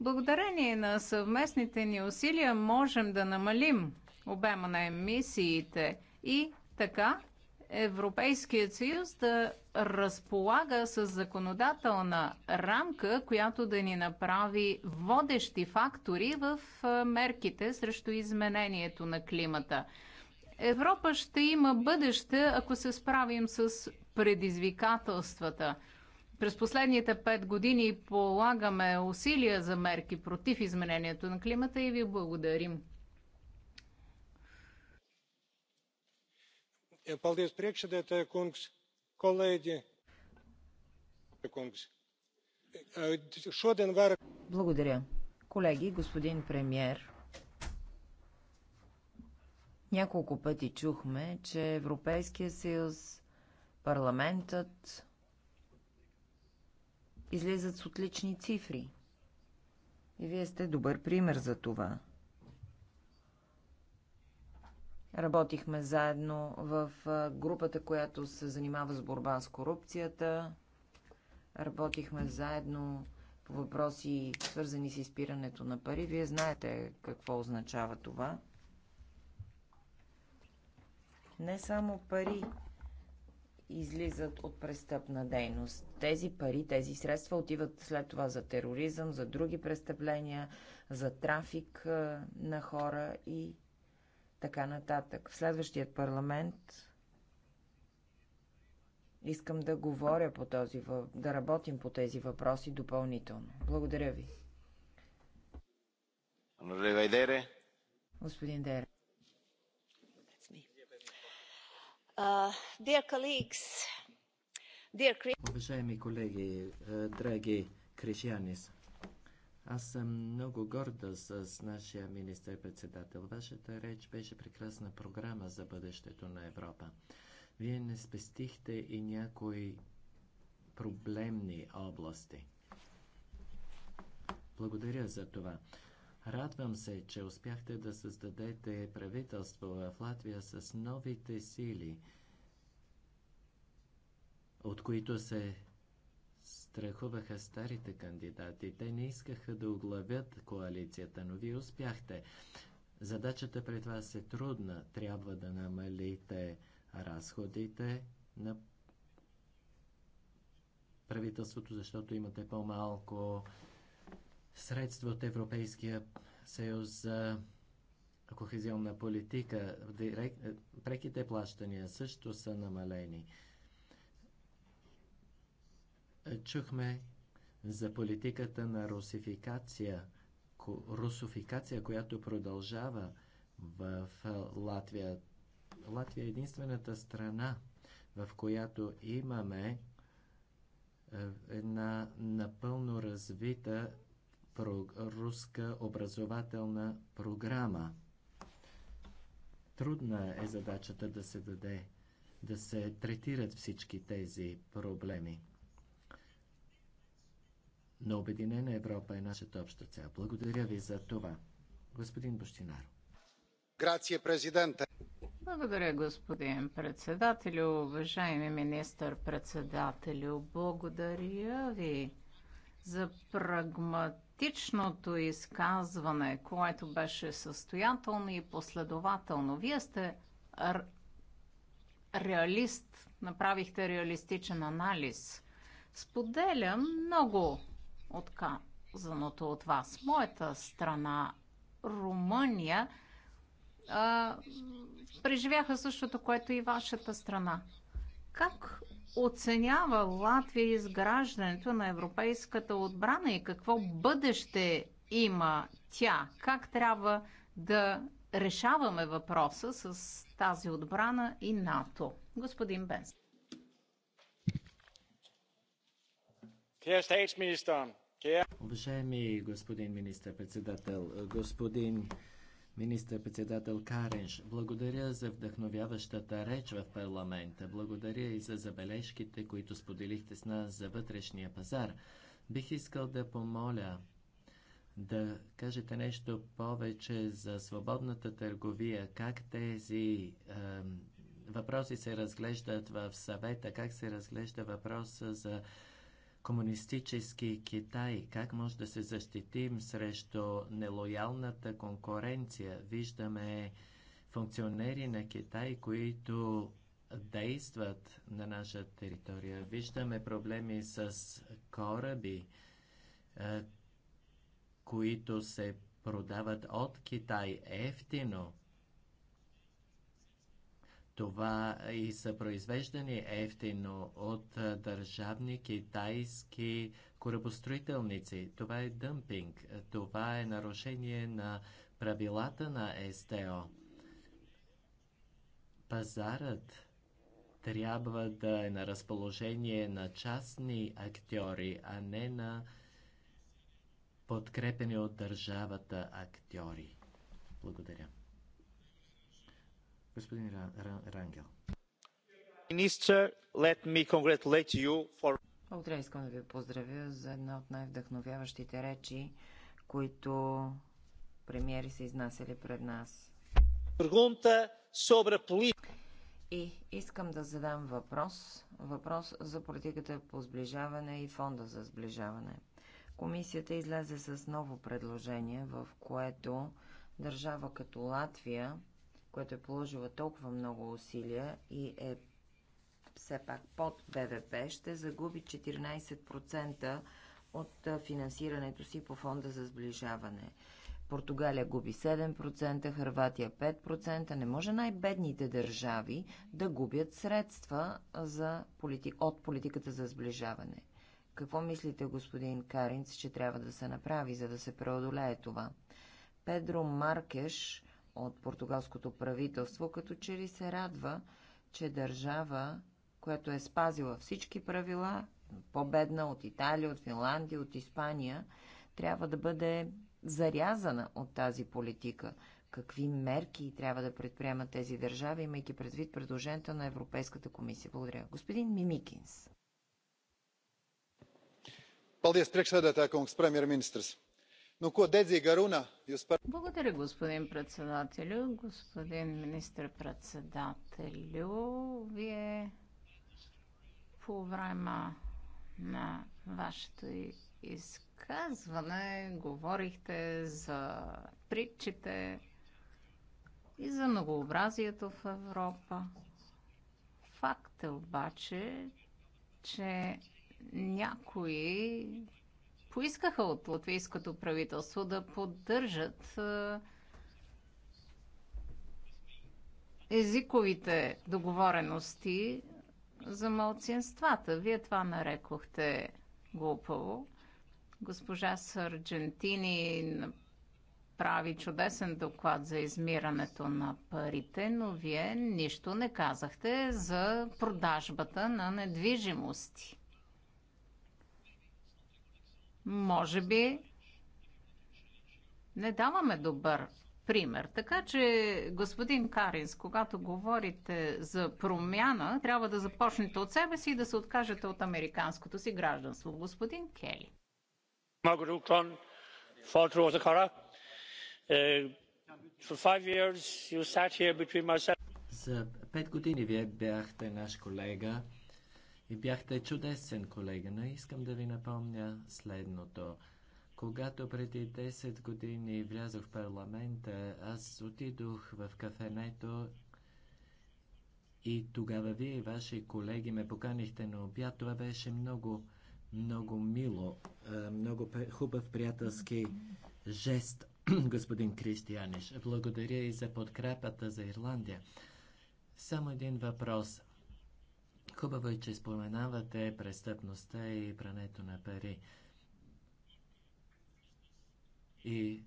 Благодарение на съвместните ни усилия можем да намалим обема на емисиите и така Европейският съюз да разполага с законодателна рамка, която да ни направи водещи фактори в мерките срещу изменението на климата. Европа ще има бъдеще, ако се справим с предизвикателствата. През последните пет години полагаме усилия за мерки против изменението на климата и ви благодарим. Paldies kungs, kolēģi. Kungs. Eh, Благодаря. Колеги, господин премьер, няколко пъти чухме, че Европейския съюз, парламентът излизат с отлични цифри. И вие сте добър пример за това. Работихме заедно в групата, която се занимава с борба с корупцията. Работихме заедно по въпроси, свързани с изпирането на пари. Вие знаете какво означава това. Не само пари излизат от престъпна дейност. Тези пари, тези средства отиват след това за тероризъм, за други престъпления, за трафик на хора и така нататък. В следващия парламент искам да говоря по този, да работим по тези въпроси допълнително. Благодаря ви. Господин Дере. Uh, Уважаеми колеги, е, драги кришянис, аз съм много горда с нашия министър-председател. Вашата реч беше прекрасна програма за бъдещето на Европа. Вие не спестихте и някои проблемни области. Благодаря за това. Радвам се, че успяхте да създадете правителство в Латвия с новите сили, от които се страхуваха старите кандидати. Те не искаха да оглавят коалицията, но вие успяхте. Задачата пред вас е трудна. Трябва да намалите разходите на правителството, защото имате по-малко средства от Европейския съюз за кохезионна политика. Директ... Преките плащания също са намалени. Чухме за политиката на русификация, русификация, която продължава в Латвия. Латвия е единствената страна, в която имаме е, една напълно развита руска образователна програма. Трудна е задачата да се даде, да се третират всички тези проблеми. На Обединена Европа е нашата обща цел. Благодаря ви за това. Господин Бощинаро. Грация, президента. Благодаря, господин председателю. Уважаеми министър-председателю, благодаря ви за прагматичното изказване, което беше състоятелно и последователно. Вие сте реалист, направихте реалистичен анализ. Споделям много Отказаното от вас. Моята страна, Румъния, а, преживяха същото, което и вашата страна. Как оценява Латвия изграждането на европейската отбрана и какво бъдеще има тя? Как трябва да решаваме въпроса с тази отбрана и НАТО? Господин Бенс. Кære statsminister, Уважаеми господин министър-председател, господин министър-председател Каренш, благодаря за вдъхновяващата реч в парламента. Благодаря и за забележките, които споделихте с нас за вътрешния пазар. Бих искал да помоля да кажете нещо повече за свободната търговия, как тези е, въпроси се разглеждат в съвета, как се разглежда въпроса за комунистически Китай, как може да се защитим срещу нелоялната конкуренция. Виждаме функционери на Китай, които действат на наша територия. Виждаме проблеми с кораби, които се продават от Китай ефтино. Това и са произвеждани ефтино от държавни китайски корабостроителници. Това е дъмпинг. Това е нарушение на правилата на СТО. Пазарът трябва да е на разположение на частни актьори, а не на подкрепени от държавата актьори. Благодаря. Господин Рангел. Благодаря, искам да ви поздравя за една от най-вдъхновяващите речи, които премиери са изнасяли пред нас. И искам да задам въпрос. Въпрос за политиката по сближаване и фонда за сближаване. Комисията излезе с ново предложение, в което държава като Латвия което е положила толкова много усилия и е все пак под БВП, ще загуби 14% от финансирането си по фонда за сближаване. Португалия губи 7%, Харватия 5%. Не може най-бедните държави да губят средства за полити... от политиката за сближаване. Какво мислите, господин Каринц, че трябва да се направи, за да се преодолее това? Педро Маркеш от португалското правителство, като че ли се радва, че държава, която е спазила всички правила, победна от Италия, от Финландия, от Испания, трябва да бъде зарязана от тази политика. Какви мерки трябва да предприемат тези държави, имайки предвид предложението на Европейската комисия? Благодаря. Господин Мимикинс. Благодаря, priekšsēdētāja kungs, благодаря, господин председателю. Господин министр-председателю, вие по време на вашето изказване говорихте за притчите и за многообразието в Европа. Факт е обаче, че някои поискаха от латвийското правителство да поддържат езиковите договорености за малцинствата. Вие това нарекохте глупаво. Госпожа Сарджентини прави чудесен доклад за измирането на парите, но вие нищо не казахте за продажбата на недвижимости. Може би не даваме добър пример. Така че, господин Каринс, когато говорите за промяна, трябва да започнете от себе си и да се откажете от американското си гражданство. Господин Кели. Е, за пет години вие бяхте наш колега. И бяхте чудесен колега, но искам да ви напомня следното. Когато преди 10 години влязох в парламента, аз отидох в кафенето и тогава вие и ваши колеги ме поканихте на обяд. Това беше много, много мило, много хубав приятелски жест, господин Кристианиш. Благодаря и за подкрепата за Ирландия. Само един въпрос. Хубаво е, че споменавате престъпността и прането на пари. И,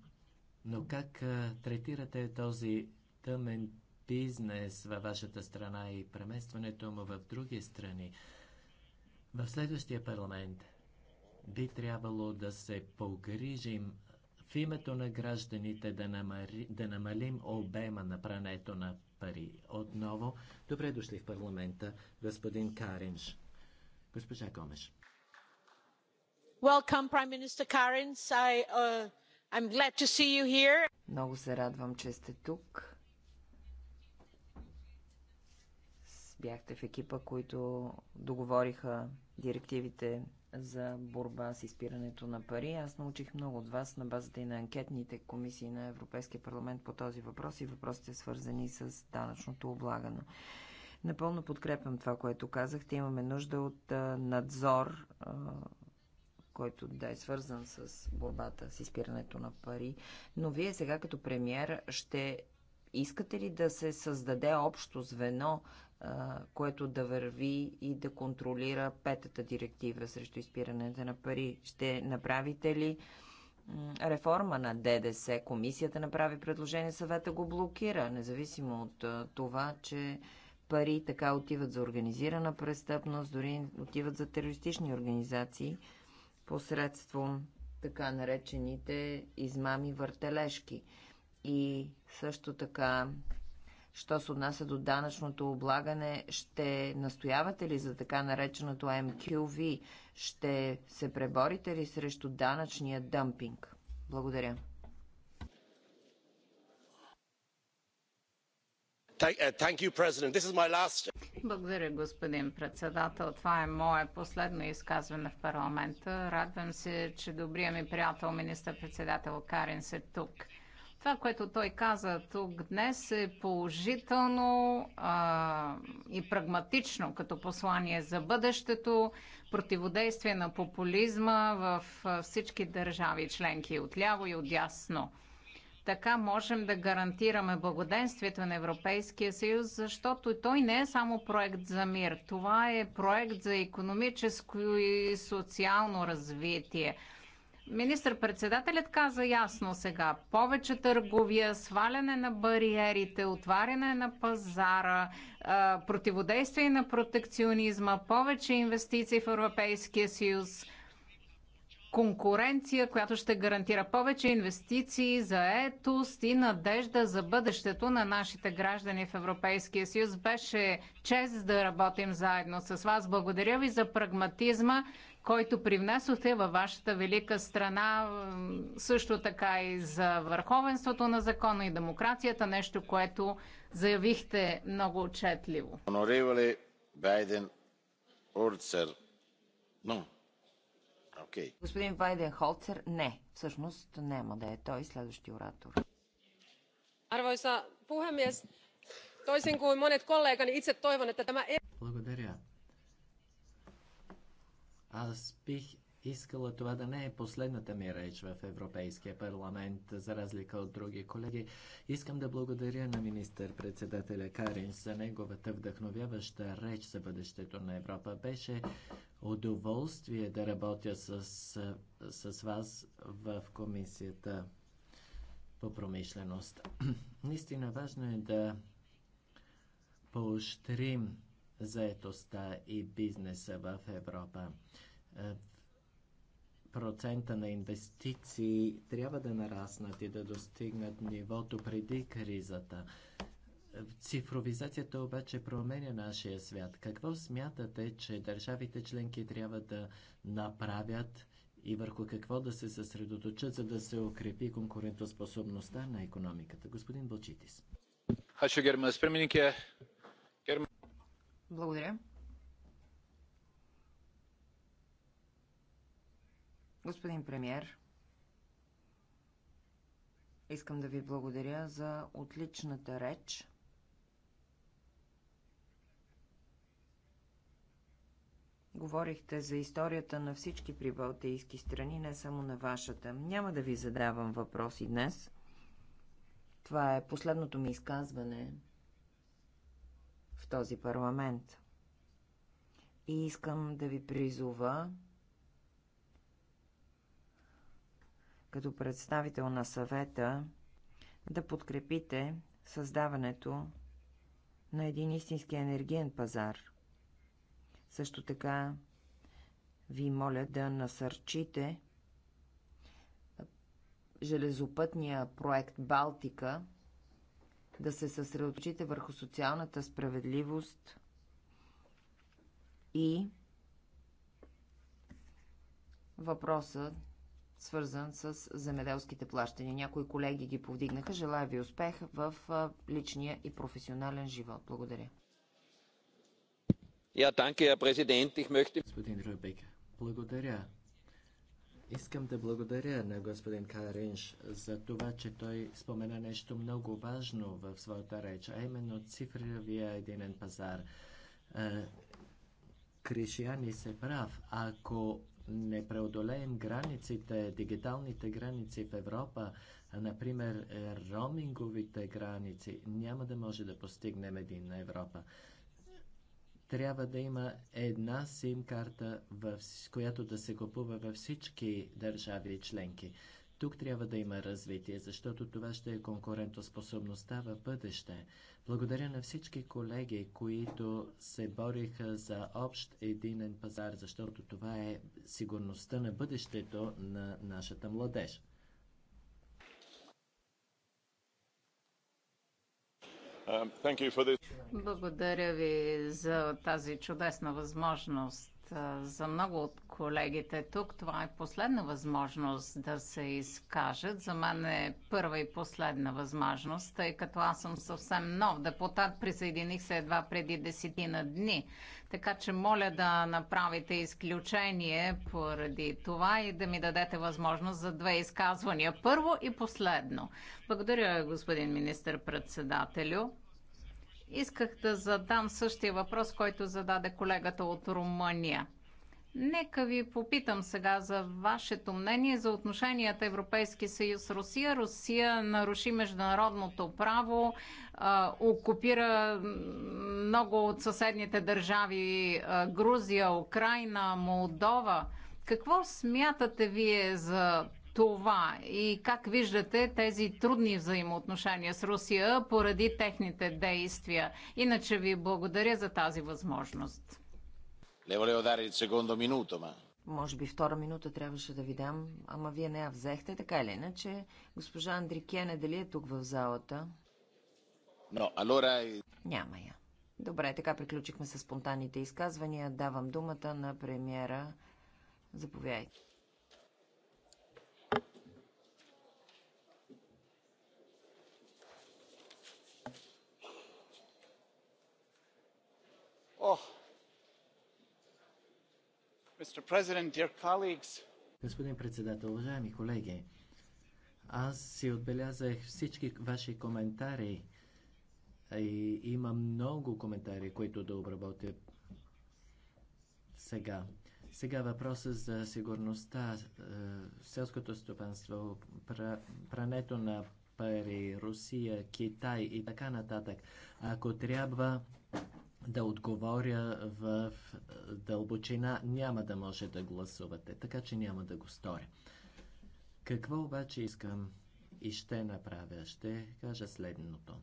но как а, третирате този тъмен бизнес във вашата страна и преместването му в други страни? В следващия парламент би трябвало да се погрижим в името на гражданите да, намали, да намалим обема на прането на пари. Отново, добре дошли в парламента, господин Каринш. Госпожа Гомеш. Welcome, Prime Minister Karins. I, uh, I'm glad to see you here. Много се радвам, че сте тук. Бяхте в екипа, които договориха директивите за борба с изпирането на пари. Аз научих много от вас на базата и на анкетните комисии на Европейския парламент по този въпрос и въпросите свързани с данъчното облагане. Напълно подкрепям това, което казахте. Имаме нужда от надзор, който да е свързан с борбата с изпирането на пари. Но вие сега като премьер ще искате ли да се създаде общо звено което да върви и да контролира петата директива срещу изпирането на пари. Ще направите ли реформа на ДДС? Комисията направи предложение, съвета го блокира, независимо от това, че пари така отиват за организирана престъпност, дори отиват за терористични организации посредством така наречените измами въртележки. И също така Що се отнася до данъчното облагане, ще настоявате ли за така нареченото MQV? Ще се преборите ли срещу данъчния дъмпинг? Благодаря. Uh, Благодаря, господин председател. Това е мое последно изказване в парламента. Радвам се, че добрият ми приятел, министър-председател Карин, се тук. Това, което той каза тук днес е положително а, и прагматично като послание за бъдещето, противодействие на популизма в всички държави членки, отляво и ясно. Така можем да гарантираме благоденствието на Европейския съюз, защото той не е само проект за мир. Това е проект за економическо и социално развитие – Министър-председателят каза ясно сега. Повече търговия, сваляне на бариерите, отваряне на пазара, противодействие на протекционизма, повече инвестиции в Европейския съюз, конкуренция, която ще гарантира повече инвестиции, за етост и надежда за бъдещето на нашите граждани в Европейския съюз. Беше чест да работим заедно с вас. Благодаря ви за прагматизма който привнесохте във вашата велика страна, също така и за върховенството на закона и демокрацията, нещо, което заявихте много отчетливо. Господин Байден Орцер. Okay. Господин Холцер, не. Всъщност няма да е той следващия оратор. Arvoisa puhemies, toisin kuin monet kollegani, itse toivon, että tämä... E- Благодаря. Аз бих искала това да не е последната ми реч в Европейския парламент, за разлика от други колеги. Искам да благодаря на министър-председателя Карин за неговата вдъхновяваща реч за бъдещето на Европа. Беше удоволствие да работя с, с вас в комисията по промишленост. Наистина важно е да поощрим заетостта и бизнеса в Европа процента на инвестиции трябва да нараснат и да достигнат нивото преди кризата. Цифровизацията обаче променя нашия свят. Какво смятате, че държавите членки трябва да направят и върху какво да се съсредоточат, за да се укрепи конкурентоспособността на економиката? Господин Бочитис. Благодаря. Господин премьер, искам да ви благодаря за отличната реч. Говорихте за историята на всички прибалтийски страни, не само на вашата. Няма да ви задавам въпроси днес. Това е последното ми изказване в този парламент. И искам да ви призова като представител на съвета да подкрепите създаването на един истински енергиен пазар. Също така ви моля да насърчите железопътния проект Балтика, да се съсредоточите върху социалната справедливост и въпросът свързан с земеделските плащания. Някои колеги ги повдигнаха. Желая ви успех в личния и професионален живот. Благодаря. Я danke, я президент, их мъхте. Господин Рубик, благодаря. Искам да благодаря на господин Каринш за това, че той спомена нещо много важно в своята реч, а именно цифровия единен пазар. Е, Кришияни се прав. Ако не преодолеем границите, дигиталните граници в Европа, а например е, роминговите граници, няма да може да постигнем един на Европа. Трябва да има една сим карта, в която да се купува във всички държави и членки. Тук трябва да има развитие, защото това ще е конкурентоспособността в бъдеще. Благодаря на всички колеги, които се бориха за общ единен пазар, защото това е сигурността на бъдещето на нашата младеж. Um, Благодаря ви за тази чудесна възможност за много от колегите тук това е последна възможност да се изкажат. За мен е първа и последна възможност, тъй като аз съм съвсем нов депутат. Присъединих се едва преди десетина дни. Така че моля да направите изключение поради това и да ми дадете възможност за две изказвания. Първо и последно. Благодаря, господин министър-председателю. Исках да задам същия въпрос, който зададе колегата от Румъния. Нека ви попитам сега за вашето мнение за отношенията Европейски съюз Русия. Русия наруши международното право, окупира много от съседните държави Грузия, Украина, Молдова. Какво смятате вие за това и как виждате тези трудни взаимоотношения с Русия поради техните действия. Иначе ви благодаря за тази възможност. Може би втора минута трябваше да ви дам, ама вие не я взехте, така или иначе. Госпожа Андрикене, дали е тук в залата? Но, allora... Няма я. Добре, така приключихме с спонтанните изказвания. Давам думата на премиера. Заповядайте. Oh. Господин председател, уважаеми колеги, аз си отбелязах всички ваши коментари и има много коментари, които да обработя сега. Сега въпросът за сигурността, е, селското стопанство, прането на пари, Русия, Китай и така нататък. Ако трябва, да отговоря в дълбочина, няма да може да гласувате, така че няма да го сторя. Какво обаче искам и ще направя? Ще кажа следното.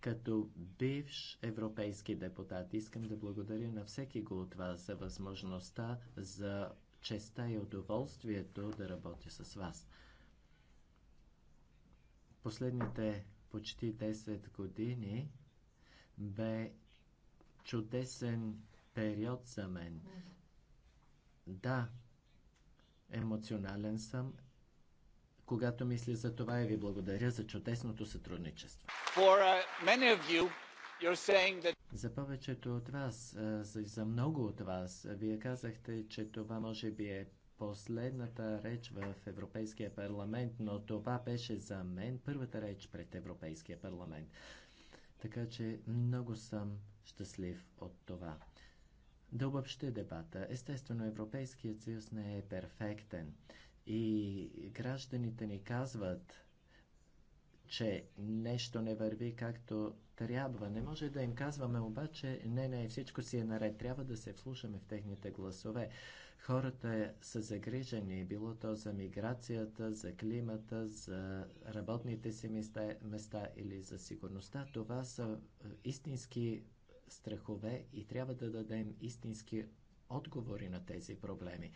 Като бивш европейски депутат искам да благодаря на всеки го от вас за възможността, за честа и удоволствието да работя с вас. Последните почти 10 години бе чудесен период за мен. Да, емоционален съм, когато мисля за това и ви благодаря за чудесното сътрудничество. For, uh, you, that... За повечето от вас, за, за много от вас, вие казахте, че това може би е последната реч в Европейския парламент, но това беше за мен първата реч пред Европейския парламент. Така че много съм щастлив от това. Да обобщи дебата. Естествено, Европейският съюз не е перфектен. И гражданите ни казват, че нещо не върви както трябва. Не може да им казваме обаче, не, не, всичко си е наред. Трябва да се вслушаме в техните гласове. Хората е, са загрижени, било то за миграцията, за климата, за работните си места, места или за сигурността. Това са е, истински страхове и трябва да дадем истински отговори на тези проблеми.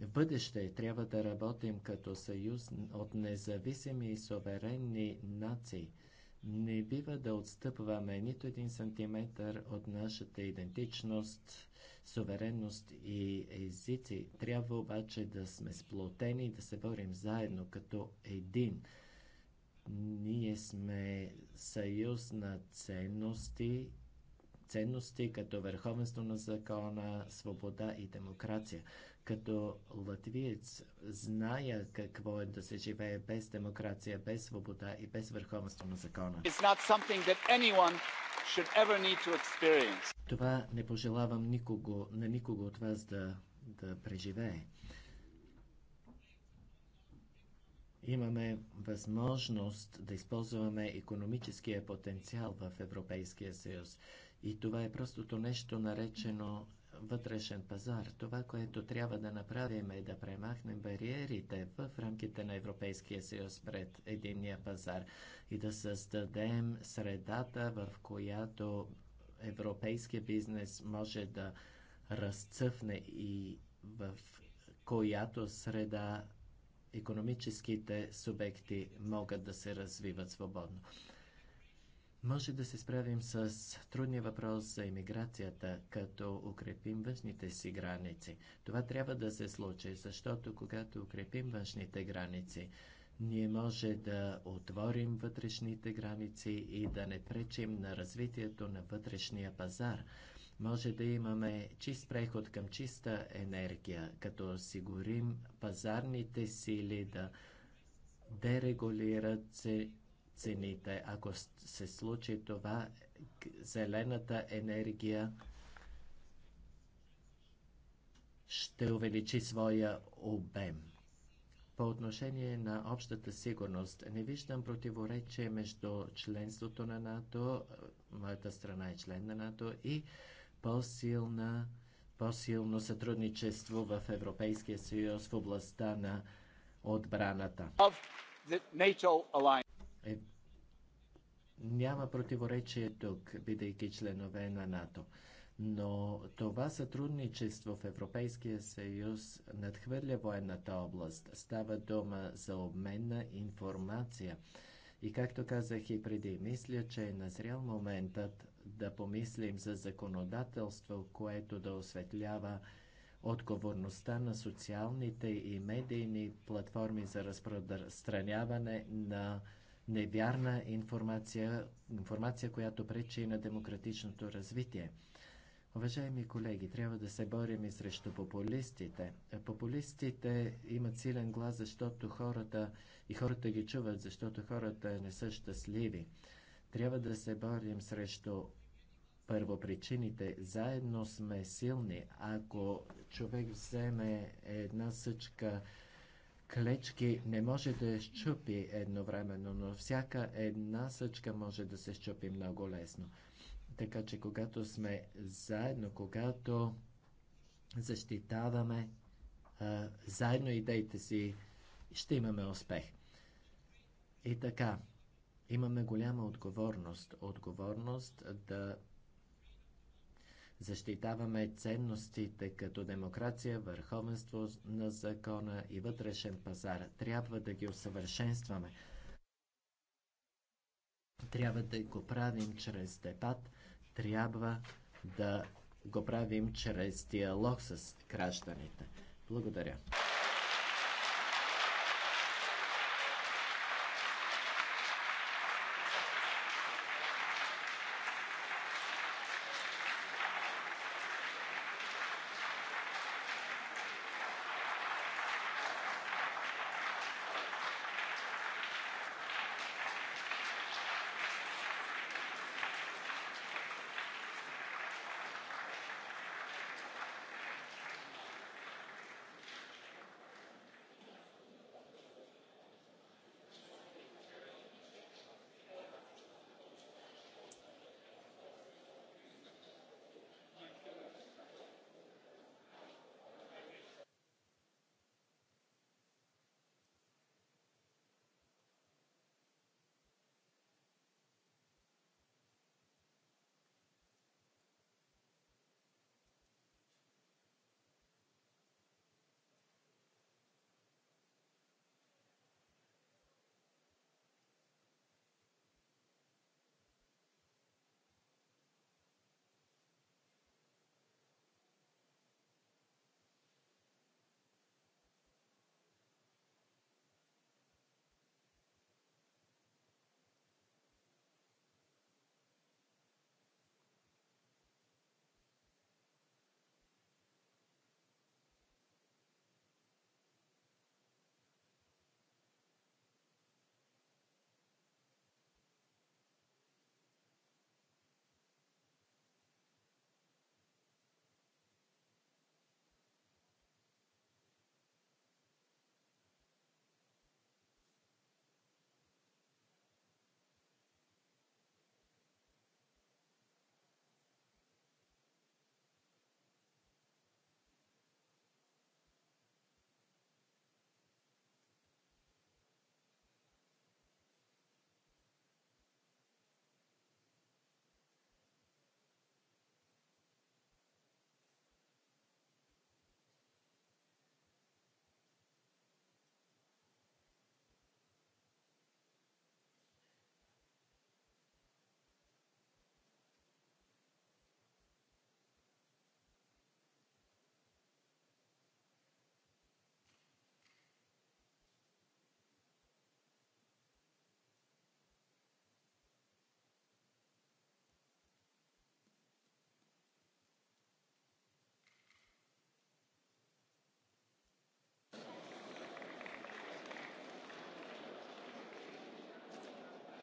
В бъдеще трябва да работим като съюз от независими и суверенни нации. Не бива да отстъпваме нито един сантиметр от нашата идентичност, суверенност и езици. Трябва обаче да сме сплотени и да се борим заедно като един. Ние сме съюз на ценности, ценности като върховенство на закона, свобода и демокрация. Като латвиец зная какво е да се живее без демокрация, без свобода и без върховенство на закона. Това не пожелавам никого, на никого от вас да, да преживее. Имаме възможност да използваме економическия потенциал в Европейския съюз. И това е простото нещо наречено вътрешен пазар. Това, което трябва да направим е да премахнем бариерите в рамките на Европейския съюз пред единния пазар и да създадем средата, в която европейския бизнес може да разцъфне и в която среда економическите субекти могат да се развиват свободно. Може да се справим с трудния въпрос за иммиграцията, като укрепим външните си граници. Това трябва да се случи, защото когато укрепим външните граници, ние може да отворим вътрешните граници и да не пречим на развитието на вътрешния пазар. Може да имаме чист преход към чиста енергия, като осигурим пазарните сили да дерегулират се цените. Ако се случи това, зелената енергия ще увеличи своя обем. По отношение на общата сигурност, не виждам противоречие между членството на НАТО, моята страна е член на НАТО, и по-силна, по-силно сътрудничество в Европейския съюз в областта на отбраната е, няма противоречие тук, бидейки членове на НАТО. Но това сътрудничество в Европейския съюз надхвърля военната област. Става дума за обмен на информация. И както казах и преди, мисля, че е назрял моментът да помислим за законодателство, което да осветлява отговорността на социалните и медийни платформи за разпространяване на невярна информация, информация, която пречи на демократичното развитие. Уважаеми колеги, трябва да се борим и срещу популистите. Популистите имат силен глас, защото хората и хората ги чуват, защото хората не са щастливи. Трябва да се борим срещу първопричините. Заедно сме силни. Ако човек вземе една съчка клечки не може да я щупи едновременно, но всяка една съчка може да се щупи много лесно. Така че когато сме заедно, когато защитаваме а, заедно идеите си, ще имаме успех. И така, имаме голяма отговорност. Отговорност да защитаваме ценностите като демокрация, върховенство на закона и вътрешен пазар. Трябва да ги усъвършенстваме. Трябва да го правим чрез дебат, трябва да го правим чрез диалог с гражданите. Благодаря.